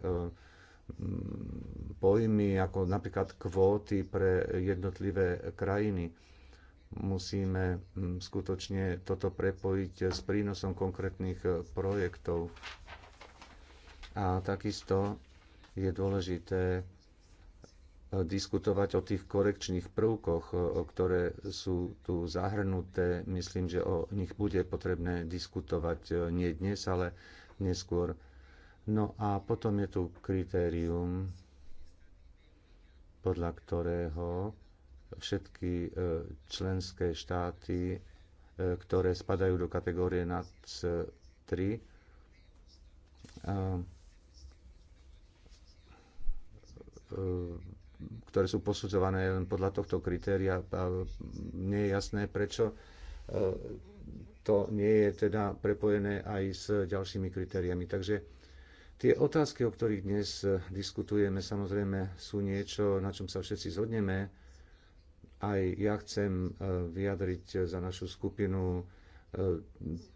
pojmy, ako napríklad kvóty pre jednotlivé krajiny. Musíme skutočne toto prepojiť s prínosom konkrétnych projektov. A takisto je dôležité e, diskutovať o tých korekčných prvkoch, e, o ktoré sú tu zahrnuté. Myslím, že o nich bude potrebné diskutovať e, nie dnes, ale neskôr. No a potom je tu kritérium, podľa ktorého všetky členské štáty, ktoré spadajú do kategórie NAC 3, E, ktoré sú posudzované len podľa tohto kritéria. A nie je jasné, prečo e, to nie je teda prepojené aj s ďalšími kritériami. Takže tie otázky, o ktorých dnes diskutujeme, samozrejme sú niečo, na čom sa všetci zhodneme. Aj ja chcem e, vyjadriť za našu skupinu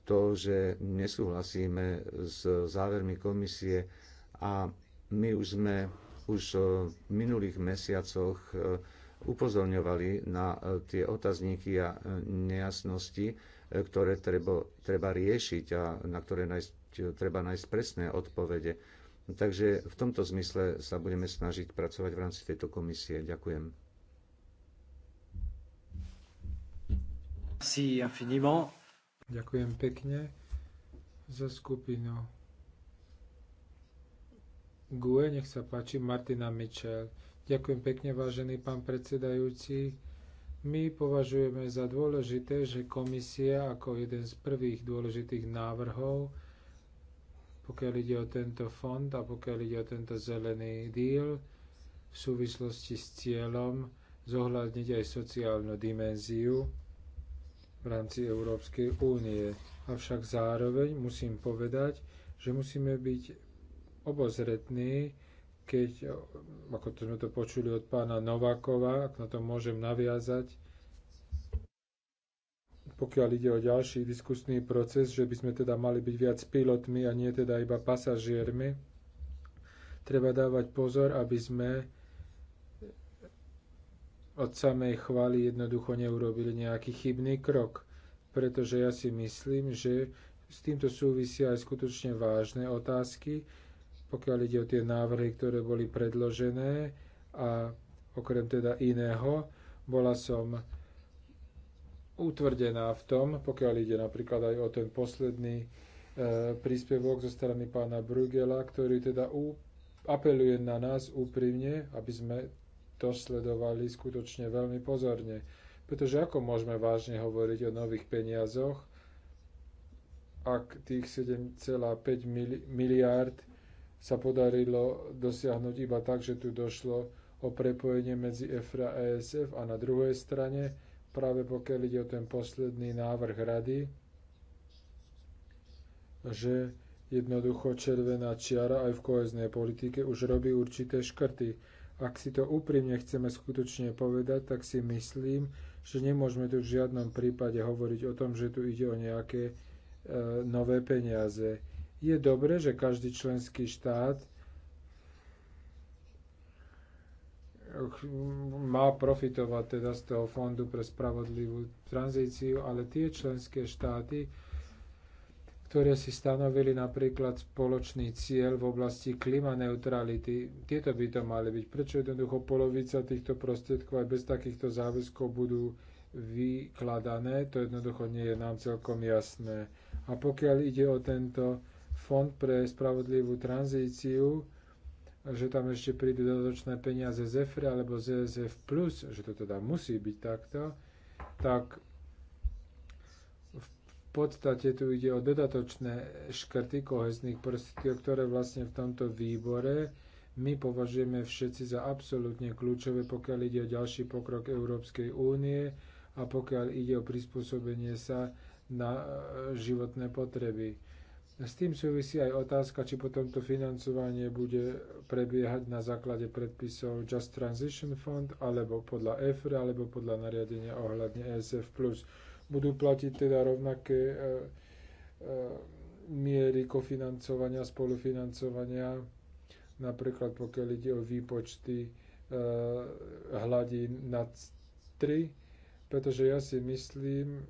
to, že nesúhlasíme s závermi komisie a my už sme už e, v minulých mesiacoch e, upozorňovali na e, tie otazníky a nejasnosti, ktoré treba, treba riešiť a na ktoré nájsť, treba nájsť presné odpovede. Takže v tomto zmysle sa budeme snažiť pracovať v rámci tejto komisie. Ďakujem. Ďakujem pekne za skupinu GUE, nech sa páči, Martina Mitchell. Ďakujem pekne, vážený pán predsedajúci. My považujeme za dôležité, že komisia ako jeden z prvých dôležitých návrhov, pokiaľ ide o tento fond a pokiaľ ide o tento zelený díl, v súvislosti s cieľom zohľadniť aj sociálnu dimenziu v rámci Európskej únie. Avšak zároveň musím povedať, že musíme byť Obozretný, keď, ako to sme to počuli od pána Novákova, ak na to môžem naviazať, pokiaľ ide o ďalší diskusný proces, že by sme teda mali byť viac pilotmi a nie teda iba pasažiermi, treba dávať pozor, aby sme od samej chvály jednoducho neurobili nejaký chybný krok, pretože ja si myslím, že s týmto súvisia aj skutočne vážne otázky, pokiaľ ide o tie návrhy, ktoré boli predložené a okrem teda iného, bola som utvrdená v tom, pokiaľ ide napríklad aj o ten posledný e, príspevok zo strany pána Brugela, ktorý teda u, apeluje na nás úprimne, aby sme to sledovali skutočne veľmi pozorne. Pretože ako môžeme vážne hovoriť o nových peniazoch, ak tých 7,5 miliárd sa podarilo dosiahnuť iba tak, že tu došlo o prepojenie medzi EFRA a ESF a na druhej strane, práve pokiaľ ide o ten posledný návrh rady, že jednoducho červená čiara aj v koheznej politike už robí určité škrty. Ak si to úprimne chceme skutočne povedať, tak si myslím, že nemôžeme tu v žiadnom prípade hovoriť o tom, že tu ide o nejaké e, nové peniaze. Je dobre, že každý členský štát má profitovať teda z toho fondu pre spravodlivú tranzíciu, ale tie členské štáty, ktoré si stanovili napríklad spoločný cieľ v oblasti klimaneutrality, tieto by to mali byť. Prečo jednoducho polovica týchto prostriedkov aj bez takýchto záväzkov budú vykladané, to jednoducho nie je nám celkom jasné. A pokiaľ ide o tento Fond pre spravodlivú tranzíciu, že tam ešte prídu dodatočné peniaze z EFRE alebo z ESF+, že to teda musí byť takto, tak v podstate tu ide o dodatočné škrty kohezných prostriedkov, ktoré vlastne v tomto výbore my považujeme všetci za absolútne kľúčové, pokiaľ ide o ďalší pokrok Európskej únie a pokiaľ ide o prispôsobenie sa na e, životné potreby. S tým súvisí aj otázka, či potom to financovanie bude prebiehať na základe predpisov Just Transition Fund alebo podľa EFRE alebo podľa nariadenia ohľadne ESF+. Budú platiť teda rovnaké e, e, miery kofinancovania, spolufinancovania, napríklad pokiaľ ide o výpočty e, hladín nad 3, pretože ja si myslím,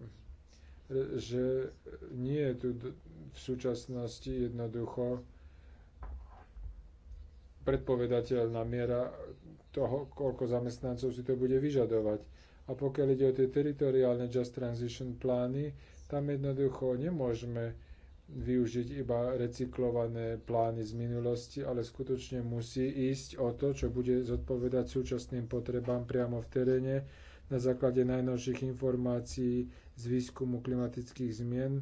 že nie je tu v súčasnosti jednoducho predpovedateľná miera toho, koľko zamestnancov si to bude vyžadovať. A pokiaľ ide o tie teritoriálne Just Transition plány, tam jednoducho nemôžeme využiť iba recyklované plány z minulosti, ale skutočne musí ísť o to, čo bude zodpovedať súčasným potrebám priamo v teréne na základe najnovších informácií z výskumu klimatických zmien,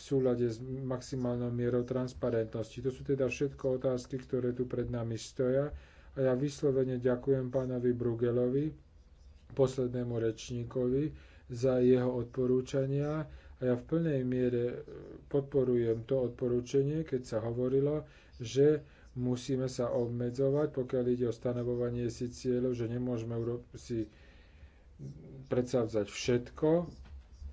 v súlade s maximálnou mierou transparentnosti. To sú teda všetko otázky, ktoré tu pred nami stoja a ja vyslovene ďakujem pánovi Brugelovi, poslednému rečníkovi, za jeho odporúčania a ja v plnej miere podporujem to odporúčanie, keď sa hovorilo, že musíme sa obmedzovať, pokiaľ ide o stanovovanie si cieľov, že nemôžeme si predsavzať všetko,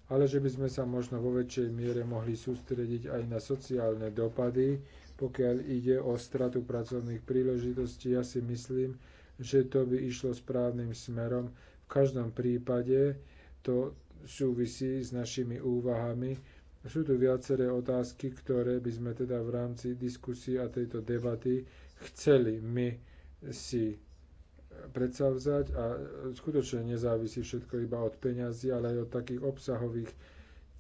ale že by sme sa možno vo väčšej miere mohli sústrediť aj na sociálne dopady, pokiaľ ide o stratu pracovných príležitostí. Ja si myslím, že to by išlo správnym smerom. V každom prípade to súvisí s našimi úvahami. Sú tu viaceré otázky, ktoré by sme teda v rámci diskusie a tejto debaty chceli my si predsavzať a e, skutočne nezávisí všetko iba od peňazí, ale aj od takých obsahových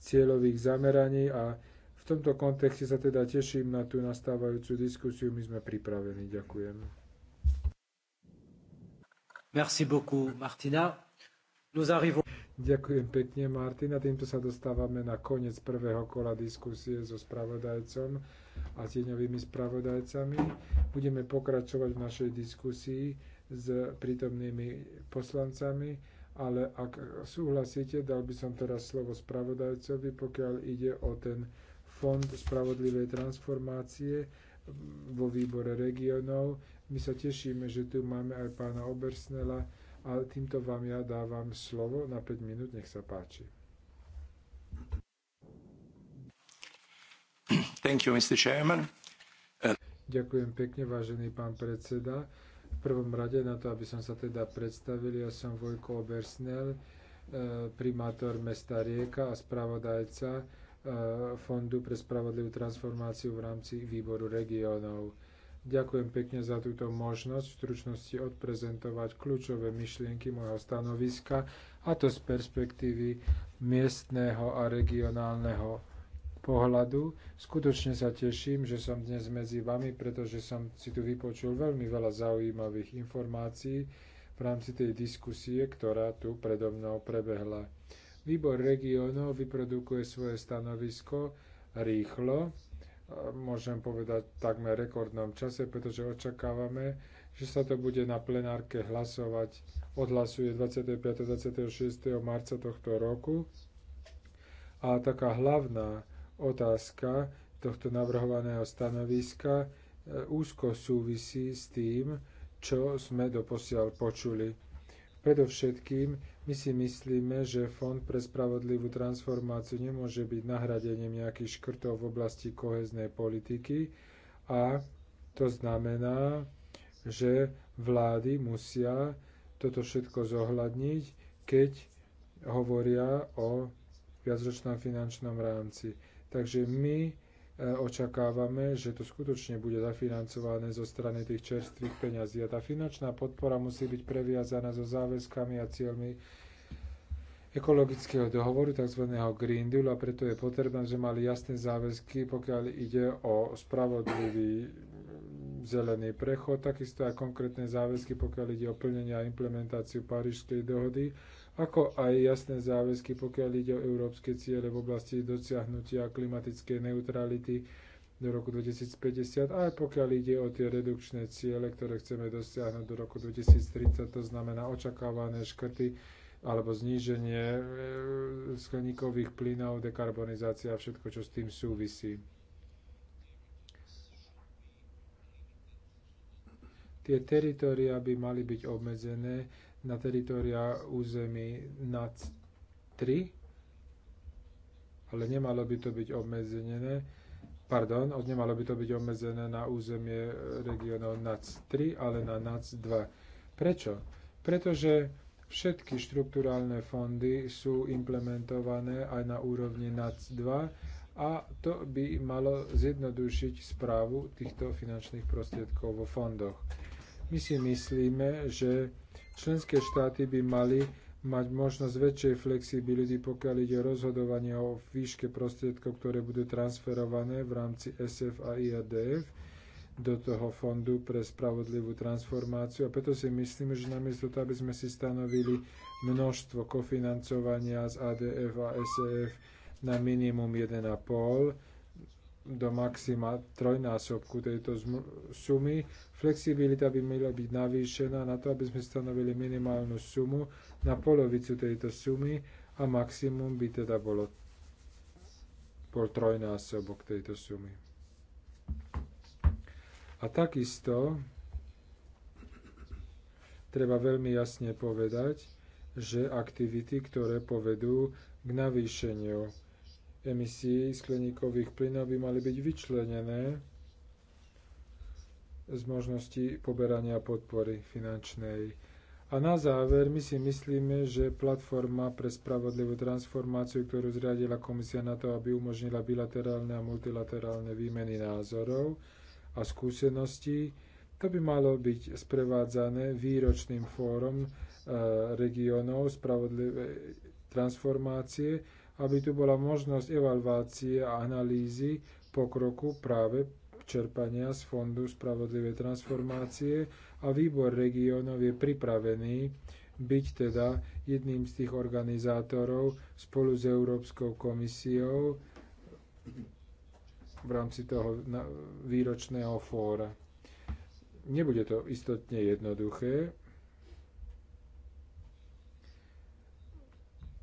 cieľových zameraní a v tomto kontexte sa teda teším na tú nastávajúcu diskusiu. My sme pripravení. Ďakujem. Merci beaucoup, Martina. Nous arrivons... Ďakujem pekne, Martin a Týmto sa dostávame na koniec prvého kola diskusie so spravodajcom a tieňovými spravodajcami. Budeme pokračovať v našej diskusii s prítomnými poslancami, ale ak súhlasíte, dal by som teraz slovo spravodajcovi, pokiaľ ide o ten Fond spravodlivej transformácie vo výbore regionov. My sa tešíme, že tu máme aj pána Obersnela a týmto vám ja dávam slovo na 5 minút, nech sa páči. You, Ďakujem pekne, vážený pán predseda. V prvom rade, na to, aby som sa teda predstavil, ja som Vojko Obersnel, e, primátor mesta Rieka a spravodajca e, Fondu pre spravodlivú transformáciu v rámci výboru regionov. Ďakujem pekne za túto možnosť v stručnosti odprezentovať kľúčové myšlienky môjho stanoviska, a to z perspektívy miestného a regionálneho pohľadu. Skutočne sa teším, že som dnes medzi vami, pretože som si tu vypočul veľmi veľa zaujímavých informácií v rámci tej diskusie, ktorá tu predo mnou prebehla. Výbor regiónov vyprodukuje svoje stanovisko rýchlo, môžem povedať takmer rekordnom čase, pretože očakávame, že sa to bude na plenárke hlasovať. Odhlasuje 25. 26. marca tohto roku. A taká hlavná otázka tohto navrhovaného stanoviska e, úzko súvisí s tým, čo sme doposiaľ počuli. Predovšetkým my si myslíme, že Fond pre spravodlivú transformáciu nemôže byť nahradením nejakých škrtov v oblasti koheznej politiky a to znamená, že vlády musia toto všetko zohľadniť, keď hovoria o viacročnom finančnom rámci. Takže my e, očakávame, že to skutočne bude zafinancované zo strany tých čerstvých peňazí. A tá finančná podpora musí byť previazaná so záväzkami a cieľmi ekologického dohovoru, tzv. Green Deal, a preto je potrebné, že mali jasné záväzky, pokiaľ ide o spravodlivý zelený prechod, takisto aj konkrétne záväzky, pokiaľ ide o plnenie a implementáciu Parížskej dohody ako aj jasné záväzky, pokiaľ ide o európske ciele v oblasti dosiahnutia klimatickej neutrality do roku 2050, aj pokiaľ ide o tie redukčné ciele, ktoré chceme dosiahnuť do roku 2030, to znamená očakávané škrty alebo zníženie e, skleníkových plynov, dekarbonizácia a všetko, čo s tým súvisí. Tie teritória by mali byť obmedzené na teritoria území NAC 3, ale nemalo by to byť obmedzené, pardon, nemalo by to byť obmedzené na územie regionov NAC 3, ale na NAC 2. Prečo? Pretože všetky štrukturálne fondy sú implementované aj na úrovni NAC 2 a to by malo zjednodušiť správu týchto finančných prostriedkov vo fondoch. My si myslíme, že členské štáty by mali mať možnosť väčšej flexibility, pokiaľ ide o rozhodovanie o výške prostriedkov, ktoré budú transferované v rámci SF a IADF do toho fondu pre spravodlivú transformáciu. A preto si myslíme, že namiesto toho, aby sme si stanovili množstvo kofinancovania z ADF a SF e na minimum 1,5, do maxima trojnásobku tejto sumy. Flexibilita by mala byť navýšená na to, aby sme stanovili minimálnu sumu na polovicu tejto sumy a maximum by teda bolo bol trojnásobok tejto sumy. A takisto treba veľmi jasne povedať, že aktivity, ktoré povedú k navýšeniu emisí skleníkových plynov by mali byť vyčlenené z možnosti poberania podpory finančnej. A na záver, my si myslíme, že platforma pre spravodlivú transformáciu, ktorú zriadila komisia na to, aby umožnila bilaterálne a multilaterálne výmeny názorov a skúseností, to by malo byť sprevádzané výročným fórom eh, regionov spravodlivej transformácie, aby tu bola možnosť evalvácie a analýzy pokroku práve čerpania z Fondu spravodlivej transformácie a výbor regiónov je pripravený byť teda jedným z tých organizátorov spolu s Európskou komisiou v rámci toho výročného fóra. Nebude to istotne jednoduché,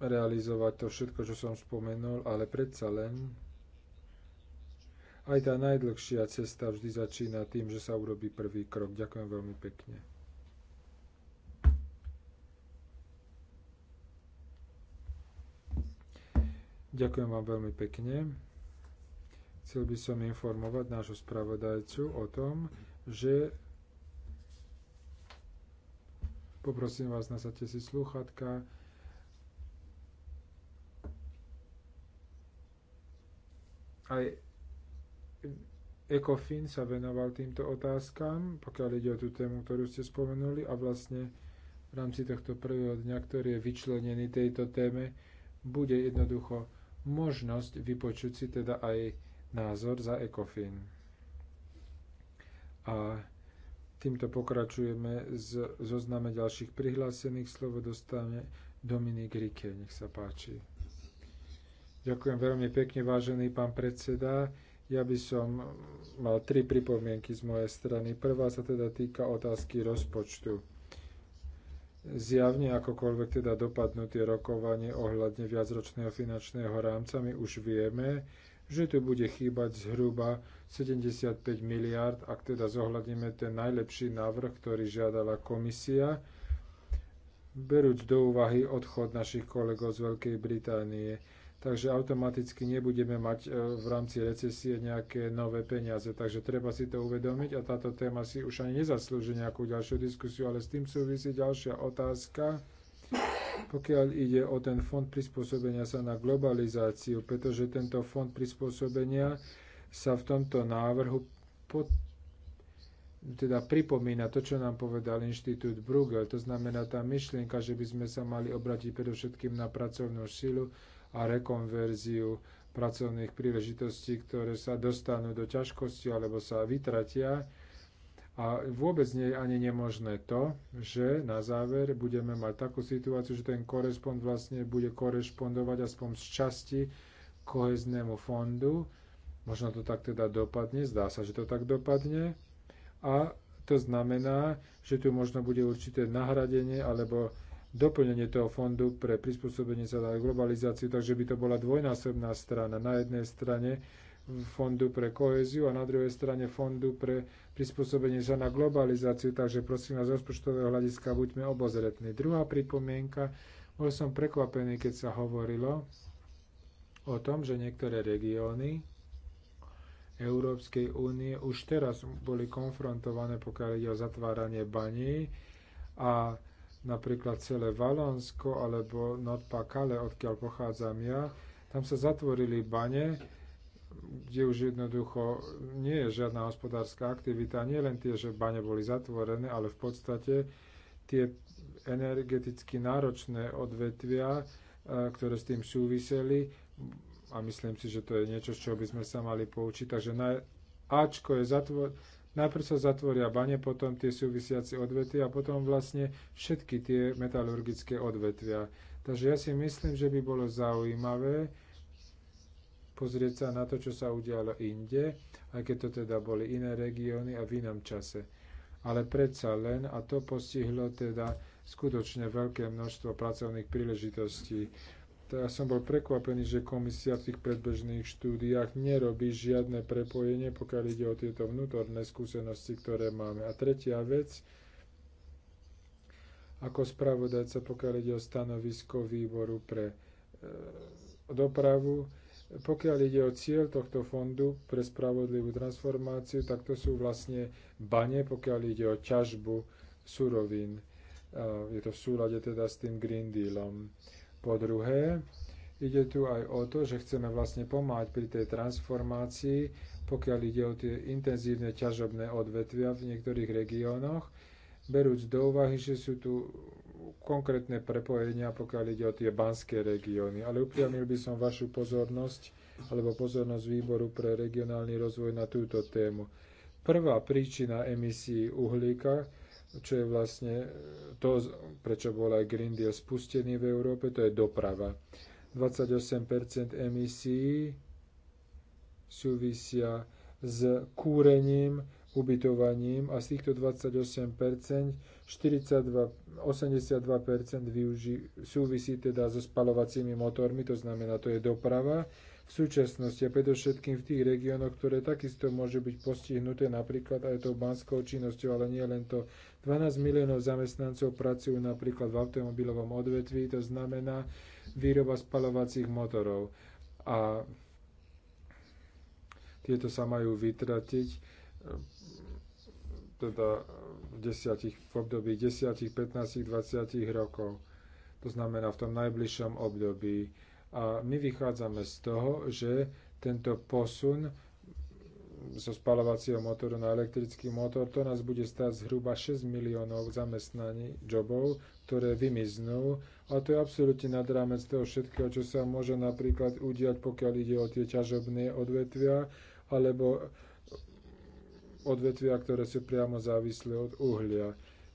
realizovať to všetko, čo som spomenul, ale predsa len aj tá najdlhšia cesta vždy začína tým, že sa urobí prvý krok. Ďakujem veľmi pekne. Ďakujem vám veľmi pekne. Chcel by som informovať nášho spravodajcu o tom, že poprosím vás, nasadte si sluchatka, Aj ECOFIN sa venoval týmto otázkam, pokiaľ ide o tú tému, ktorú ste spomenuli a vlastne v rámci tohto prvého dňa, ktorý je vyčlenený tejto téme, bude jednoducho možnosť vypočuť si teda aj názor za ECOFIN. A týmto pokračujeme z zozname ďalších prihlásených. Slovo dostane Dominik Rike. Nech sa páči. Ďakujem veľmi pekne, vážený pán predseda. Ja by som mal tri pripomienky z mojej strany. Prvá sa teda týka otázky rozpočtu. Zjavne akokoľvek teda dopadnú tie rokovanie ohľadne viacročného finančného rámca, my už vieme, že tu bude chýbať zhruba 75 miliard, ak teda zohľadíme ten najlepší návrh, ktorý žiadala komisia, berúc do úvahy odchod našich kolegov z Veľkej Británie takže automaticky nebudeme mať e, v rámci recesie nejaké nové peniaze. Takže treba si to uvedomiť a táto téma si už ani nezaslúži nejakú ďalšiu diskusiu, ale s tým súvisí ďalšia otázka, pokiaľ ide o ten fond prispôsobenia sa na globalizáciu, pretože tento fond prispôsobenia sa v tomto návrhu pod, teda pripomína to, čo nám povedal inštitút Bruegel. To znamená tá myšlienka, že by sme sa mali obratiť predovšetkým na pracovnú silu, a rekonverziu pracovných príležitostí, ktoré sa dostanú do ťažkosti alebo sa vytratia. A vôbec nie je ani nemožné to, že na záver budeme mať takú situáciu, že ten korespond vlastne bude korešpondovať aspoň z časti koheznému fondu. Možno to tak teda dopadne, zdá sa, že to tak dopadne. A to znamená, že tu možno bude určité nahradenie alebo doplnenie toho fondu pre prispôsobenie sa na globalizáciu, takže by to bola dvojnásobná strana. Na jednej strane fondu pre koéziu a na druhej strane fondu pre prispôsobenie sa na globalizáciu, takže prosím vás z rozpočtového hľadiska buďme obozretní. Druhá pripomienka, bol som prekvapený, keď sa hovorilo o tom, že niektoré regióny Európskej únie už teraz boli konfrontované, pokiaľ ide o zatváranie baní a napríklad celé Valonsko alebo Nordpakale, odkiaľ pochádzam ja, tam sa zatvorili bane, kde už jednoducho nie je žiadna hospodárska aktivita, nie len tie, že bane boli zatvorené, ale v podstate tie energeticky náročné odvetvia, e, ktoré s tým súviseli, a myslím si, že to je niečo, z čoho by sme sa mali poučiť. Takže na Ačko je zatvorené, Najprv sa zatvoria bane, potom tie súvisiace odvetvia a potom vlastne všetky tie metalurgické odvetvia. Takže ja si myslím, že by bolo zaujímavé pozrieť sa na to, čo sa udialo inde, aj keď to teda boli iné regióny a v inom čase. Ale predsa len, a to postihlo teda skutočne veľké množstvo pracovných príležitostí ja som bol prekvapený, že komisia v tých predbežných štúdiách nerobí žiadne prepojenie, pokiaľ ide o tieto vnútorné skúsenosti, ktoré máme. A tretia vec, ako spravodajca, pokiaľ ide o stanovisko výboru pre e, dopravu, pokiaľ ide o cieľ tohto fondu pre spravodlivú transformáciu, tak to sú vlastne bane, pokiaľ ide o ťažbu surovín. E, je to v súlade teda s tým Green Dealom. E, po druhé, ide tu aj o to, že chceme vlastne pomáhať pri tej transformácii, pokiaľ ide o tie intenzívne ťažobné odvetvia v niektorých regiónoch, berúc do úvahy, že sú tu konkrétne prepojenia, pokiaľ ide o tie banské regióny. Ale upriamil by som vašu pozornosť alebo pozornosť výboru pre regionálny rozvoj na túto tému. Prvá príčina emisí uhlíka čo je vlastne eh, to, prečo bol aj Green Deal spustený v Európe, to je doprava. 28 emisí súvisia s kúrením, ubytovaním a z týchto 28 42, 82 využi, súvisí teda so spalovacími motormi, to znamená, to je doprava v súčasnosti a predovšetkým v tých regiónoch, ktoré takisto môžu byť postihnuté napríklad aj tou banskou činnosťou, ale nie len to 12 miliónov zamestnancov pracujú napríklad v automobilovom odvetví, to znamená výroba spalovacích motorov. A tieto sa majú vytratiť eh, teda v, desiatich, v období 10, 15, 20 rokov. To znamená v tom najbližšom období. A my vychádzame z toho, že tento posun zo spalovacieho motoru na elektrický motor, to nás bude stať zhruba 6 miliónov zamestnaní, jobov, ktoré vymiznú. A to je absolútne nad rámec toho všetkého, čo sa môže napríklad udiať, pokiaľ ide o tie ťažobné odvetvia, alebo odvetvia, ktoré sú priamo závislé od uhlia.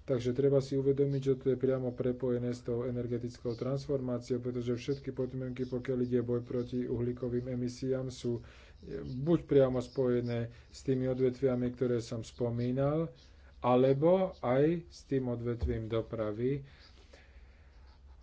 Takže treba si uvedomiť, že to je priamo prepojené s tou energetickou transformáciou, pretože všetky podmienky, pokiaľ ide boj proti uhlíkovým emisiám, sú buď priamo spojené s tými odvetviami, ktoré som spomínal, alebo aj s tým odvetvím dopravy.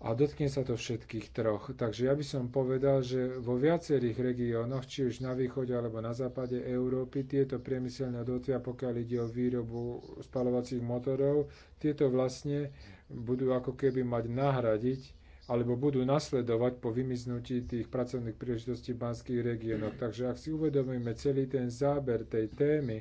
A dotkne sa to všetkých troch. Takže ja by som povedal, že vo viacerých regiónoch, či už na východe alebo na západe Európy, tieto priemyselné odvetvia, pokiaľ ide o výrobu spalovacích motorov, tieto vlastne budú ako keby mať nahradiť alebo budú nasledovať po vymiznutí tých pracovných príležitostí v banských regiónoch. Takže ak si uvedomíme celý ten záber tej témy,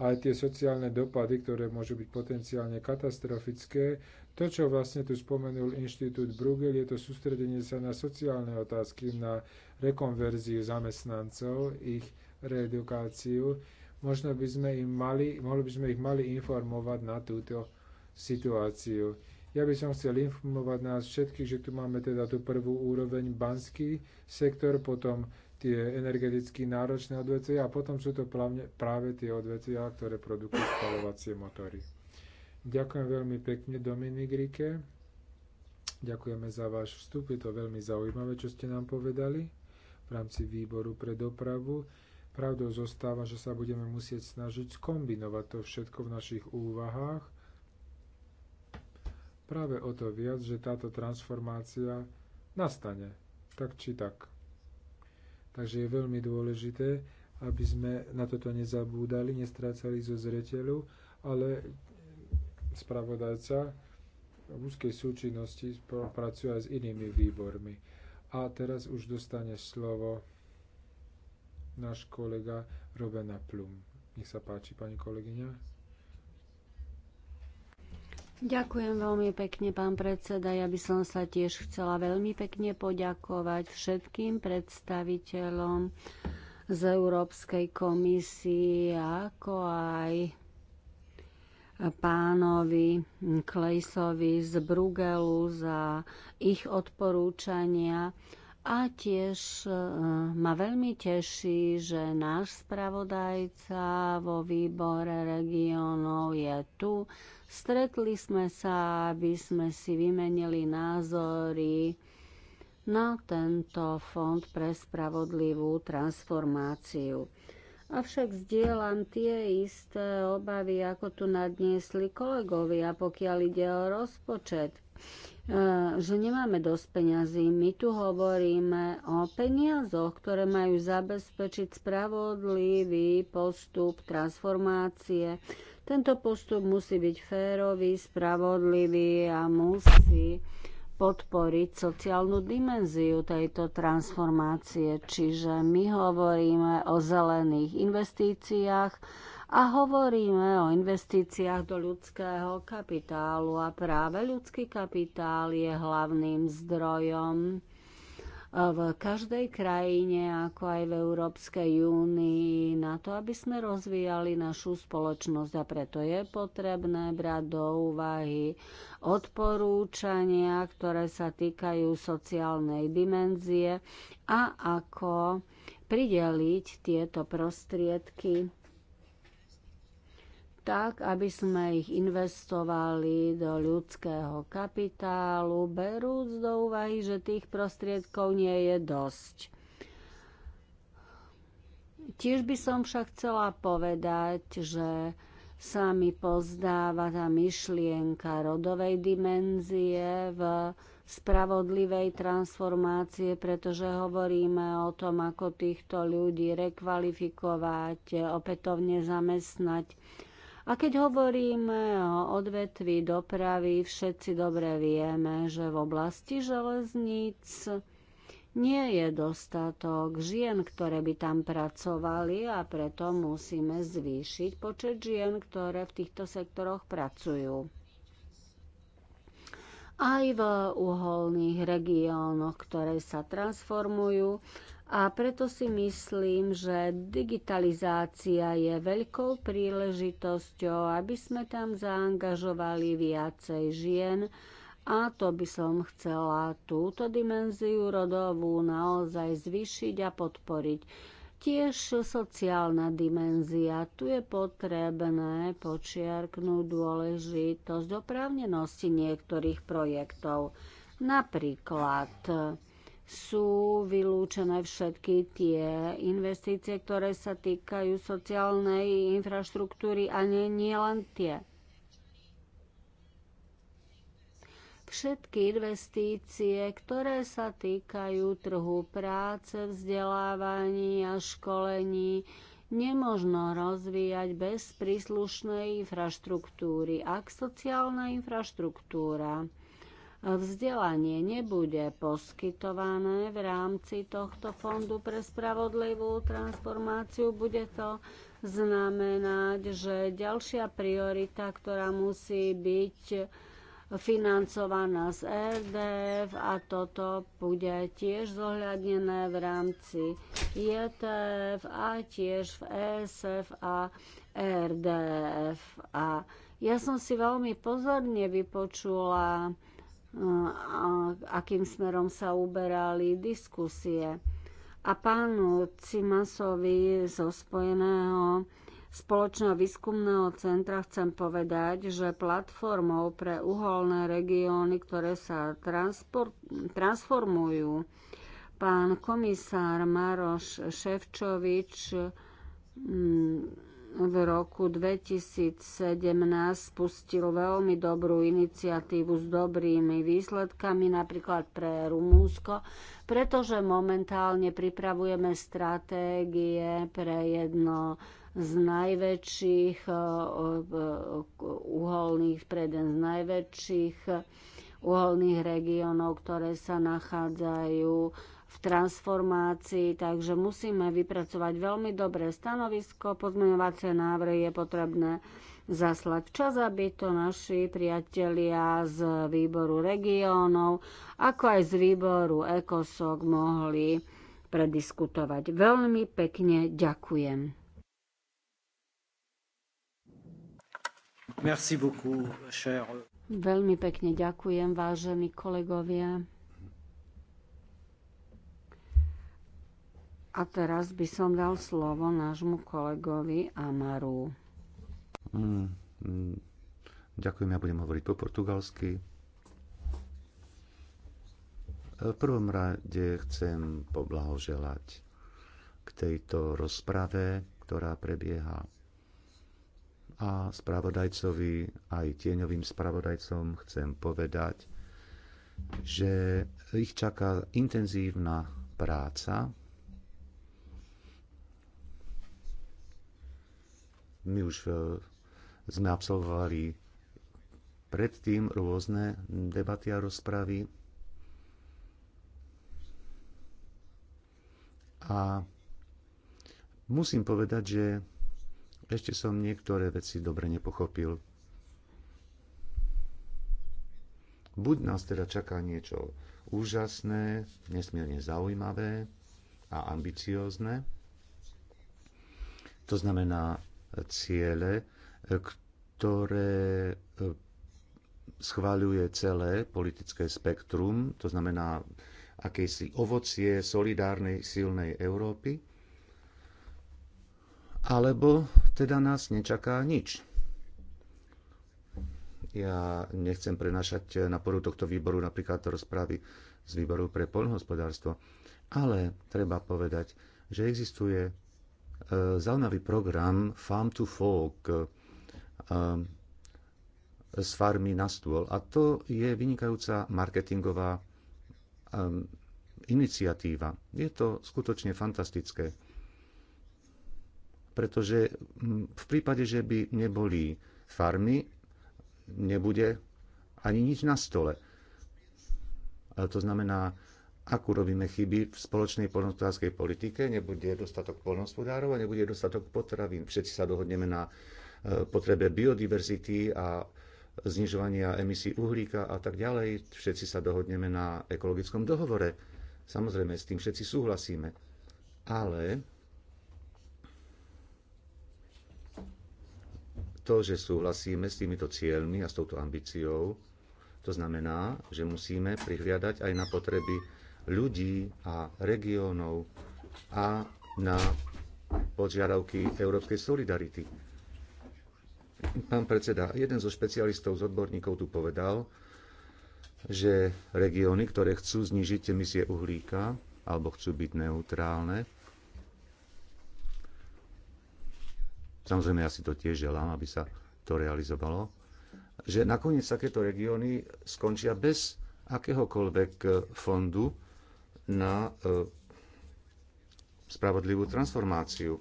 aj tie sociálne dopady, ktoré môžu byť potenciálne katastrofické. To, čo vlastne tu spomenul Inštitút Bruegel, je to sústredenie sa na sociálne otázky, na rekonverziu zamestnancov, ich reedukáciu. Možno by sme im mali, mohli by sme ich mali informovať na túto situáciu. Ja by som chcel informovať nás všetkých, že tu máme teda tú prvú úroveň banský sektor, potom tie energeticky náročné odvetvia a potom sú to plavne, práve tie odvetvia, ktoré produkujú spalovacie motory. Ďakujem veľmi pekne Dominik Rike. Ďakujeme za váš vstup, je to veľmi zaujímavé, čo ste nám povedali v rámci výboru pre dopravu. Pravdou zostáva, že sa budeme musieť snažiť skombinovať to všetko v našich úvahách práve o to viac, že táto transformácia nastane, tak či tak. Takže je veľmi dôležité, aby sme na toto nezabúdali, nestrácali zo zreteľu, ale spravodajca v úzkej súčinnosti pracuje aj s inými výbormi. A teraz už dostane slovo náš kolega Robena Plum. Nech sa páči, pani kolegyňa. Ďakujem veľmi pekne, pán predseda. Ja by som sa tiež chcela veľmi pekne poďakovať všetkým predstaviteľom z Európskej komisie, ako aj pánovi Klejsovi z Brugelu za ich odporúčania. A tiež e, ma veľmi teší, že náš spravodajca vo výbore regionov je tu. Stretli sme sa, aby sme si vymenili názory na tento fond pre spravodlivú transformáciu. Avšak zdieľam tie isté obavy, ako tu nadniesli kolegovia, pokiaľ ide o rozpočet. E, že nemáme dosť peňazí. My tu hovoríme o peniazoch, ktoré majú zabezpečiť spravodlivý postup transformácie. Tento postup musí byť férový, spravodlivý a musí podporiť sociálnu dimenziu tejto transformácie. Čiže my hovoríme o zelených investíciách, a hovoríme o investíciách do ľudského kapitálu a práve ľudský kapitál je hlavným zdrojom eh, v každej krajine, ako aj v Európskej únii, na to, aby sme rozvíjali našu spoločnosť. A preto je potrebné brať do úvahy odporúčania, ktoré sa týkajú sociálnej dimenzie a ako prideliť tieto prostriedky tak, aby sme ich investovali do ľudského kapitálu, berúc do úvahy, že tých prostriedkov nie je dosť. Tiež by som však chcela povedať, že sa mi pozdáva tá myšlienka rodovej dimenzie v spravodlivej transformácie, pretože hovoríme o tom, ako týchto ľudí rekvalifikovať, opätovne zamestnať a keď hovoríme o odvetví dopravy, všetci dobre vieme, že v oblasti železníc nie je dostatok žien, ktoré by tam pracovali a preto musíme zvýšiť počet žien, ktoré v týchto sektoroch pracujú. Aj v uholných regiónoch, ktoré sa transformujú a preto si myslím, že digitalizácia je veľkou príležitosťou, aby sme tam zaangažovali viacej žien, a to by som chcela túto dimenziu rodovú naozaj zvýšiť a podporiť. Tiež sociálna dimenzia. Tu je potrebné počiarknúť dôležitosť oprávnenosti niektorých projektov. Napríklad sú vylúčené všetky tie investície, ktoré sa týkajú sociálnej infraštruktúry a nie, nie len tie. Všetky investície, ktoré sa týkajú trhu práce, vzdelávaní a školení, nemožno rozvíjať bez príslušnej infraštruktúry. Ak sociálna infraštruktúra Vzdelanie nebude poskytované v rámci tohto fondu pre spravodlivú transformáciu. Bude to znamenať, že ďalšia priorita, ktorá musí byť financovaná z RDF a toto bude tiež zohľadnené v rámci ETF a tiež v ESF a RDF. A ja som si veľmi pozorne vypočula akým smerom sa uberali diskusie. A pánu Cimasovi zo Spojeného spoločného výskumného centra chcem povedať, že platformou pre uholné regióny, ktoré sa transformujú, pán komisár Maroš Ševčovič mm, v roku 2017 spustil veľmi dobrú iniciatívu s dobrými výsledkami, napríklad pre Rumúnsko, pretože momentálne pripravujeme stratégie pre jedno z najväčších eh, eh, uholných, pre jeden z najväčších uholných regiónov, ktoré sa nachádzajú v transformácii, takže musíme vypracovať veľmi dobré stanovisko. Pozmeňovacie návrhy je potrebné zaslať čas, aby to naši priatelia z výboru regiónov, ako aj z výboru ECOSOC mohli prediskutovať. Veľmi pekne ďakujem. Merci beaucoup, cher. Veľmi pekne ďakujem, vážení kolegovia. A teraz by som dal slovo nášmu kolegovi Amaru. Mm, mm, ďakujem, ja budem hovoriť po portugalsky. E, v prvom rade chcem poblahoželať k tejto rozprave, ktorá prebieha. A spravodajcovi, aj tieňovým spravodajcom chcem povedať, že ich čaká intenzívna práca My už e, sme absolvovali predtým rôzne debaty a rozpravy. A musím povedať, že ešte som niektoré veci dobre nepochopil. Buď nás teda čaká niečo úžasné, nesmierne zaujímavé a ambiciózne, to znamená ciele, ktoré e, schváľuje celé politické spektrum, to znamená akejsi ovocie solidárnej silnej Európy, alebo teda nás nečaká nič. Ja nechcem prenašať na poru tohto výboru napríklad rozprávy z výboru pre poľnohospodárstvo, ale treba povedať, že existuje Eh, zaujímavý program Farm to Fork eh, eh, z farmy na stôl. A to je vynikajúca marketingová iniciatíva. Je to skutočne fantastické. Pretože hm, v prípade, že by neboli farmy, nebude ani nič na stole. To znamená, ak urobíme chyby v spoločnej poľnohospodárskej politike, nebude dostatok poľnohospodárov a nebude dostatok potravín. Všetci sa dohodneme na e, potrebe biodiverzity a znižovania emisí uhlíka a tak ďalej. Všetci sa dohodneme na ekologickom dohovore. Samozrejme, s tým všetci súhlasíme. Ale to, že súhlasíme s týmito cieľmi a s touto ambíciou, to znamená, že musíme prihliadať aj na potreby ľudí a regiónov a na požiadavky európskej solidarity. Pán predseda, jeden zo špecialistov, z odborníkov tu povedal, že regióny, ktoré chcú znižiť emisie uhlíka alebo chcú byť neutrálne, samozrejme ja si to tiež želám, aby sa to realizovalo, že nakoniec takéto regióny skončia bez akéhokoľvek fondu, na e, spravodlivú transformáciu.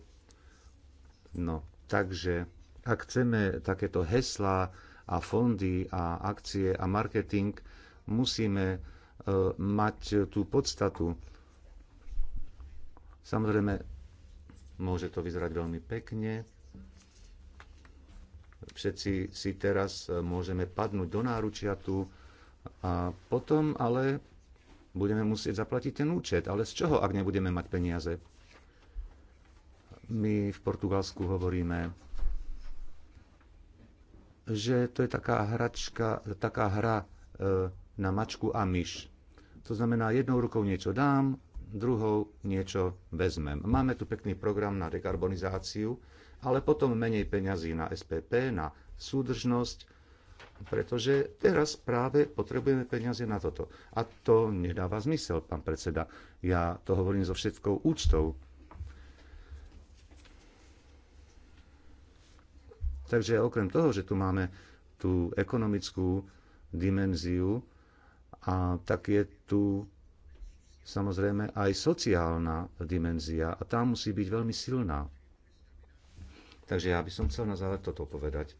No, takže ak chceme takéto heslá a fondy a akcie a marketing, musíme e, mať tú podstatu. Samozrejme, môže to vyzerať veľmi pekne. Všetci si teraz e, môžeme padnúť do náručia tu a potom ale budeme musieť zaplatiť ten účet. Ale z čoho, ak nebudeme mať peniaze? My v Portugalsku hovoríme, že to je taká hračka, taká hra e, na mačku a myš. To znamená, jednou rukou niečo dám, druhou niečo vezmem. Máme tu pekný program na dekarbonizáciu, ale potom menej peňazí na SPP, na súdržnosť, pretože teraz práve potrebujeme peniaze na toto. A to nedáva zmysel, pán predseda. Ja to hovorím so všetkou úctou. Takže okrem toho, že tu máme tú ekonomickú dimenziu, a tak je tu samozrejme aj sociálna dimenzia a tá musí byť veľmi silná. Takže ja by som chcel na záver toto povedať.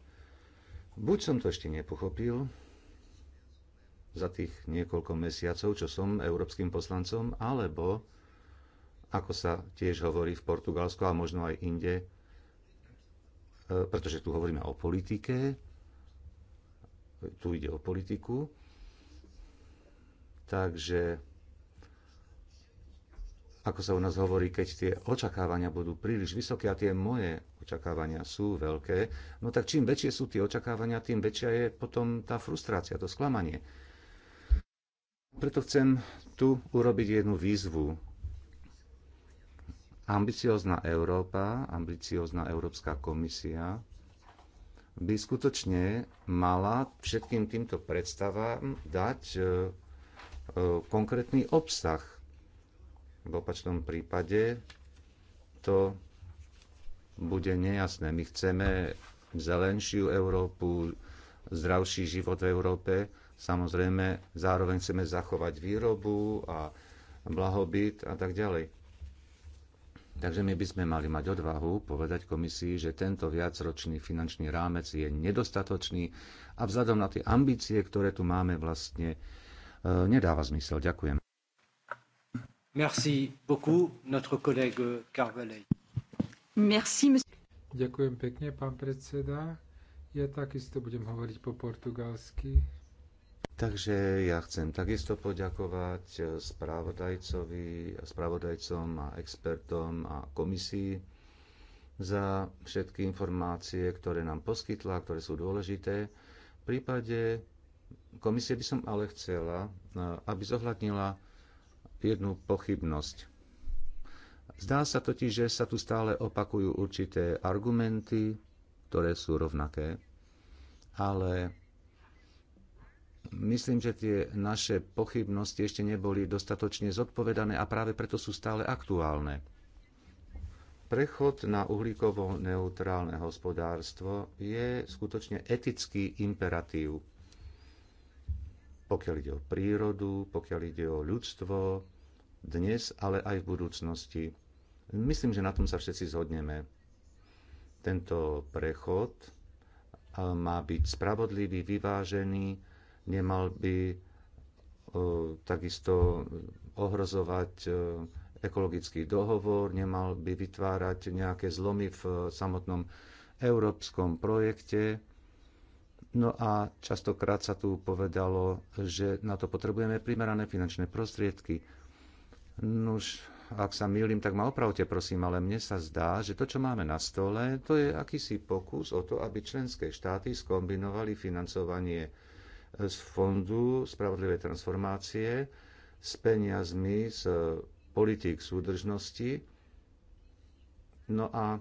Buď som to ešte nepochopil za tých niekoľko mesiacov, čo som európskym poslancom, alebo, ako sa tiež hovorí v Portugalsku a možno aj inde, e, pretože tu hovoríme o politike, tu ide o politiku, takže ako sa u nás hovorí, keď tie očakávania budú príliš vysoké a tie moje očakávania sú veľké, no tak čím väčšie sú tie očakávania, tým väčšia je potom tá frustrácia, to sklamanie. Preto chcem tu urobiť jednu výzvu. Ambiciózna Európa, ambiciózna Európska komisia by skutočne mala všetkým týmto predstavám dať e, e, konkrétny obsah v opačnom prípade to bude nejasné. My chceme zelenšiu Európu, zdravší život v Európe. Samozrejme, zároveň chceme zachovať výrobu a blahobyt a tak ďalej. Takže my by sme mali mať odvahu povedať komisii, že tento viacročný finančný rámec je nedostatočný a vzhľadom na tie ambície, ktoré tu máme, vlastne e, nedáva zmysel. Ďakujem. Merci beaucoup, notre collègue Carvalho. Merci, monsieur. Ďakujem pekne, pán predseda. Ja takisto budem hovoriť po portugalsky. Takže ja chcem takisto poďakovať správodajcovi, správodajcom a expertom a komisii za všetky informácie, ktoré nám poskytla, ktoré sú dôležité. V prípade komisie by som ale chcela, eh, aby zohľadnila jednu pochybnosť. Zdá sa totiž, že sa tu stále opakujú určité argumenty, ktoré sú rovnaké, ale myslím, že tie naše pochybnosti ešte neboli dostatočne zodpovedané a práve preto sú stále aktuálne. Prechod na uhlíkovo-neutrálne hospodárstvo je skutočne etický imperatív. Pokiaľ ide o prírodu, pokiaľ ide o ľudstvo, dnes, ale aj v budúcnosti. Myslím, že na tom sa všetci zhodneme. Tento prechod má byť spravodlivý, vyvážený, nemal by e, takisto ohrozovať e, ekologický dohovor, nemal by vytvárať nejaké zlomy v samotnom európskom projekte. No a častokrát sa tu povedalo, že na to potrebujeme primerané finančné prostriedky. Nuž, ak sa milím, tak ma opravte prosím, ale mne sa zdá, že to, čo máme na stole, to je akýsi pokus o to, aby členské štáty skombinovali financovanie e, z Fondu spravodlivej transformácie s peniazmi z e, politík súdržnosti. No a e,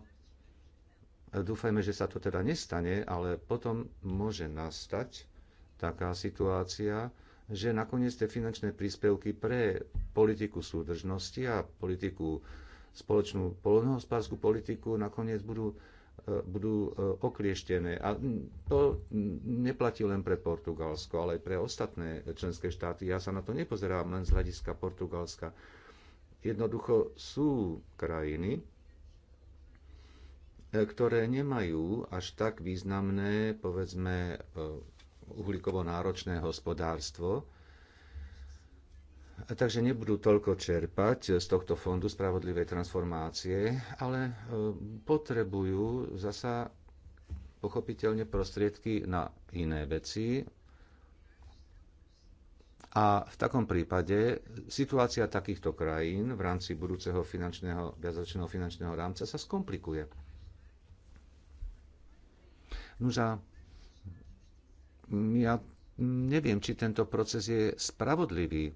dúfajme, že sa to teda nestane, ale potom môže nastať taká situácia, že nakoniec tie finančné príspevky pre politiku súdržnosti a politiku spoločnú polnohospodárskú politiku nakoniec budú, e, budú e, oklieštené. A to neplatí len pre Portugalsko, ale aj pre ostatné členské štáty. Ja sa na to nepozerám len z hľadiska Portugalska. Jednoducho sú krajiny, e, ktoré nemajú až tak významné, povedzme, uhlíkovo náročné hospodárstvo, takže nebudú toľko čerpať z tohto fondu spravodlivej transformácie, ale e, potrebujú zasa pochopiteľne prostriedky na iné veci. A v takom prípade situácia takýchto krajín v rámci budúceho finančného, viacročného finančného rámca sa skomplikuje. Nuža, ja neviem, či tento proces je spravodlivý.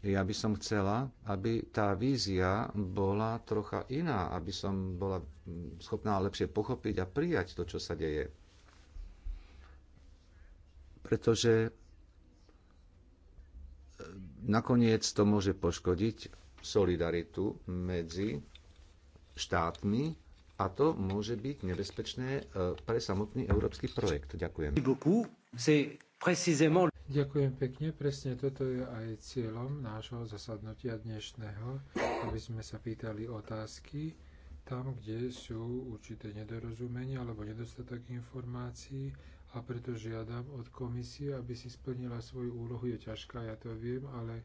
Ja by som chcela, aby tá vízia bola trocha iná, aby som bola schopná lepšie pochopiť a prijať to, čo sa deje. Pretože eh, nakoniec to môže poškodiť solidaritu medzi štátmi a to môže byť nebezpečné e, pre samotný európsky projekt. Ďakujem. Ďakujem pekne, presne toto je aj cieľom nášho zasadnutia dnešného, aby sme sa pýtali otázky tam, kde sú určité nedorozumenia alebo nedostatok informácií a preto žiadam od komisie, aby si splnila svoju úlohu. Je ťažká, ja to viem, ale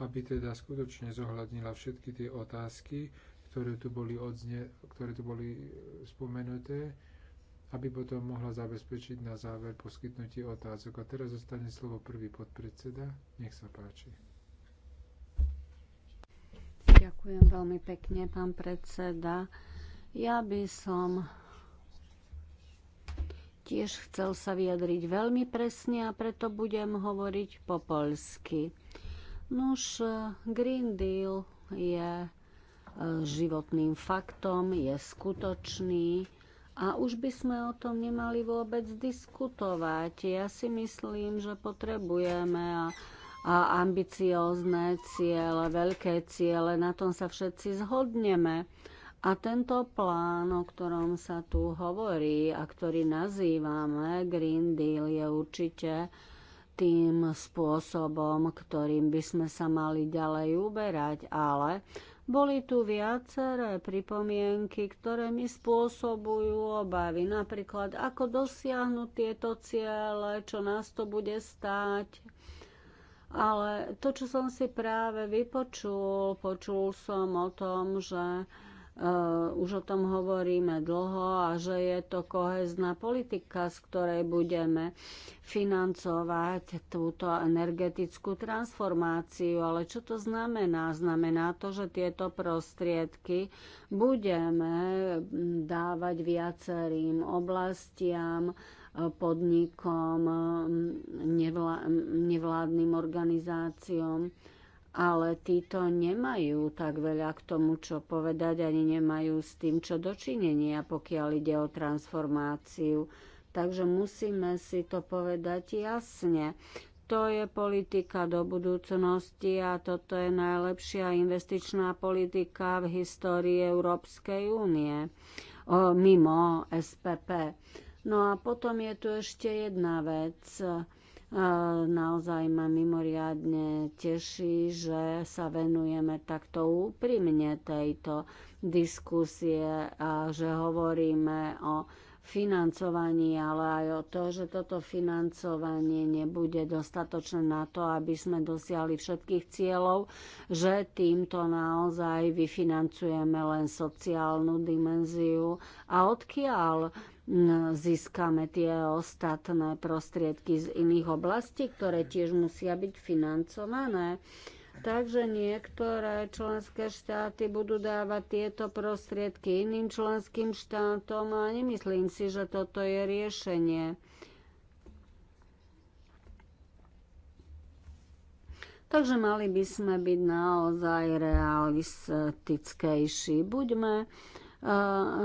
aby teda skutočne zohľadnila všetky tie otázky, ktoré tu boli, odzne, ktoré tu boli e, spomenuté, aby potom mohla zabezpečiť na záver poskytnutie otázok. A teraz zostane slovo prvý podpredseda. Nech sa páči. Ďakujem veľmi pekne, pán predseda. Ja by som tiež chcel sa vyjadriť veľmi presne a preto budem hovoriť po poľsky. Nuž, e, Green Deal je životným faktom, je skutočný a už by sme o tom nemali vôbec diskutovať. Ja si myslím, že potrebujeme a, a ambiciózne ciele, veľké ciele, na tom sa všetci zhodneme. A tento plán, o ktorom sa tu hovorí a ktorý nazývame Green Deal, je určite tým spôsobom, ktorým by sme sa mali ďalej uberať, ale boli tu viaceré pripomienky, ktoré mi spôsobujú obavy. Napríklad, ako dosiahnuť tieto ciele, čo nás to bude stáť. Ale to, čo som si práve vypočul, počul som o tom, že Eh, už o tom hovoríme dlho a že je to kohezná politika, z ktorej budeme financovať túto energetickú transformáciu. Ale čo to znamená? Znamená to, že tieto prostriedky budeme hm, dávať viacerým oblastiam, eh, podnikom, hm, hm, nevládnym organizáciám ale títo nemajú tak veľa k tomu, čo povedať, ani nemajú s tým, čo dočinenia, pokiaľ ide o transformáciu. Takže musíme si to povedať jasne. To je politika do budúcnosti a toto je najlepšia investičná politika v histórii Európskej únie mimo SPP. No a potom je tu ešte jedna vec Naozaj ma mimoriadne teší, že sa venujeme takto úprimne tejto diskusie a že hovoríme o financovaní, ale aj o to, že toto financovanie nebude dostatočné na to, aby sme dosiahli všetkých cieľov, že týmto naozaj vyfinancujeme len sociálnu dimenziu a odkiaľ No, získame tie ostatné prostriedky z iných oblastí, ktoré tiež musia byť financované. Takže niektoré členské štáty budú dávať tieto prostriedky iným členským štátom a nemyslím si, že toto je riešenie. Takže mali by sme byť naozaj realistickejší. Buďme eh,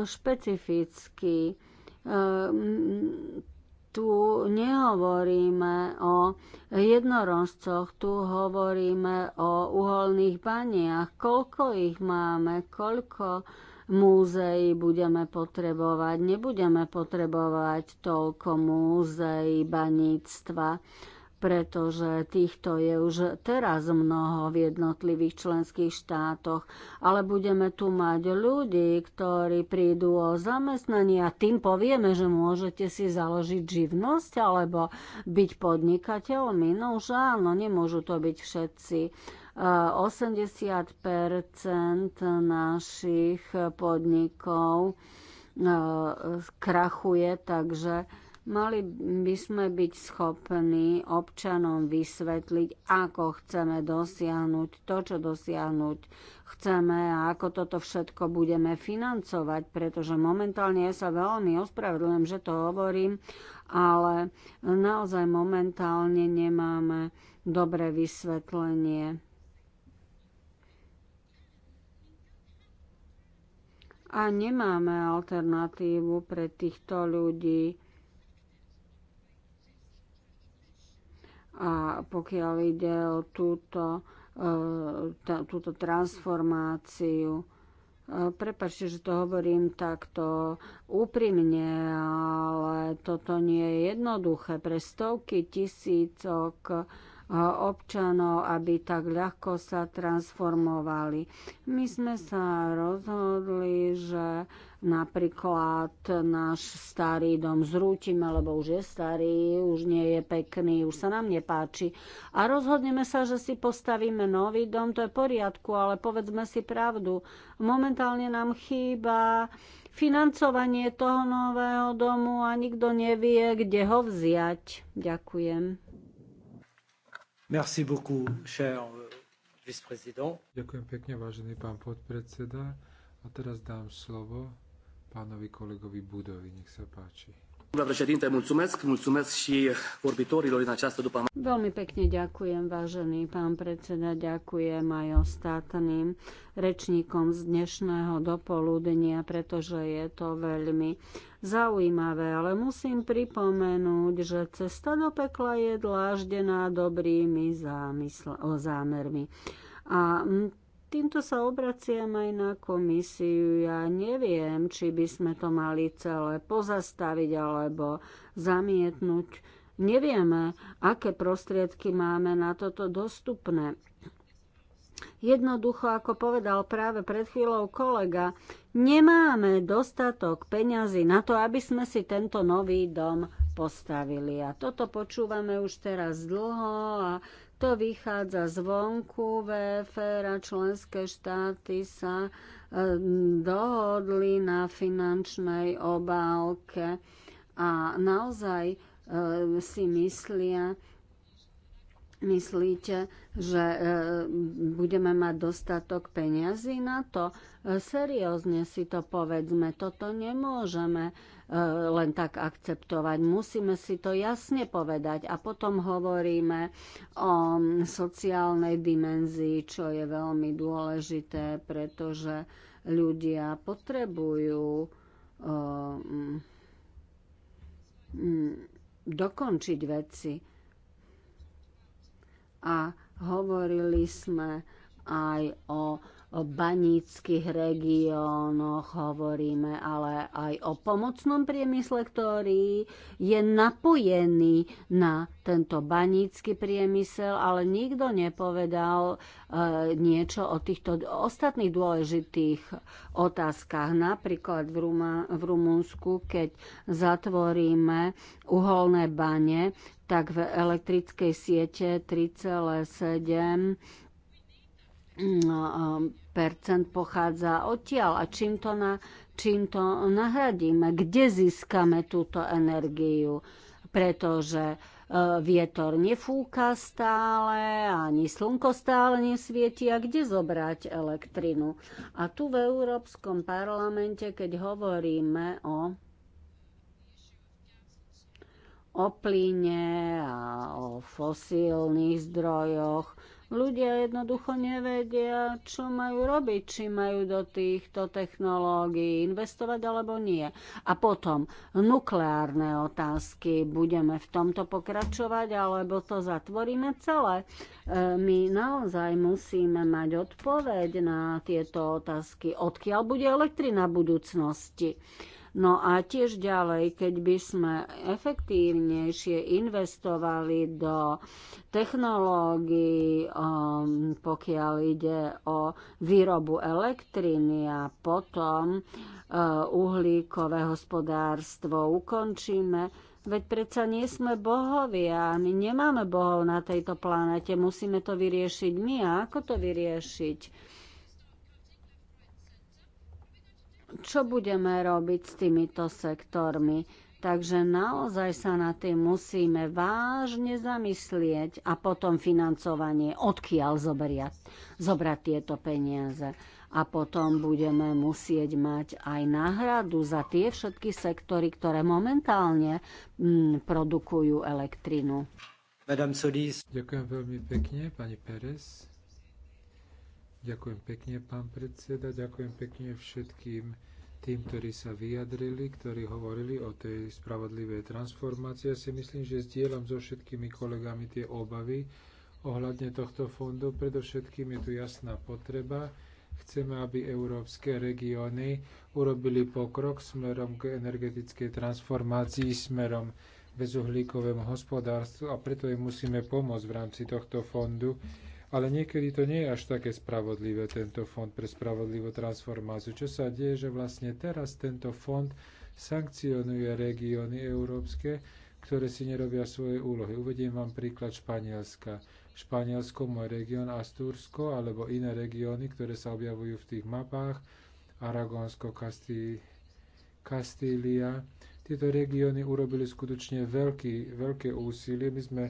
špecificky. Ehm, tu nehovoríme o jednorožcoch, tu hovoríme o uholných baniach, koľko ich máme, koľko múzeí budeme potrebovať. Nebudeme potrebovať toľko múzeí baníctva pretože týchto je už teraz mnoho v jednotlivých členských štátoch, ale budeme tu mať ľudí, ktorí prídu o zamestnanie a tým povieme, že môžete si založiť živnosť alebo byť podnikateľmi. No už áno, nemôžu to byť všetci. 80 eh, našich podnikov eh, krachuje, takže Mali by sme byť schopní občanom vysvetliť, ako chceme dosiahnuť to, čo dosiahnuť chceme a ako toto všetko budeme financovať, pretože momentálne ja sa veľmi ospravedlňujem, že to hovorím, ale naozaj momentálne nemáme dobré vysvetlenie. A nemáme alternatívu pre týchto ľudí A pokiaľ ide o túto, e, tá, túto transformáciu, e, Prepačte, že to hovorím takto úprimne, ale toto nie je jednoduché. Pre stovky tisícok občanov, aby tak ľahko sa transformovali. My sme sa rozhodli, že napríklad náš starý dom zrútime, lebo už je starý, už nie je pekný, už sa nám nepáči. A rozhodneme sa, že si postavíme nový dom, to je poriadku, ale povedzme si pravdu. Momentálne nám chýba financovanie toho nového domu a nikto nevie, kde ho vziať. Ďakujem. Merci beaucoup, cher euh, vice-président. Ďakujem pekne, vážený pán podpredseda. A teraz dám slovo pánovi kolegovi Budovi, nech sa páči. Doamna președinte, mulțumesc, mulțumesc și vorbitorilor în această după Veľmi pekne ďakujem, vážený pán predseda, ďakujem aj ostatným rečníkom z dnešného dopoludnia, pretože je to veľmi zaujímavé. Ale musím pripomenúť, že cesta do pekla je dláždená dobrými zámysl- zámermi. A Týmto sa obraciam aj na komisiu. Ja neviem, či by sme to mali celé pozastaviť alebo zamietnúť. Nevieme, aké prostriedky máme na toto dostupné. Jednoducho, ako povedal práve pred chvíľou kolega, nemáme dostatok peňazí na to, aby sme si tento nový dom postavili. A toto počúvame už teraz dlho a to vychádza zvonku VFR er a členské štáty sa e, dohodli na finančnej obálke a naozaj e, si myslia, myslíte, že e, budeme mať dostatok peňazí na to? Seriózne si to povedzme, toto nemôžeme E, len tak akceptovať. Musíme si to jasne povedať a potom hovoríme o sociálnej dimenzii, čo je veľmi dôležité, pretože ľudia potrebujú e, mm, dokončiť veci. A hovorili sme aj o o baníckých regiónoch, hovoríme ale aj o pomocnom priemysle, ktorý je napojený na tento banícky priemysel, ale nikto nepovedal e, niečo o týchto ostatných dôležitých otázkach. Napríklad v, Ruma, v Rumunsku, keď zatvoríme uholné bane, tak v elektrickej siete 3,7 Percent pochádza odtiaľ a čím to, na, čím to nahradíme, kde získame túto energiu, pretože e, vietor nefúka stále, ani slnko stále nesvieti a kde zobrať elektrinu. A tu v Európskom parlamente, keď hovoríme o o plyne a o fosílnych zdrojoch, Ľudia jednoducho nevedia, čo majú robiť, či majú do týchto technológií investovať alebo nie. A potom nukleárne otázky. Budeme v tomto pokračovať alebo to zatvoríme celé. E, my naozaj musíme mať odpoveď na tieto otázky. Odkiaľ bude elektrina budúcnosti? No a tiež ďalej, keď by sme efektívnejšie investovali do technológií, um, pokiaľ ide o výrobu elektriny a potom uh, uhlíkové hospodárstvo ukončíme, Veď predsa nie sme bohovia, my nemáme bohov na tejto planete, musíme to vyriešiť my. A ako to vyriešiť? čo budeme robiť s týmito sektormi. Takže naozaj sa na tým musíme vážne zamyslieť a potom financovanie, odkiaľ zoberia, zobrať tieto peniaze. A potom budeme musieť mať aj náhradu za tie všetky sektory, ktoré momentálne mm, produkujú elektrinu. Ďakujem veľmi pekne, pani Pérez. Ďakujem pekne, pán predseda. Ďakujem pekne všetkým tým, ktorí sa vyjadrili, ktorí hovorili o tej spravodlivej transformácii. Ja si myslím, že zdieľam so všetkými kolegami tie obavy ohľadne tohto fondu. Predovšetkým je tu jasná potreba. Chceme, aby európske regióny urobili pokrok smerom k energetickej transformácii, smerom bezuhlíkovému hospodárstvu a preto im musíme pomôcť v rámci tohto fondu ale niekedy to nie je až také spravodlivé, tento fond pre spravodlivú transformáciu. Čo sa deje, že vlastne teraz tento fond sankcionuje regióny európske, ktoré si nerobia svoje úlohy. Uvediem vám príklad Španielska. Španielsko, môj región Astursko, alebo iné regióny, ktoré sa objavujú v tých mapách, Aragonsko, Kastí, Kastília. Tieto regióny urobili skutočne veľký, veľké úsilie. My sme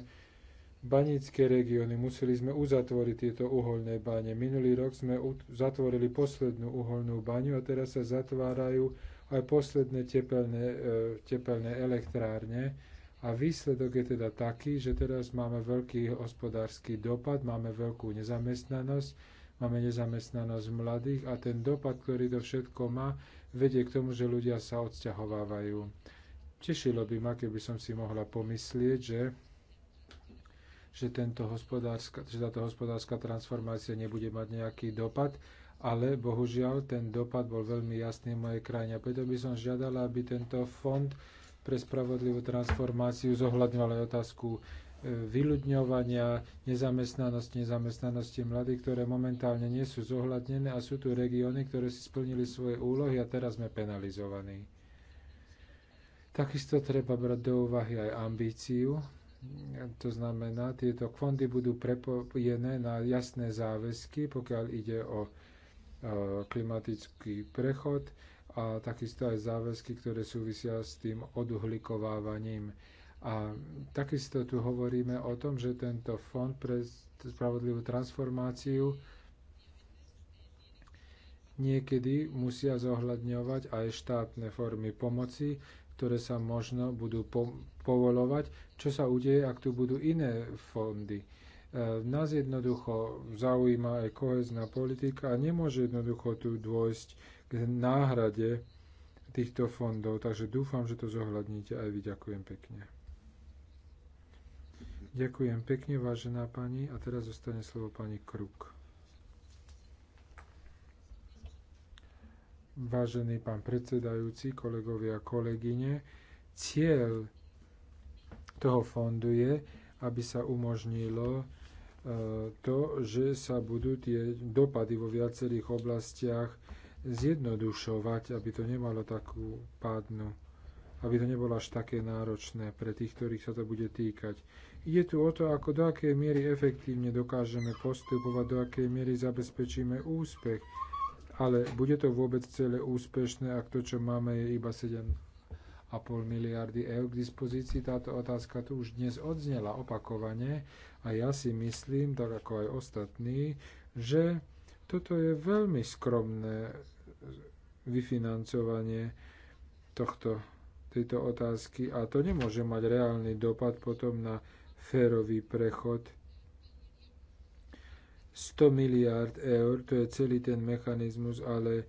banické regióny. Museli sme uzatvoriť tieto uholné bane. Minulý rok sme zatvorili poslednú uholnú baňu a teraz sa zatvárajú aj posledné tepelné, e, tepelné elektrárne. A výsledok je teda taký, že teraz máme veľký hospodársky dopad, máme veľkú nezamestnanosť, máme nezamestnanosť mladých a ten dopad, ktorý to všetko má, vedie k tomu, že ľudia sa odsťahovávajú. Tešilo by ma, keby som si mohla pomyslieť, že že, tento hospodárska, že táto hospodárska transformácia nebude mať nejaký dopad, ale bohužiaľ ten dopad bol veľmi jasný v mojej krajine. Preto by som žiadala, aby tento fond pre spravodlivú transformáciu zohľadňoval aj otázku e, vyľudňovania, nezamestnanosti, nezamestnanosti mladých, ktoré momentálne nie sú zohľadnené a sú tu regióny, ktoré si splnili svoje úlohy a teraz sme penalizovaní. Takisto treba brať do úvahy aj ambíciu to znamená, tieto fondy budú prepojené na jasné záväzky, pokiaľ ide o e, klimatický prechod a takisto aj záväzky, ktoré súvisia s tým oduhlikovávaním. A takisto tu hovoríme o tom, že tento fond pre spravodlivú transformáciu niekedy musia zohľadňovať aj štátne formy pomoci, ktoré sa možno budú povolovať, čo sa udeje, ak tu budú iné fondy. E, nás jednoducho zaujíma aj kohezná politika a nemôže jednoducho tu dôjsť k náhrade týchto fondov, takže dúfam, že to zohľadníte aj vy. Ďakujem pekne. Ďakujem pekne, vážená pani. A teraz zostane slovo pani Kruk. Vážený pán predsedajúci, kolegovia a kolegyne, cieľ toho fondu je, aby sa umožnilo e, to, že sa budú tie dopady vo viacerých oblastiach zjednodušovať, aby to nemalo takú pádnu, aby to nebolo až také náročné pre tých, ktorých sa to bude týkať. Ide tu o to, ako do akej miery efektívne dokážeme postupovať, do akej miery zabezpečíme úspech, ale bude to vôbec celé úspešné, ak to, čo máme, je iba 7 miliardy eur k dispozícii. Táto otázka tu už dnes odznela opakovane a ja si myslím, tak ako aj ostatní, že toto je veľmi skromné vyfinancovanie tohto, tejto otázky a to nemôže mať reálny dopad potom na férový prechod 100 miliard eur, to je celý ten mechanizmus, ale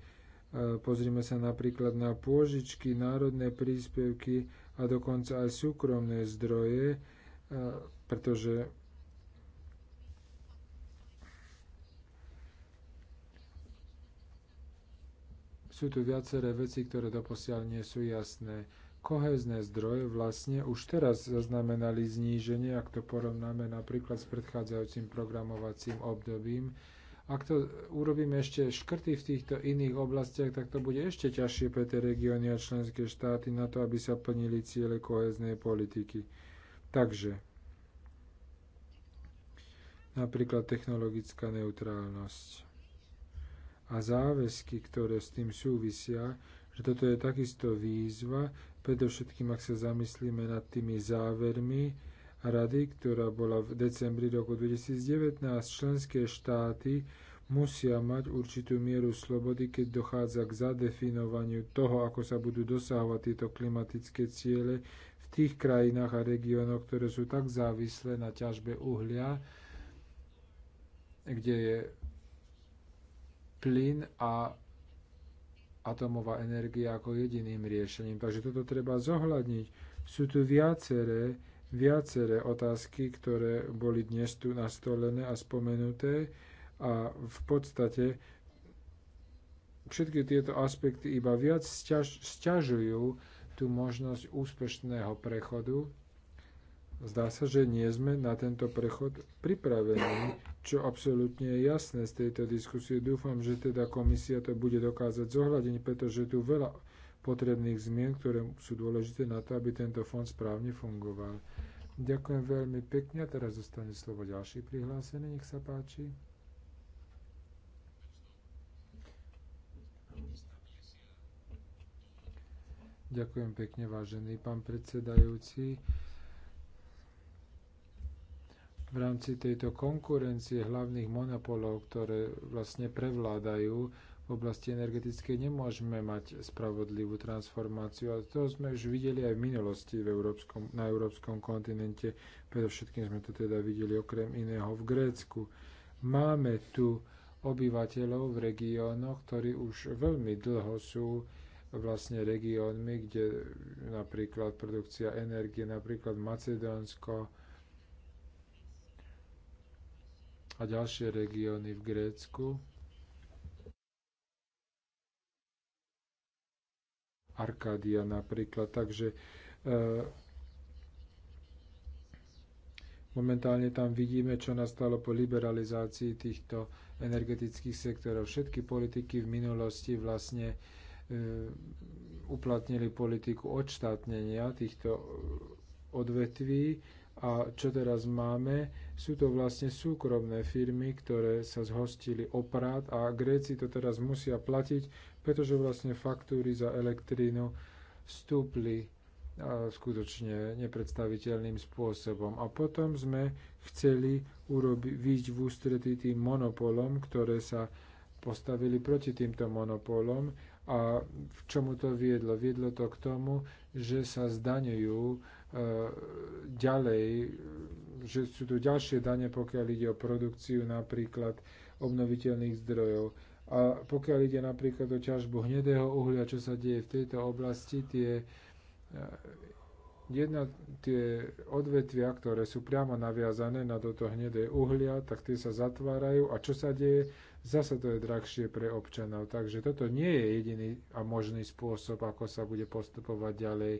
Pozrime sa napríklad na pôžičky, národné príspevky a dokonca aj súkromné zdroje, pretože sú tu viaceré veci, ktoré doposiaľ nie sú jasné. Kohézne zdroje vlastne už teraz zaznamenali zníženie, ak to porovnáme napríklad s predchádzajúcim programovacím obdobím, ak to urobíme ešte škrty v týchto iných oblastiach, tak to bude ešte ťažšie pre tie regióny a členské štáty na to, aby sa plnili ciele koheznej politiky. Takže napríklad technologická neutrálnosť a záväzky, ktoré s tým súvisia, že toto je takisto výzva, predovšetkým ak sa zamyslíme nad tými závermi, rady, ktorá bola v decembri roku 2019. Členské štáty musia mať určitú mieru slobody, keď dochádza k zadefinovaniu toho, ako sa budú dosahovať tieto klimatické ciele v tých krajinách a regiónoch, ktoré sú tak závislé na ťažbe uhlia, kde je plyn a atomová energia ako jediným riešením. Takže toto treba zohľadniť. Sú tu viaceré viaceré otázky, ktoré boli dnes tu nastolené a spomenuté a v podstate všetky tieto aspekty iba viac sťaž, sťažujú tú možnosť úspešného prechodu. Zdá sa, že nie sme na tento prechod pripravení, čo absolútne je jasné z tejto diskusie. Dúfam, že teda komisia to bude dokázať zohľadiť, pretože tu veľa potrebných zmien, ktoré sú dôležité na to, aby tento fond správne fungoval. Ďakujem veľmi pekne a teraz zostane slovo ďalší prihlásený, nech sa páči. Ďakujem pekne, vážený pán predsedajúci. V rámci tejto konkurencie hlavných monopolov, ktoré vlastne prevládajú, v oblasti energetickej nemôžeme mať spravodlivú transformáciu. A to sme už videli aj v minulosti v európskom, na európskom kontinente. Predovšetkým sme to teda videli okrem iného v Grécku. Máme tu obyvateľov v regiónoch, ktorí už veľmi dlho sú vlastne regiónmi, kde napríklad produkcia energie, napríklad Macedónsko a ďalšie regióny v Grécku, Arkádia napríklad. Takže eh, Momentálne tam vidíme, čo nastalo po liberalizácii týchto energetických sektorov. Všetky politiky v minulosti vlastne eh, uplatnili politiku odštátnenia týchto eh, odvetví a čo teraz máme, sú to vlastne súkromné firmy, ktoré sa zhostili oprát a Gréci to teraz musia platiť pretože vlastne faktúry za elektrínu vstúpli skutočne nepredstaviteľným spôsobom. A potom sme chceli výjsť v ústretí tým monopolom, ktoré sa postavili proti týmto monopolom a v čomu to viedlo? Viedlo to k tomu, že sa zdaňujú e, ďalej, že sú tu ďalšie dane, pokiaľ ide o produkciu napríklad obnoviteľných zdrojov. A pokiaľ ide napríklad o ťažbu hnedého uhlia, čo sa deje v tejto oblasti, tie, eh, jedna, tie odvetvia, ktoré sú priamo naviazané na toto hnedé uhlia, tak tie sa zatvárajú. A čo sa deje? Zase to je drahšie pre občanov. Takže toto nie je jediný a možný spôsob, ako sa bude postupovať ďalej.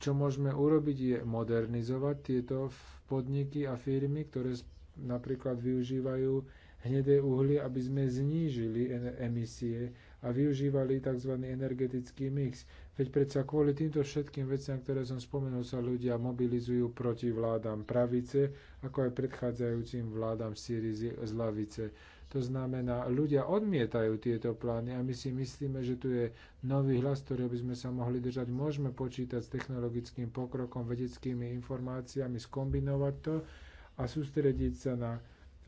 Čo môžeme urobiť je modernizovať tieto podniky a firmy, ktoré napríklad využívajú hnedé uhlie, aby sme znížili emisie a využívali tzv. energetický mix. Veď predsa kvôli týmto všetkým veciam, ktoré som spomenul, sa ľudia mobilizujú proti vládam pravice, ako aj predchádzajúcim vládam Syrizy z lavice. To znamená, ľudia odmietajú tieto plány a my si myslíme, že tu je nový hlas, ktorý by sme sa mohli držať. Môžeme počítať s technologickým pokrokom, vedeckými informáciami, skombinovať to a sústrediť sa na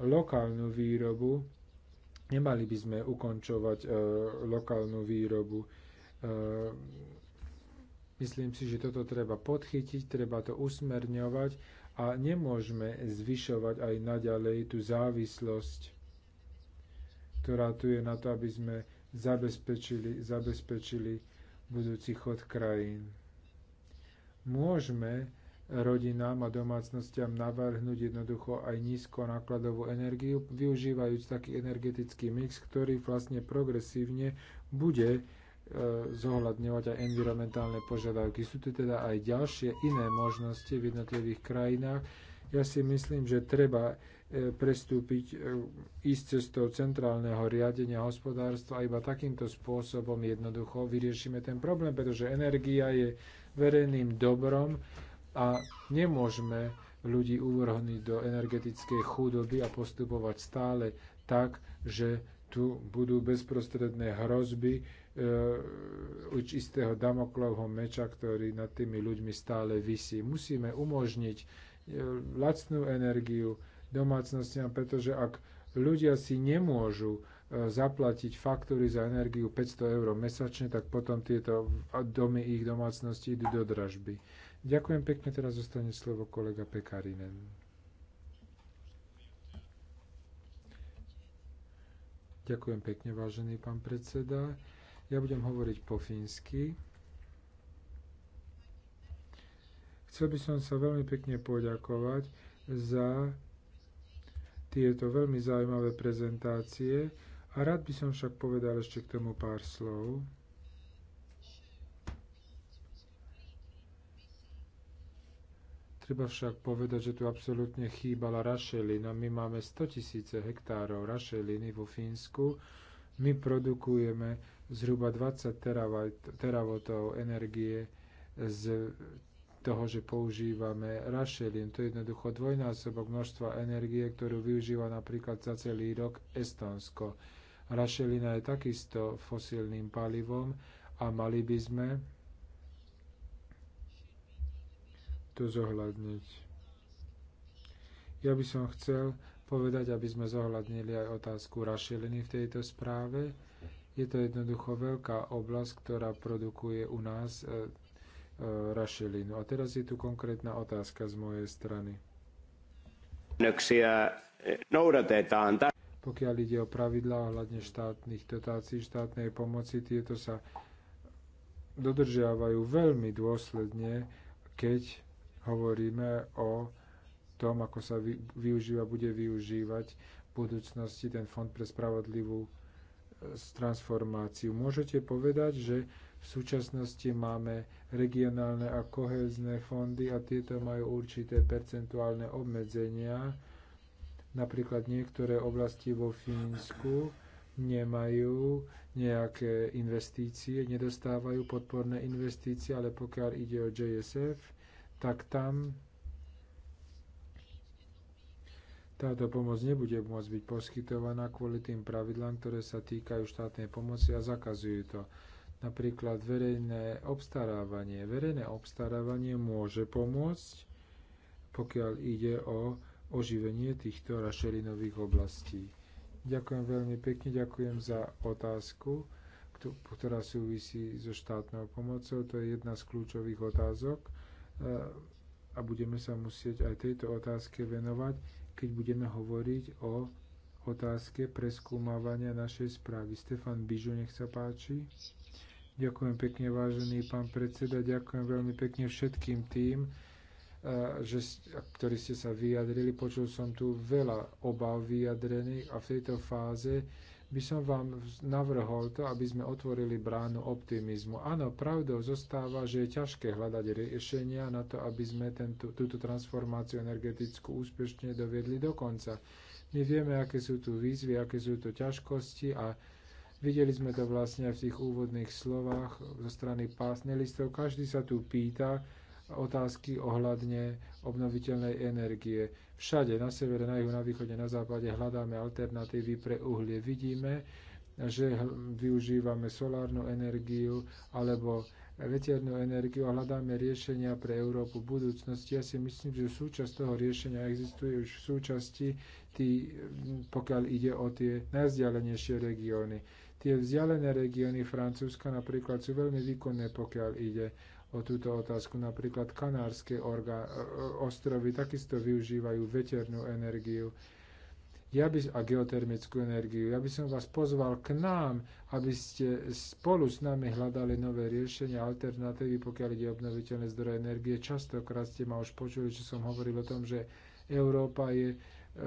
lokálnu výrobu. Nemali by sme ukončovať e, lokálnu výrobu. E, myslím si, že toto treba podchytiť, treba to usmerňovať a nemôžeme zvyšovať aj naďalej tú závislosť, ktorá tu je na to, aby sme zabezpečili, zabezpečili budúci chod krajín. Môžeme rodinám a domácnostiam navrhnúť jednoducho aj nízko nákladovú energiu, využívajúc taký energetický mix, ktorý vlastne progresívne bude e, zohľadňovať aj environmentálne požiadavky. Sú tu teda aj ďalšie iné možnosti v jednotlivých krajinách. Ja si myslím, že treba e, prestúpiť, e, ísť cestou centrálneho riadenia hospodárstva a iba takýmto spôsobom jednoducho vyriešime ten problém, pretože energia je verejným dobrom a nemôžeme ľudí uvrhnúť do energetickej chudoby a postupovať stále tak, že tu budú bezprostredné hrozby e, už istého Damoklovho meča, ktorý nad tými ľuďmi stále visí. Musíme umožniť e, lacnú energiu domácnostiam, pretože ak ľudia si nemôžu e, zaplatiť faktúry za energiu 500 eur mesačne, tak potom tieto domy ich domácnosti idú do dražby. Ďakujem pekne, teraz zostane slovo kolega Pekarinen. Ďakujem pekne, vážený pán predseda. Ja budem hovoriť po fínsky. Chcel by som sa veľmi pekne poďakovať za tieto veľmi zaujímavé prezentácie a rád by som však povedal ešte k tomu pár slov. Treba však povedať, že tu absolútne chýbala rašelina. My máme 100 tisíce hektárov rašeliny vo Fínsku. My produkujeme zhruba 20 teravotov energie z toho, že používame rašelin. To je jednoducho dvojnásobok množstva energie, ktorú využíva napríklad za celý rok Estonsko. Rašelina je takisto fosílnym palivom a mali by sme to zohľadniť. Ja by som chcel povedať, aby sme zohľadnili aj otázku rašeliny v tejto správe. Je to jednoducho veľká oblasť, ktorá produkuje u nás e, e, rašelinu. A teraz je tu konkrétna otázka z mojej strany. E, Pokiaľ ide o pravidlá ohľadne štátnych dotácií, štátnej pomoci, tieto sa dodržiavajú veľmi dôsledne, keď hovoríme o tom, ako sa využíva, bude využívať v budúcnosti ten fond pre spravodlivú e, transformáciu. Môžete povedať, že v súčasnosti máme regionálne a kohézne fondy a tieto majú určité percentuálne obmedzenia. Napríklad niektoré oblasti vo Fínsku nemajú nejaké investície, nedostávajú podporné investície, ale pokiaľ ide o JSF, tak tam táto pomoc nebude môcť byť poskytovaná kvôli tým pravidlám, ktoré sa týkajú štátnej pomoci a zakazujú to. Napríklad verejné obstarávanie. Verejné obstarávanie môže pomôcť, pokiaľ ide o oživenie týchto rašelinových oblastí. Ďakujem veľmi pekne, ďakujem za otázku, ktorá súvisí so štátnou pomocou. To je jedna z kľúčových otázok a budeme sa musieť aj tejto otázke venovať, keď budeme hovoriť o otázke preskúmavania našej správy. Stefan Bižu, nech sa páči. Ďakujem pekne, vážený pán predseda. Ďakujem veľmi pekne všetkým tým, že, ktorí ste sa vyjadrili. Počul som tu veľa obav vyjadrených a v tejto fáze by som vám navrhol to, aby sme otvorili bránu optimizmu. Áno, pravdou zostáva, že je ťažké hľadať riešenia na to, aby sme tento, túto transformáciu energetickú úspešne doviedli do konca. My vieme, aké sú tu výzvy, aké sú tu ťažkosti a videli sme to vlastne aj v tých úvodných slovách zo strany listov. Každý sa tu pýta, otázky ohľadne obnoviteľnej energie. Všade, na severe, na juhu, na východe, na západe hľadáme alternatívy pre uhlie. Vidíme, že využívame solárnu energiu alebo veternú energiu a hľadáme riešenia pre Európu v budúcnosti. Ja si myslím, že súčasť toho riešenia existuje už v súčasti, tý, pokiaľ ide o tie najvzdialenejšie regióny. Tie vzdialené regióny Francúzska napríklad sú veľmi výkonné, pokiaľ ide o túto otázku. Napríklad Kanárske e, ostrovy takisto využívajú veternú energiu ja by, a geotermickú energiu. Ja by som vás pozval k nám, aby ste spolu s nami hľadali nové riešenia, alternatívy, pokiaľ ide o obnoviteľné zdroje energie. Častokrát ste ma už počuli, že som hovoril o tom, že Európa je E,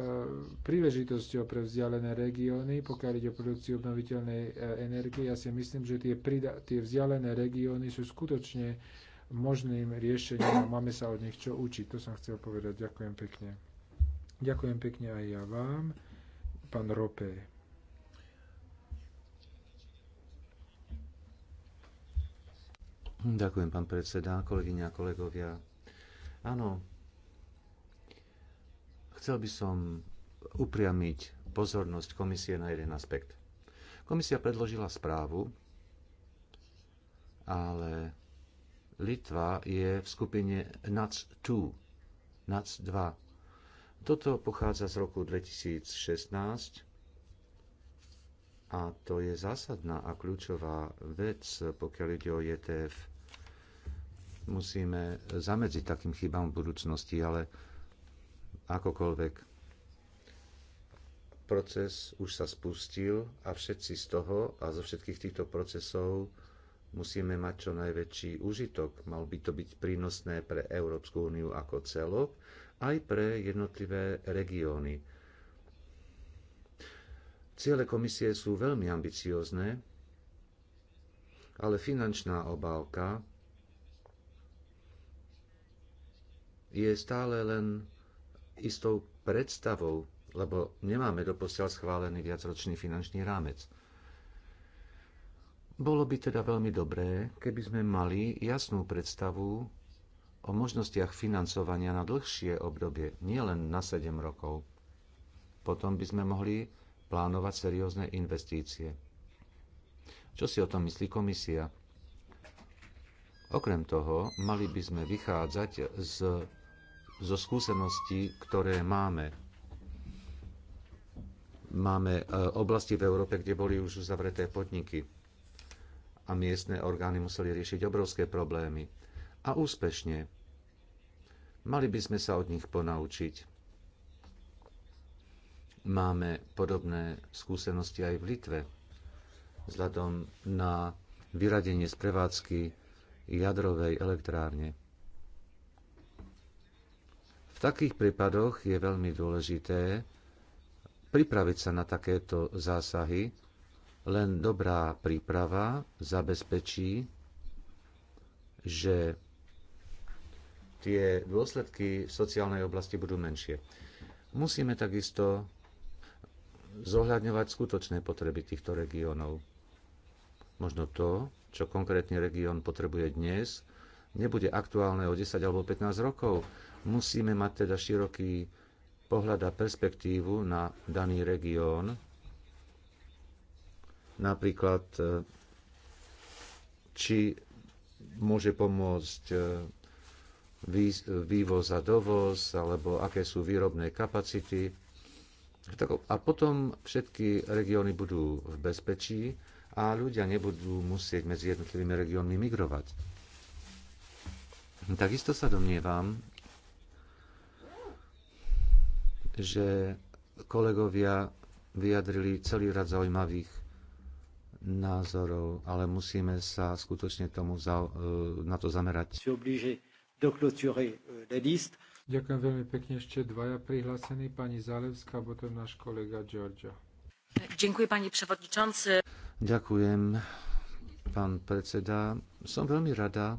príležitosťou pre vzdialené regióny, pokiaľ ide o produkciu obnoviteľnej e, energie. Ja si myslím, že tie, prida- tie vzdialené regióny sú skutočne možným riešením a máme sa od nich čo učiť. To som chcel povedať. Ďakujem pekne. Ďakujem pekne aj ja vám, pán Rope. Ďakujem, pán predseda, kolegyňa a kolegovia. Áno, Chcel by som upriamiť pozornosť komisie na jeden aspekt. Komisia predložila správu, ale Litva je v skupine NAC 2. NAC 2. Toto pochádza z roku 2016 a to je zásadná a kľúčová vec, pokiaľ ide o ETF. Musíme zamedziť takým chybám v budúcnosti, ale Akokoľvek. Proces už sa spustil a všetci z toho a zo všetkých týchto procesov musíme mať čo najväčší užitok. Mal by to byť prínosné pre Európsku úniu ako celok, aj pre jednotlivé regióny. Ciele komisie sú veľmi ambiciózne, ale finančná obálka je stále len istou predstavou, lebo nemáme doposiaľ schválený viacročný finančný rámec. Bolo by teda veľmi dobré, keby sme mali jasnú predstavu o možnostiach financovania na dlhšie obdobie, nielen na 7 rokov. Potom by sme mohli plánovať seriózne investície. Čo si o tom myslí komisia? Okrem toho, mali by sme vychádzať z zo skúseností, ktoré máme. Máme e, oblasti v Európe, kde boli už uzavreté podniky a miestne orgány museli riešiť obrovské problémy. A úspešne. Mali by sme sa od nich ponaučiť. Máme podobné skúsenosti aj v Litve. Vzhľadom na vyradenie z prevádzky jadrovej elektrárne. V takých prípadoch je veľmi dôležité pripraviť sa na takéto zásahy. Len dobrá príprava zabezpečí, že tie dôsledky v sociálnej oblasti budú menšie. Musíme takisto zohľadňovať skutočné potreby týchto regiónov. Možno to, čo konkrétny región potrebuje dnes, nebude aktuálne o 10 alebo 15 rokov Musíme mať teda široký pohľad a perspektívu na daný región, napríklad e, či môže pomôcť e, vývoz a dovoz, alebo aké sú výrobné kapacity. A potom všetky regióny budú v bezpečí a ľudia nebudú musieť medzi jednotlivými regiónmi migrovať. Takisto sa domnievam, že kolegovia vyjadrili celý rad zaujímavých názorov, ale musíme sa skutočne tomu za, e, na to zamerať. Euh, Ďakujem veľmi pekne ešte dvaja prihlásení, pani Zalevská a potom náš kolega Giorgio. Ďakujem, pani przewodniczący. Ďakujem, pán predseda. Som veľmi rada,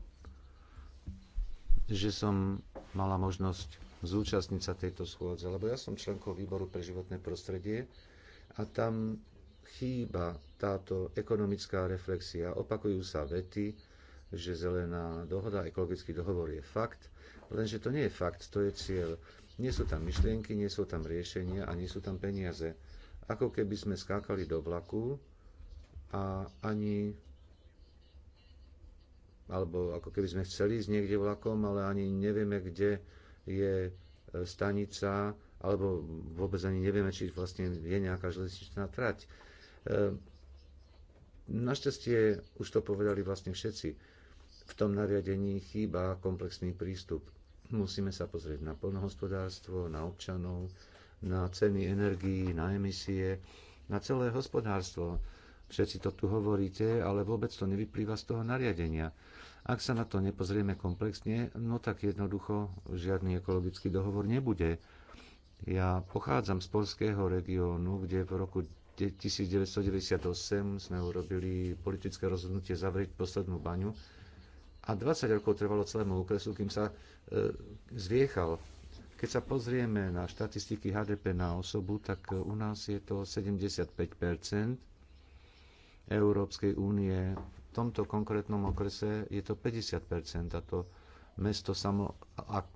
že som mala možnosť zúčastniť sa tejto schôdze, lebo ja som členkou výboru pre životné prostredie a tam chýba táto ekonomická reflexia. Opakujú sa vety, že zelená dohoda, ekologický dohovor je fakt, lenže to nie je fakt, to je cieľ. Nie sú tam myšlienky, nie sú tam riešenia a nie sú tam peniaze. Ako keby sme skákali do vlaku a ani alebo ako keby sme chceli ísť niekde vlakom, ale ani nevieme, kde je e, stanica, alebo vôbec ani nevieme, či vlastne je nejaká železničná trať. E, našťastie už to povedali vlastne všetci. V tom nariadení chýba komplexný prístup. Musíme sa pozrieť na plnohospodárstvo, na občanov, na ceny energií, na emisie, na celé hospodárstvo. Všetci to tu hovoríte, ale vôbec to nevyplýva z toho nariadenia. Ak sa na to nepozrieme komplexne, no tak jednoducho žiadny ekologický dohovor nebude. Ja pochádzam z polského regiónu, kde v roku 1998 sme urobili politické rozhodnutie zavrieť poslednú baňu a 20 rokov trvalo celému okresu, kým sa e, zviechal. Keď sa pozrieme na štatistiky HDP na osobu, tak u nás je to 75 Európskej únie tomto konkrétnom okrese je to 50 a to mesto samo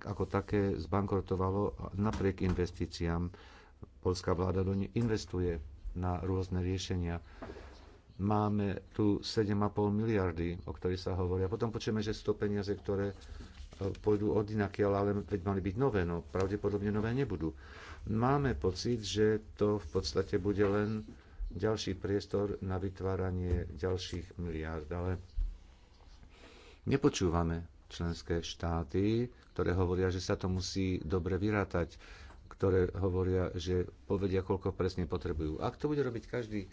ako také zbankrotovalo napriek investíciám. Polská vláda do nej investuje na rôzne riešenia. Máme tu 7,5 miliardy, o ktorých sa hovorí. A potom počujeme, že sú to peniaze, ktoré e, pôjdu od inakiaľ, ale veď mali byť nové, no pravdepodobne nové nebudú. Máme pocit, že to v podstate bude len ďalší priestor na vytváranie ďalších miliárd, ale nepočúvame členské štáty, ktoré hovoria, že sa to musí dobre vyrátať, ktoré hovoria, že povedia, koľko presne potrebujú. Ak to bude robiť každý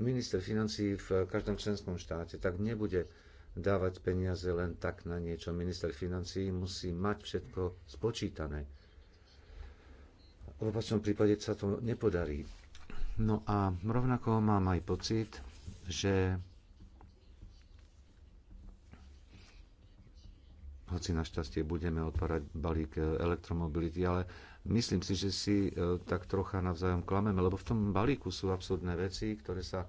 minister financí v každom členskom štáte, tak nebude dávať peniaze len tak na niečo. Minister financí musí mať všetko spočítané. V opačnom prípade sa to nepodarí. No a rovnako mám aj pocit, že hoci našťastie budeme otvárať balík e, elektromobility, ale myslím si, že si e, tak trocha navzájom klameme, lebo v tom balíku sú absurdné veci, ktoré sa e,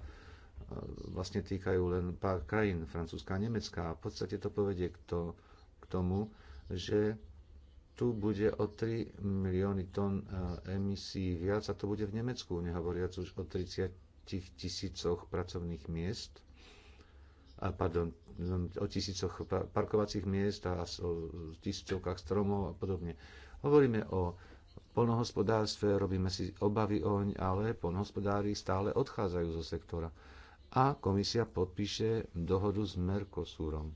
vlastne týkajú len pár krajín, Francúzska a Nemecka. A v podstate to povedie k, to, k tomu, že tu bude o 3 milióny tón e, emisí viac a to bude v Nemecku, nehovoriac už o 30 tisícoch pracovných miest, a pardon, o tisícoch parkovacích miest a o tisícovkách stromov a podobne. Hovoríme o polnohospodárstve, robíme si obavy oň, ale polnohospodári stále odchádzajú zo sektora. A komisia podpíše dohodu s Mercosurom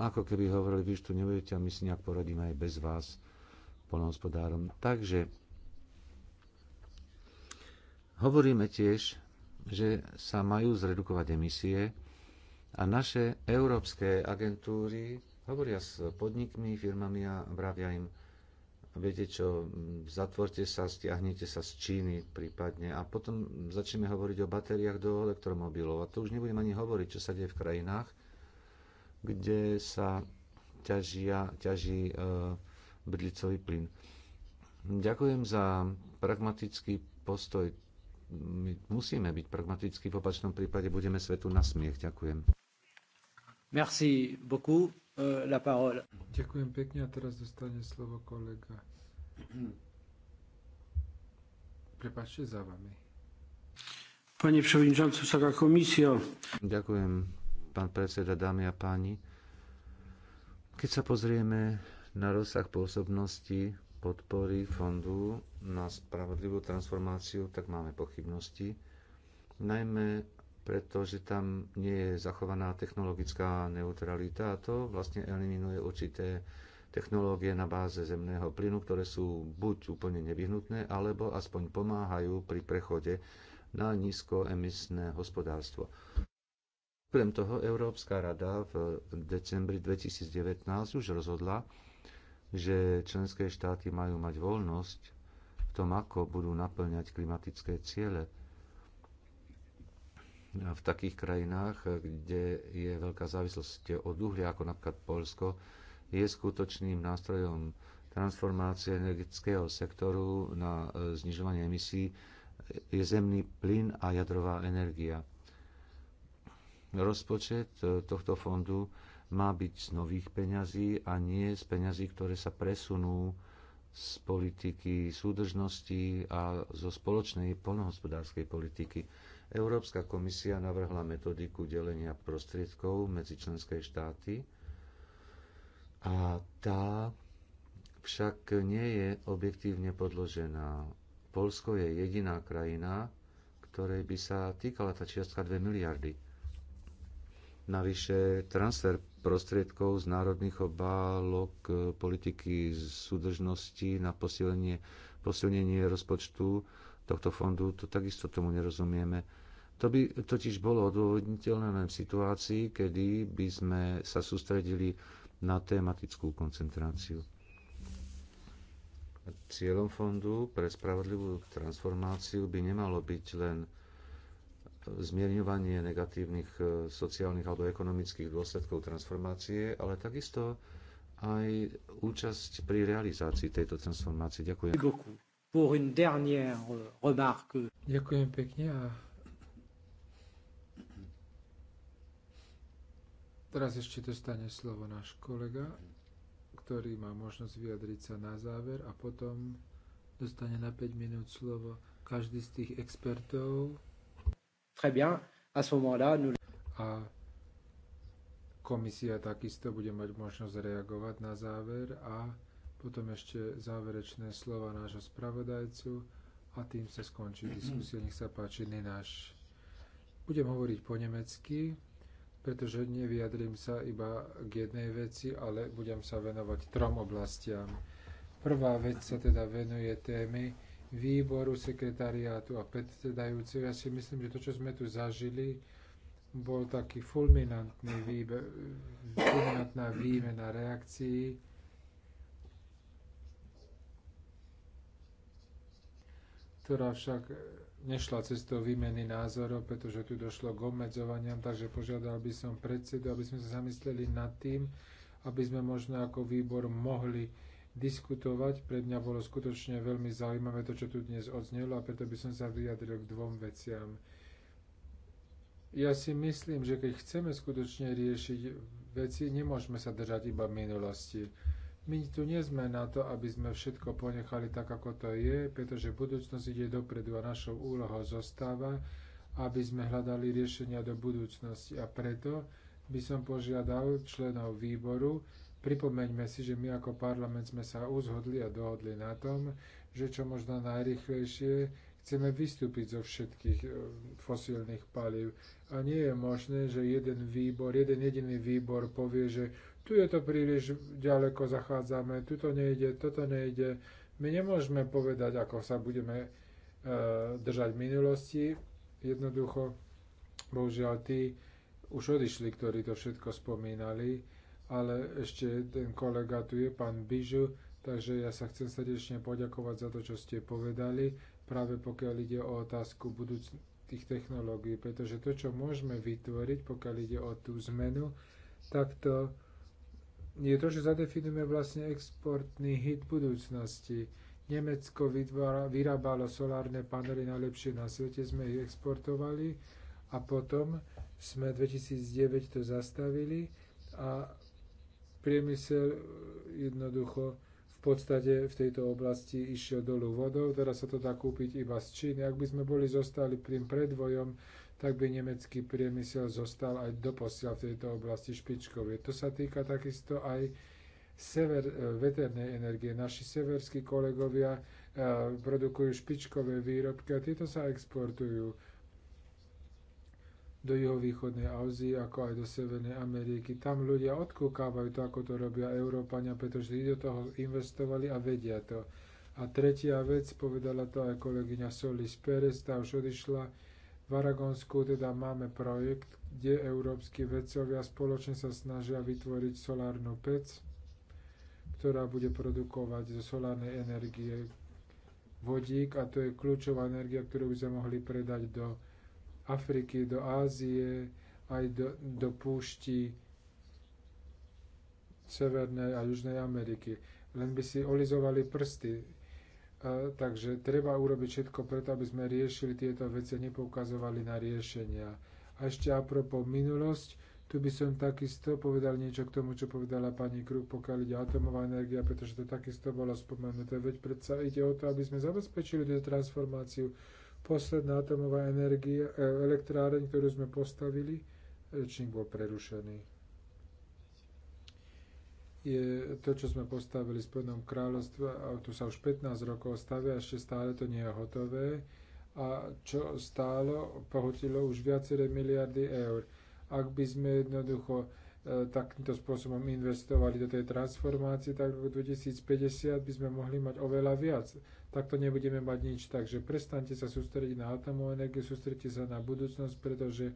ako keby hovorili, vy tu nebudete a my si nejak poradíme aj bez vás, polnohospodárom. Takže hovoríme tiež, že sa majú zredukovať emisie a naše európske agentúry hovoria s podnikmi, firmami a vravia im, viete čo, zatvorte sa, stiahnite sa z Číny prípadne a potom začneme hovoriť o batériách do elektromobilov a to už nebudem ani hovoriť, čo sa deje v krajinách, kde sa ťažia, ťaží e, bridlicový plyn. Ďakujem za pragmatický postoj. My musíme byť pragmatickí, v opačnom prípade budeme svetu na smiech. Ďakujem. Merci beaucoup. E, la parole. Ďakujem pekne a teraz dostane slovo kolega. Prepačte za vami. Pani przewodniczący, Wysoka Komisjo. Ďakujem pán predseda, dámy a páni. Keď sa pozrieme na rozsah pôsobnosti podpory fondu na spravodlivú transformáciu, tak máme pochybnosti. Najmä preto, že tam nie je zachovaná technologická neutralita a to vlastne eliminuje určité technológie na báze zemného plynu, ktoré sú buď úplne nevyhnutné, alebo aspoň pomáhajú pri prechode na nízkoemisné hospodárstvo. Okrem toho Európska rada v decembri 2019 už rozhodla, že členské štáty majú mať voľnosť v tom, ako budú naplňať klimatické ciele v takých krajinách, kde je veľká závislosť od uhlia, ako napríklad Polsko, je skutočným nástrojom transformácie energetického sektoru na e, znižovanie emisí je zemný plyn a jadrová energia. Rozpočet e, tohto fondu má byť z nových peňazí a nie z peňazí, ktoré sa presunú z politiky súdržnosti a zo spoločnej polnohospodárskej politiky. Európska komisia navrhla metodiku delenia prostriedkov medzi členské štáty a tá však nie je objektívne podložená. Polsko je jediná krajina, ktorej by sa týkala tá čiastka 2 miliardy Navyše transfer prostriedkov z národných obálok eh, politiky súdržnosti na posilnenie, posilnenie rozpočtu tohto fondu, to takisto tomu nerozumieme. To by totiž bolo odôvodniteľné len v situácii, kedy by sme sa sústredili na tematickú koncentráciu. Cieľom fondu pre spravodlivú transformáciu by nemalo byť len zmierňovanie negatívnych e, sociálnych alebo ekonomických dôsledkov transformácie, ale takisto aj účasť pri realizácii tejto transformácie. Ďakujem. Ďakujem pekne a teraz ešte dostane slovo náš kolega, ktorý má možnosť vyjadriť sa na záver a potom dostane na 5 minút slovo každý z tých expertov, Très bien, à ce moment-là, nous... A komisia takisto bude mať možnosť reagovať na záver a potom ešte záverečné slova nášho spravodajcu a tým sa skončí diskusia. Nech sa páči, náš. Budem hovoriť po nemecky, pretože nevyjadrím sa iba k jednej veci, ale budem sa venovať trom oblastiam. Prvá vec sa teda venuje témy, výboru, sekretariátu a predsedajúceho. Ja si myslím, že to, čo sme tu zažili, bol taký fulminantný výbe, fulminantná výmena reakcií. ktorá však nešla cestou výmeny názorov, pretože tu došlo k obmedzovaniam, takže požiadal by som predsedu, aby sme sa zamysleli nad tým, aby sme možno ako výbor mohli diskutovať. Pre mňa bolo skutočne veľmi zaujímavé to, čo tu dnes odznelo a preto by som sa vyjadril k dvom veciam. Ja si myslím, že keď chceme skutočne riešiť veci, nemôžeme sa držať iba minulosti. My tu nie sme na to, aby sme všetko ponechali tak, ako to je, pretože budúcnosť ide dopredu a našou úlohou zostáva, aby sme hľadali riešenia do budúcnosti. A preto by som požiadal členov výboru, Pripomeňme si, že my ako parlament sme sa uzhodli a dohodli na tom, že čo možno najrychlejšie chceme vystúpiť zo všetkých e, fosílnych palív. A nie je možné, že jeden výbor, jeden jediný výbor povie, že tu je to príliš ďaleko zachádzame, tu to nejde, toto nejde. My nemôžeme povedať, ako sa budeme e, držať v minulosti. Jednoducho, bohužiaľ, tí už odišli, ktorí to všetko spomínali ale ešte ten kolega tu je, pán Bižu, takže ja sa chcem srdečne poďakovať za to, čo ste povedali, práve pokiaľ ide o otázku budúc tých technológií, pretože to, čo môžeme vytvoriť, pokiaľ ide o tú zmenu, tak to je to, že zadefinujeme vlastne exportný hit budúcnosti. Nemecko vytvára, vyrábalo solárne panely najlepšie na svete, sme ich exportovali a potom sme 2009 to zastavili a Priemysel jednoducho v podstate v tejto oblasti išiel dolu vodou, teraz sa to dá kúpiť iba z Číny. Ak by sme boli zostali tým predvojom, tak by nemecký priemysel zostal aj doposiaľ v tejto oblasti špičkovie. To sa týka takisto aj sever, e, veternej energie. Naši severskí kolegovia e, produkujú špičkové výrobky a tieto sa exportujú do juhovýchodnej Ázie, ako aj do Severnej Ameriky. Tam ľudia odkúkávajú to, ako to robia Európania, pretože do toho investovali a vedia to. A tretia vec, povedala to aj kolegyňa Solis Pérez, tá už odišla, v Aragonsku teda máme projekt, kde európsky vedcovia spoločne sa snažia vytvoriť solárnu pec, ktorá bude produkovať zo solárnej energie vodík a to je kľúčová energia, ktorú by sme mohli predať do Afriky, do Ázie, aj do, do púšti Severnej a Južnej Ameriky. Len by si olizovali prsty. E, takže treba urobiť všetko preto, aby sme riešili tieto veci a nepoukazovali na riešenia. A ešte apropo minulosť, tu by som takisto povedal niečo k tomu, čo povedala pani kruh, pokiaľ ide atomová energia, pretože to takisto bolo spomenuté. Veď predsa ide o to, aby sme zabezpečili tú transformáciu Posledná atomová energia, e, elektráreň, ktorú sme postavili, e, čím bol prerušený. Je to, čo sme postavili v Spojenom kráľovstve, a tu sa už 15 rokov stavia, ešte stále to nie je hotové, a čo stálo, pohotilo už viaceré miliardy eur. Ak by sme jednoducho e, takýmto spôsobom investovali do tej transformácie, tak v 2050 by sme mohli mať oveľa viac takto nebudeme mať nič. Takže prestante sa sústrediť na atomovú energiu, sústredite sa na budúcnosť, pretože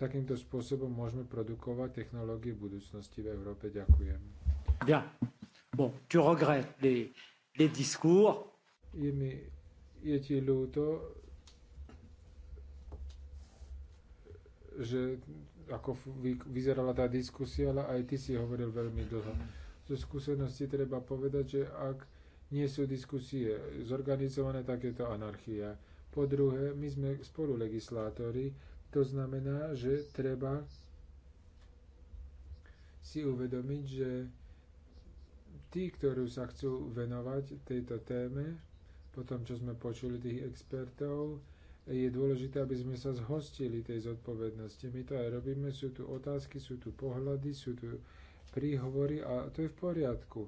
takýmto spôsobom môžeme produkovať technológie budúcnosti v Európe. Ďakujem. Bien. Bon, tu regrettes les, les discours. Je mi je ti ľúto, že ako vy, vyzerala tá diskusia, ale aj ty si hovoril veľmi dlho. Zo skúsenosti treba povedať, že ak nie sú diskusie zorganizované, takéto to anarchia. Po druhé, my sme spolulegislátori, to znamená, že treba si uvedomiť, že tí, ktorí sa chcú venovať tejto téme, po tom, čo sme počuli tých expertov, je dôležité, aby sme sa zhostili tej zodpovednosti. My to aj robíme, sú tu otázky, sú tu pohľady, sú tu príhovory a to je v poriadku.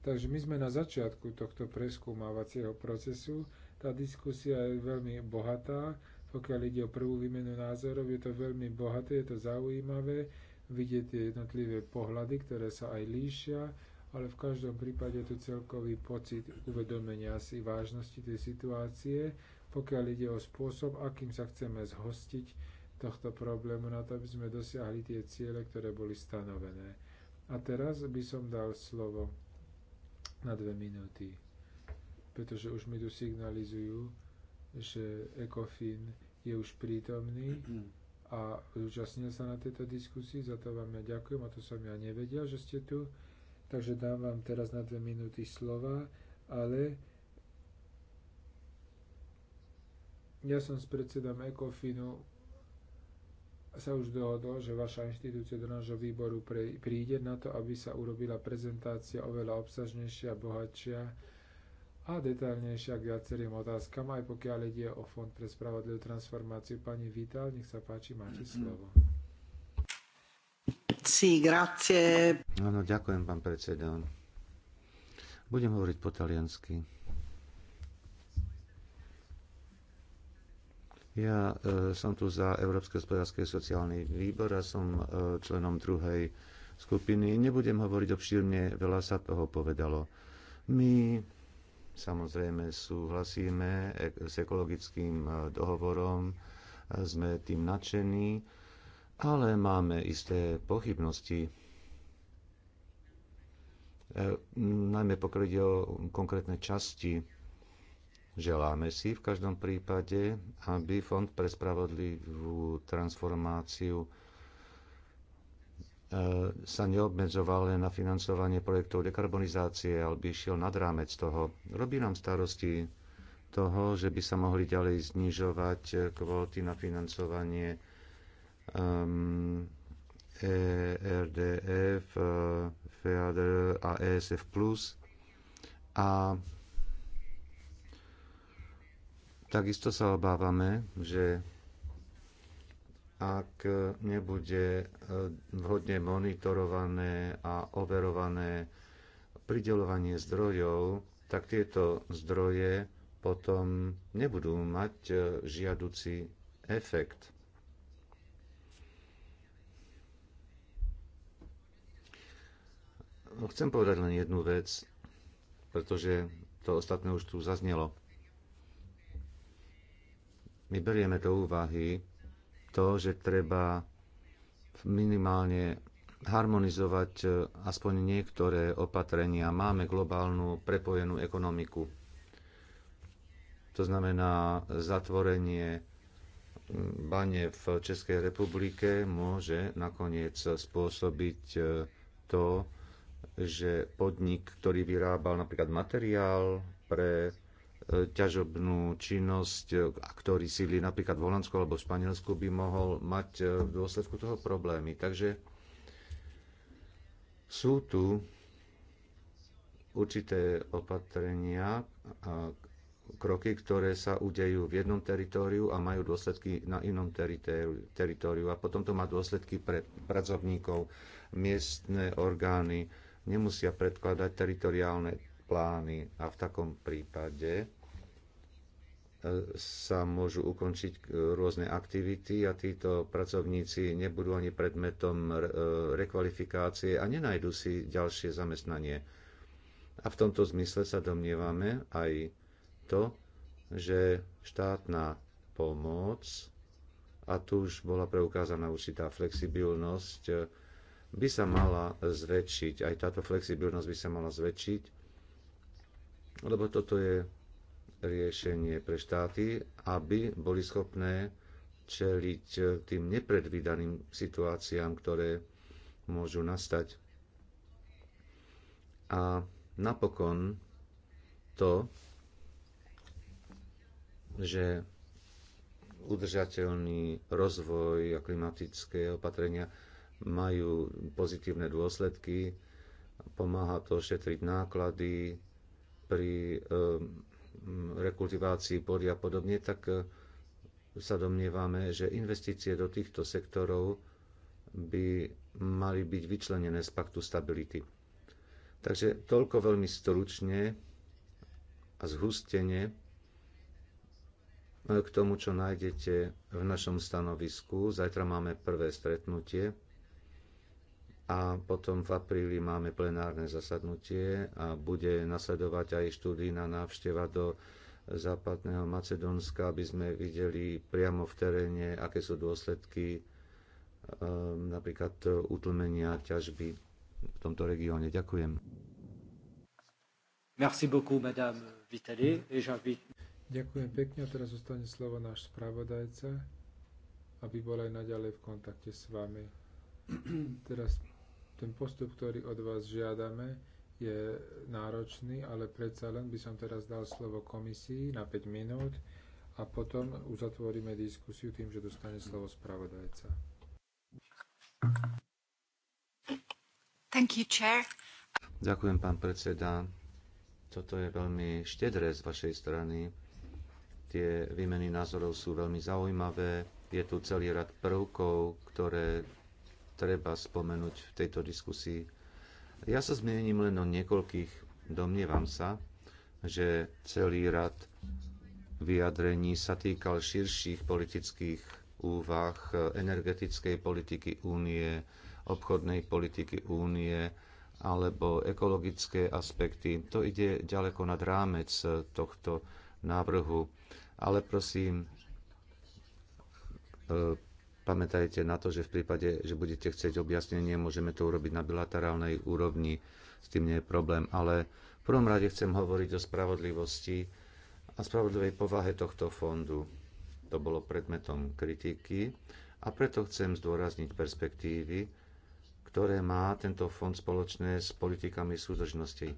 Takže my sme na začiatku tohto preskúmavacieho procesu. Tá diskusia je veľmi bohatá. Pokiaľ ide o prvú výmenu názorov, je to veľmi bohaté, je to zaujímavé vidieť tie jednotlivé pohľady, ktoré sa aj líšia, ale v každom prípade je tu celkový pocit uvedomenia si vážnosti tej situácie, pokiaľ ide o spôsob, akým sa chceme zhostiť tohto problému na to, aby sme dosiahli tie ciele, ktoré boli stanovené. A teraz by som dal slovo na dve minúty. Pretože už mi tu signalizujú, že ECOFIN je už prítomný a zúčastnil sa na tejto diskusii, za to vám ja ďakujem a to som ja nevedel, že ste tu. Takže dám vám teraz na dve minúty slova, ale ja som s predsedom ECOFINu sa už dohodol, že vaša inštitúcia do nášho výboru pre, príde na to, aby sa urobila prezentácia oveľa obsažnejšia, bohatšia a detaľnejšia k viacerým otázkam, aj pokiaľ ide o Fond pre spravodlivú transformáciu. Pani Vital, nech sa páči, máte mhm. slovo. Sí, grazie. Áno, ďakujem, pán predseda. Budem hovoriť po taliansky. Ja e, som tu za Európsky hospodársky sociálny výbor a som e, členom druhej skupiny. Nebudem hovoriť obšírne, veľa sa toho povedalo. My samozrejme súhlasíme s ekologickým e, dohovorom, e, sme tým nadšení, ale máme isté pochybnosti, e, najmä pokiaľ ide o konkrétne časti Želáme si v každom prípade, aby Fond pre spravodlivú transformáciu e, sa neobmedzoval len na financovanie projektov dekarbonizácie, ale by išiel nad rámec toho. Robí nám starosti toho, že by sa mohli ďalej znižovať kvóty na financovanie um, ehm, ERDF, e, FEADR a ESF+. A e Takisto sa obávame, že ak nebude eh, vhodne monitorované a overované pridelovanie zdrojov, tak tieto zdroje potom nebudú mať eh, žiaduci efekt. Chcem povedať len jednu vec, pretože to ostatné už tu zaznelo my berieme do úvahy to, že treba minimálne harmonizovať e, aspoň niektoré opatrenia. Máme globálnu prepojenú ekonomiku. To znamená, zatvorenie mm, bane v Českej republike môže nakoniec spôsobiť e, to, že podnik, ktorý vyrábal napríklad materiál pre ťažobnú činnosť, e, ktorý sídli napríklad v Holandsku alebo v Španielsku, by mohol mať e, v dôsledku toho problémy. Takže sú tu určité opatrenia a kroky, ktoré sa udejú v jednom teritóriu a majú dôsledky na inom teritóriu. A potom to má dôsledky pre pracovníkov. Miestne orgány nemusia predkladať teritoriálne plány a v takom prípade sa môžu ukončiť e, rôzne aktivity a títo pracovníci nebudú ani predmetom e, rekvalifikácie a nenajdu si ďalšie zamestnanie. A v tomto zmysle sa domnievame aj to, že štátna pomoc, a tu už bola preukázaná určitá flexibilnosť, e, by sa mala zväčšiť, aj táto flexibilnosť by sa mala zväčšiť, lebo toto je riešenie pre štáty, aby boli schopné čeliť tým nepredvídaným situáciám, ktoré môžu nastať. A napokon to, že udržateľný rozvoj a klimatické opatrenia majú pozitívne dôsledky, pomáha to šetriť náklady pri eh, Mm, rekultivácii pôdy a podobne, tak e, sa domnievame, že investície do týchto sektorov by mali byť vyčlenené z paktu stability. Takže toľko veľmi stručne a zhustene e, k tomu, čo nájdete v našom stanovisku. Zajtra máme prvé stretnutie a potom v apríli máme plenárne zasadnutie a bude nasledovať aj študijná návšteva do západného Macedónska, aby sme videli priamo v teréne, aké sú dôsledky ehm, napríklad utlmenia ťažby v tomto regióne. Ďakujem. Merci beaucoup, madame Vitali. Ďakujem pekne a teraz zostane slovo náš spravodajca, aby bol aj naďalej v kontakte s vami. teraz ten postup, ktorý od vás žiadame, je náročný, ale predsa len by som teraz dal slovo komisii na 5 minút a potom uzatvoríme diskusiu tým, že dostane slovo spravodajca. Thank you, chair. Ďakujem, pán predseda. Toto je veľmi štedré z vašej strany. Tie výmeny názorov sú veľmi zaujímavé. Je tu celý rad prvkov, ktoré treba spomenúť v tejto diskusii. Ja sa zmiením len o niekoľkých. Domnievam sa, že celý rad vyjadrení sa týkal širších politických úvah energetickej politiky únie, obchodnej politiky únie alebo ekologické aspekty. To ide ďaleko nad rámec tohto návrhu. Ale prosím, e, Pamätajte na to, že v prípade, že budete chcieť objasnenie, môžeme to urobiť na bilaterálnej úrovni, s tým nie je problém, ale v prvom rade chcem hovoriť o spravodlivosti a spravodlivej povahe tohto fondu. To bolo predmetom kritiky a preto chcem zdôrazniť perspektívy, ktoré má tento fond spoločné s politikami súdržnosti.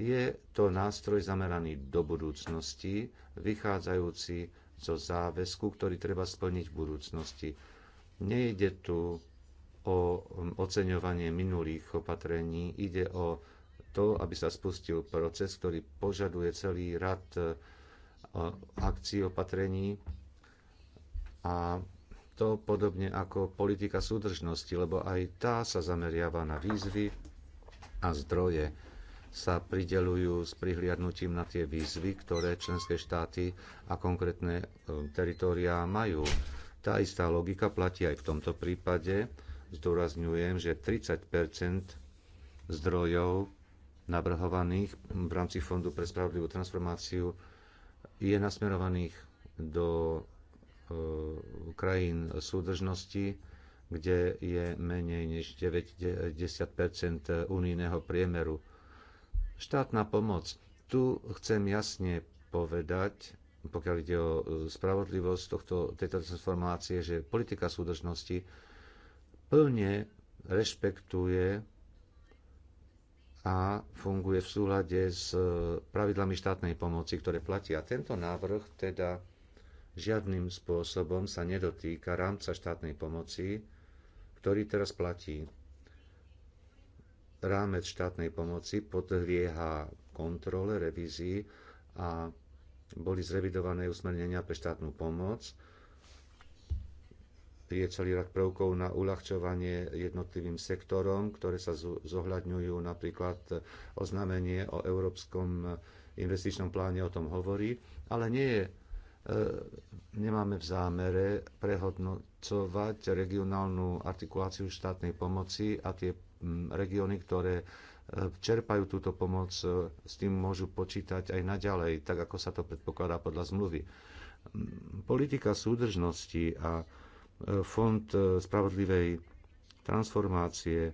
Je to nástroj zameraný do budúcnosti, vychádzajúci zo záväzku, ktorý treba splniť v budúcnosti Nejde tu o um, oceňovanie minulých opatrení, ide o to, aby sa spustil proces, ktorý požaduje celý rad e, akcií, opatrení a to podobne ako politika súdržnosti, lebo aj tá sa zameriava na výzvy a zdroje sa pridelujú s prihliadnutím na tie výzvy, ktoré členské štáty a konkrétne e, teritoriá majú. Tá istá logika platí aj v tomto prípade. Zdôrazňujem, že 30 zdrojov navrhovaných v rámci Fondu pre spravodlivú transformáciu je nasmerovaných do e, krajín súdržnosti, kde je menej než 90 unijného priemeru. Štátna pomoc. Tu chcem jasne povedať, pokiaľ ide o e, spravodlivosť tohto, tejto transformácie, že politika súdržnosti plne rešpektuje a funguje v súhľade s e, pravidlami štátnej pomoci, ktoré platia. Tento návrh teda žiadnym spôsobom sa nedotýka rámca štátnej pomoci, ktorý teraz platí. Rámec štátnej pomoci podlieha kontrole, revízii a boli zrevidované usmernenia pre štátnu pomoc. Je celý rad prvkov na uľahčovanie jednotlivým sektorom, ktoré sa zohľadňujú napríklad e, oznámenie o Európskom e, investičnom pláne o tom hovorí, ale nie je e, nemáme v zámere prehodnocovať regionálnu artikuláciu štátnej pomoci a tie regióny, ktoré E, čerpajú túto pomoc, e, s tým môžu počítať aj naďalej, tak ako sa to predpokladá podľa zmluvy. Politika súdržnosti a e, fond spravodlivej transformácie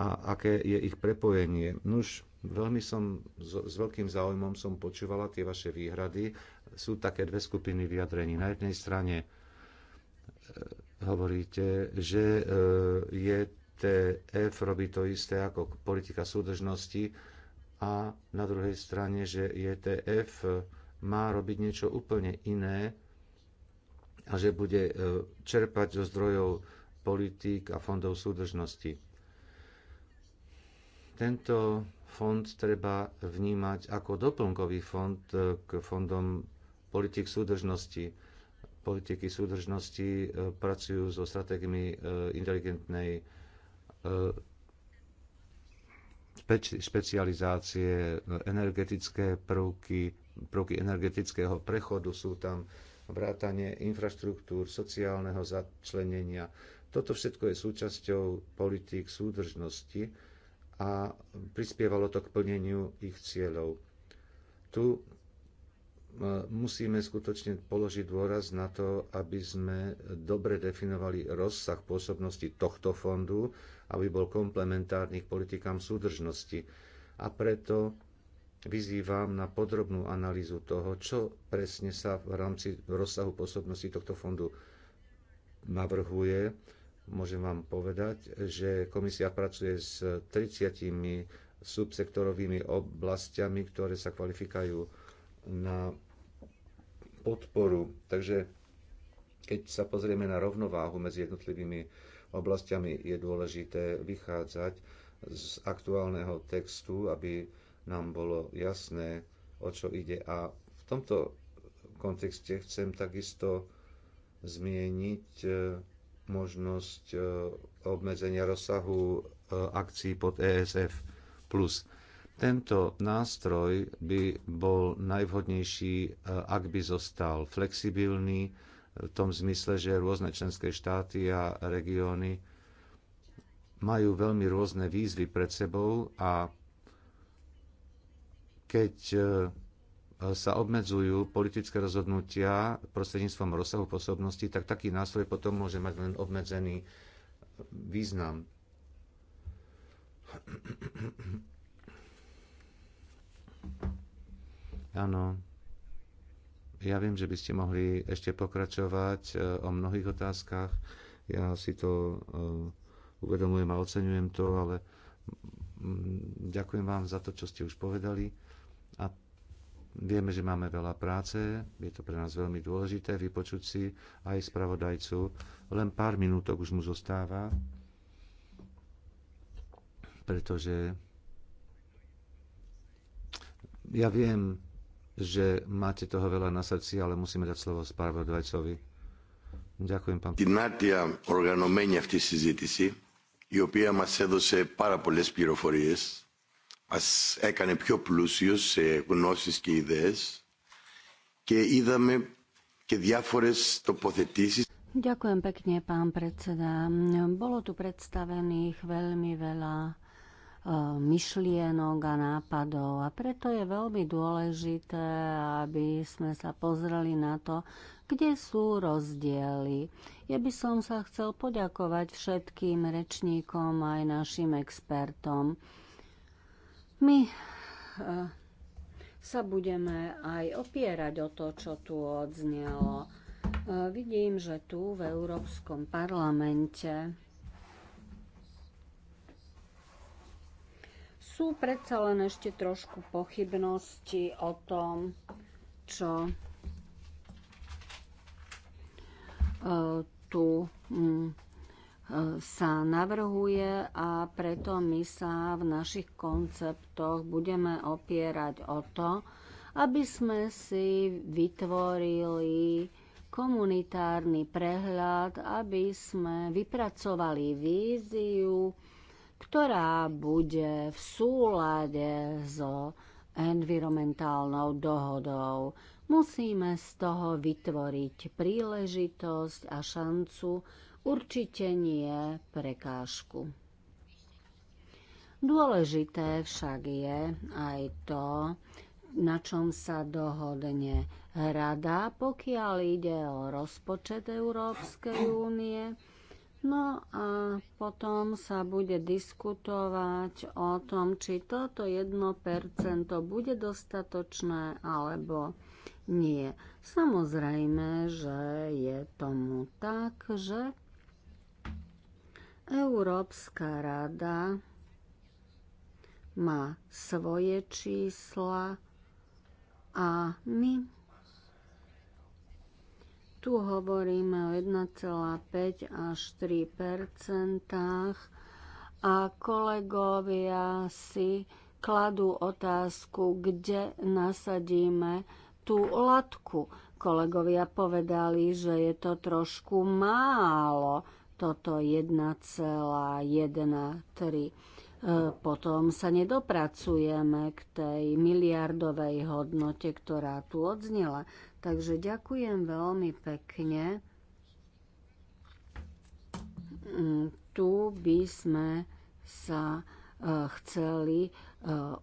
a aké je ich prepojenie. Nuž, veľmi som, s veľkým záujmom som počúvala tie vaše výhrady. Sú také dve skupiny vyjadrení. Na jednej strane hovoríte, že je ETF robí to isté ako politika súdržnosti a na druhej strane, že ETF má robiť niečo úplne iné a že bude e, čerpať zo zdrojov politík a fondov súdržnosti. Tento fond treba vnímať ako doplnkový fond e, k fondom politik súdržnosti. Politiky súdržnosti e, pracujú so stratégiami inteligentnej špeci špecializácie, no, energetické prvky, prvky energetického prechodu sú tam, vrátanie infraštruktúr, sociálneho začlenenia. Toto všetko je súčasťou politík súdržnosti a prispievalo to k plneniu ich cieľov. Tu e, musíme skutočne položiť dôraz na to, aby sme dobre definovali rozsah pôsobnosti tohto fondu aby bol komplementárny k politikám súdržnosti. A preto vyzývam na podrobnú analýzu toho, čo presne sa v rámci rozsahu pôsobnosti tohto fondu navrhuje. Môžem vám povedať, že komisia pracuje s 30 subsektorovými oblastiami, ktoré sa kvalifikajú na podporu. Takže keď sa pozrieme na rovnováhu medzi jednotlivými oblastiami je dôležité vychádzať z aktuálneho textu, aby nám bolo jasné, o čo ide. A v tomto kontexte chcem takisto zmieniť e, možnosť e, obmedzenia rozsahu e, akcií pod ESF+. Tento nástroj by bol najvhodnejší, ak by zostal flexibilný, v tom zmysle, že rôzne členské štáty a regióny majú veľmi rôzne výzvy pred sebou a keď e, sa obmedzujú politické rozhodnutia prostredníctvom rozsahu pôsobnosti, tak taký nástroj potom môže mať len obmedzený význam. Áno. Ja viem, že by ste mohli ešte pokračovať e, o mnohých otázkach. Ja si to e, uvedomujem a oceňujem to, ale mm, ďakujem vám za to, čo ste už povedali. A vieme, že máme veľa práce, je to pre nás veľmi dôležité vypočuť si aj spravodajcu. Len pár minútok už mu zostáva, pretože ja viem, že máte toho veľa na srdci, ale musíme dať slovo spravodajcovi. Ďakujem, pán. Την άρτια οργανωμένη αυτή συζήτηση, η οποία μας έδωσε πάρα πολλές πληροφορίες, μας έκανε πιο πλούσιους σε γνώσεις και ιδέες και είδαμε και διάφορες τοποθετήσεις. Ďakujem pekne, pán predseda. Bolo tu predstavených veľmi veľa E, myšlienok a nápadov. A preto je veľmi dôležité, aby sme sa pozreli na to, kde sú rozdiely. Ja by som sa chcel poďakovať všetkým rečníkom aj našim expertom. My e, sa budeme aj opierať o to, čo tu odznelo. E, vidím, že tu v Európskom parlamente sú predsa len ešte trošku pochybnosti o tom, čo e, tu mm, e, sa navrhuje a preto my sa v našich konceptoch budeme opierať o to, aby sme si vytvorili komunitárny prehľad, aby sme vypracovali víziu, ktorá bude v súlade so environmentálnou dohodou. Musíme z toho vytvoriť príležitosť a šancu, určite nie prekážku. Dôležité však je aj to, na čom sa dohodne rada, pokiaľ ide o rozpočet Európskej únie No a potom sa bude diskutovať o tom, či toto 1% bude dostatočné alebo nie. Samozrejme, že je tomu tak, že Európska rada má svoje čísla a my tu hovoríme o 1,5 až 3 a kolegovia si kladú otázku, kde nasadíme tú latku. Kolegovia povedali, že je to trošku málo, toto 1,13. E, potom sa nedopracujeme k tej miliardovej hodnote, ktorá tu odznela. Takže ďakujem veľmi pekne. Mm, tu by sme sa e, chceli e,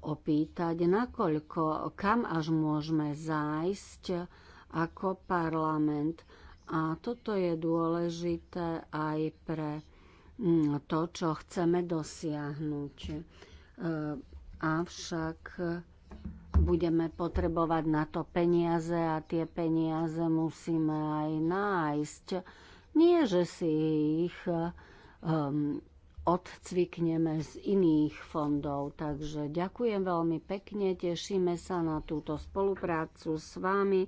opýtať, nakoľko, kam až môžeme zájsť ako parlament. A toto je dôležité aj pre mm, to, čo chceme dosiahnuť. E, avšak budeme potrebovať na to peniaze a tie peniaze musíme aj nájsť. Nie, že si ich um, odcvikneme z iných fondov. Takže ďakujem veľmi pekne, tešíme sa na túto spoluprácu s vami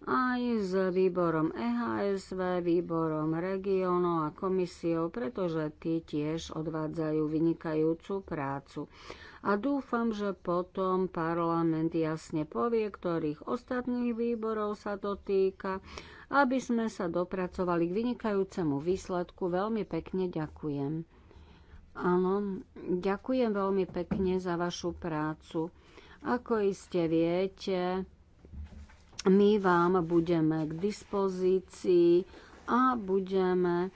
aj s výborom EHSV, výborom regionov a komisiou, pretože tí tiež odvádzajú vynikajúcu prácu a dúfam, že potom parlament jasne povie, ktorých ostatných výborov sa to týka, aby sme sa dopracovali k vynikajúcemu výsledku. Veľmi pekne ďakujem. Áno, ďakujem veľmi pekne za vašu prácu. Ako iste viete, my vám budeme k dispozícii a budeme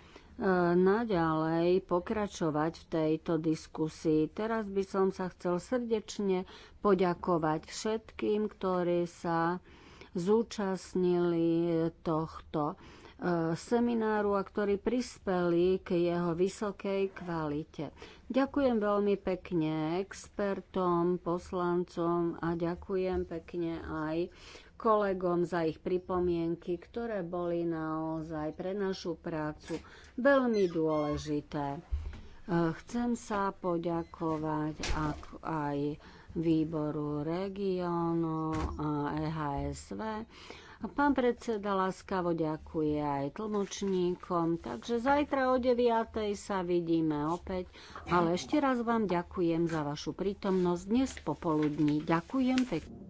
naďalej pokračovať v tejto diskusii. Teraz by som sa chcel srdečne poďakovať všetkým, ktorí sa zúčastnili tohto e, semináru a ktorí prispeli k jeho vysokej kvalite. Ďakujem veľmi pekne expertom, poslancom a ďakujem pekne aj kolegom za ich pripomienky, ktoré boli naozaj pre našu prácu veľmi dôležité. E, chcem sa poďakovať aj výboru regionu a e, EHSV. A pán predseda láskavo ďakuje aj tlmočníkom, takže zajtra o 9. sa vidíme opäť, ale ešte raz vám ďakujem za vašu prítomnosť dnes popoludní. Ďakujem pekne.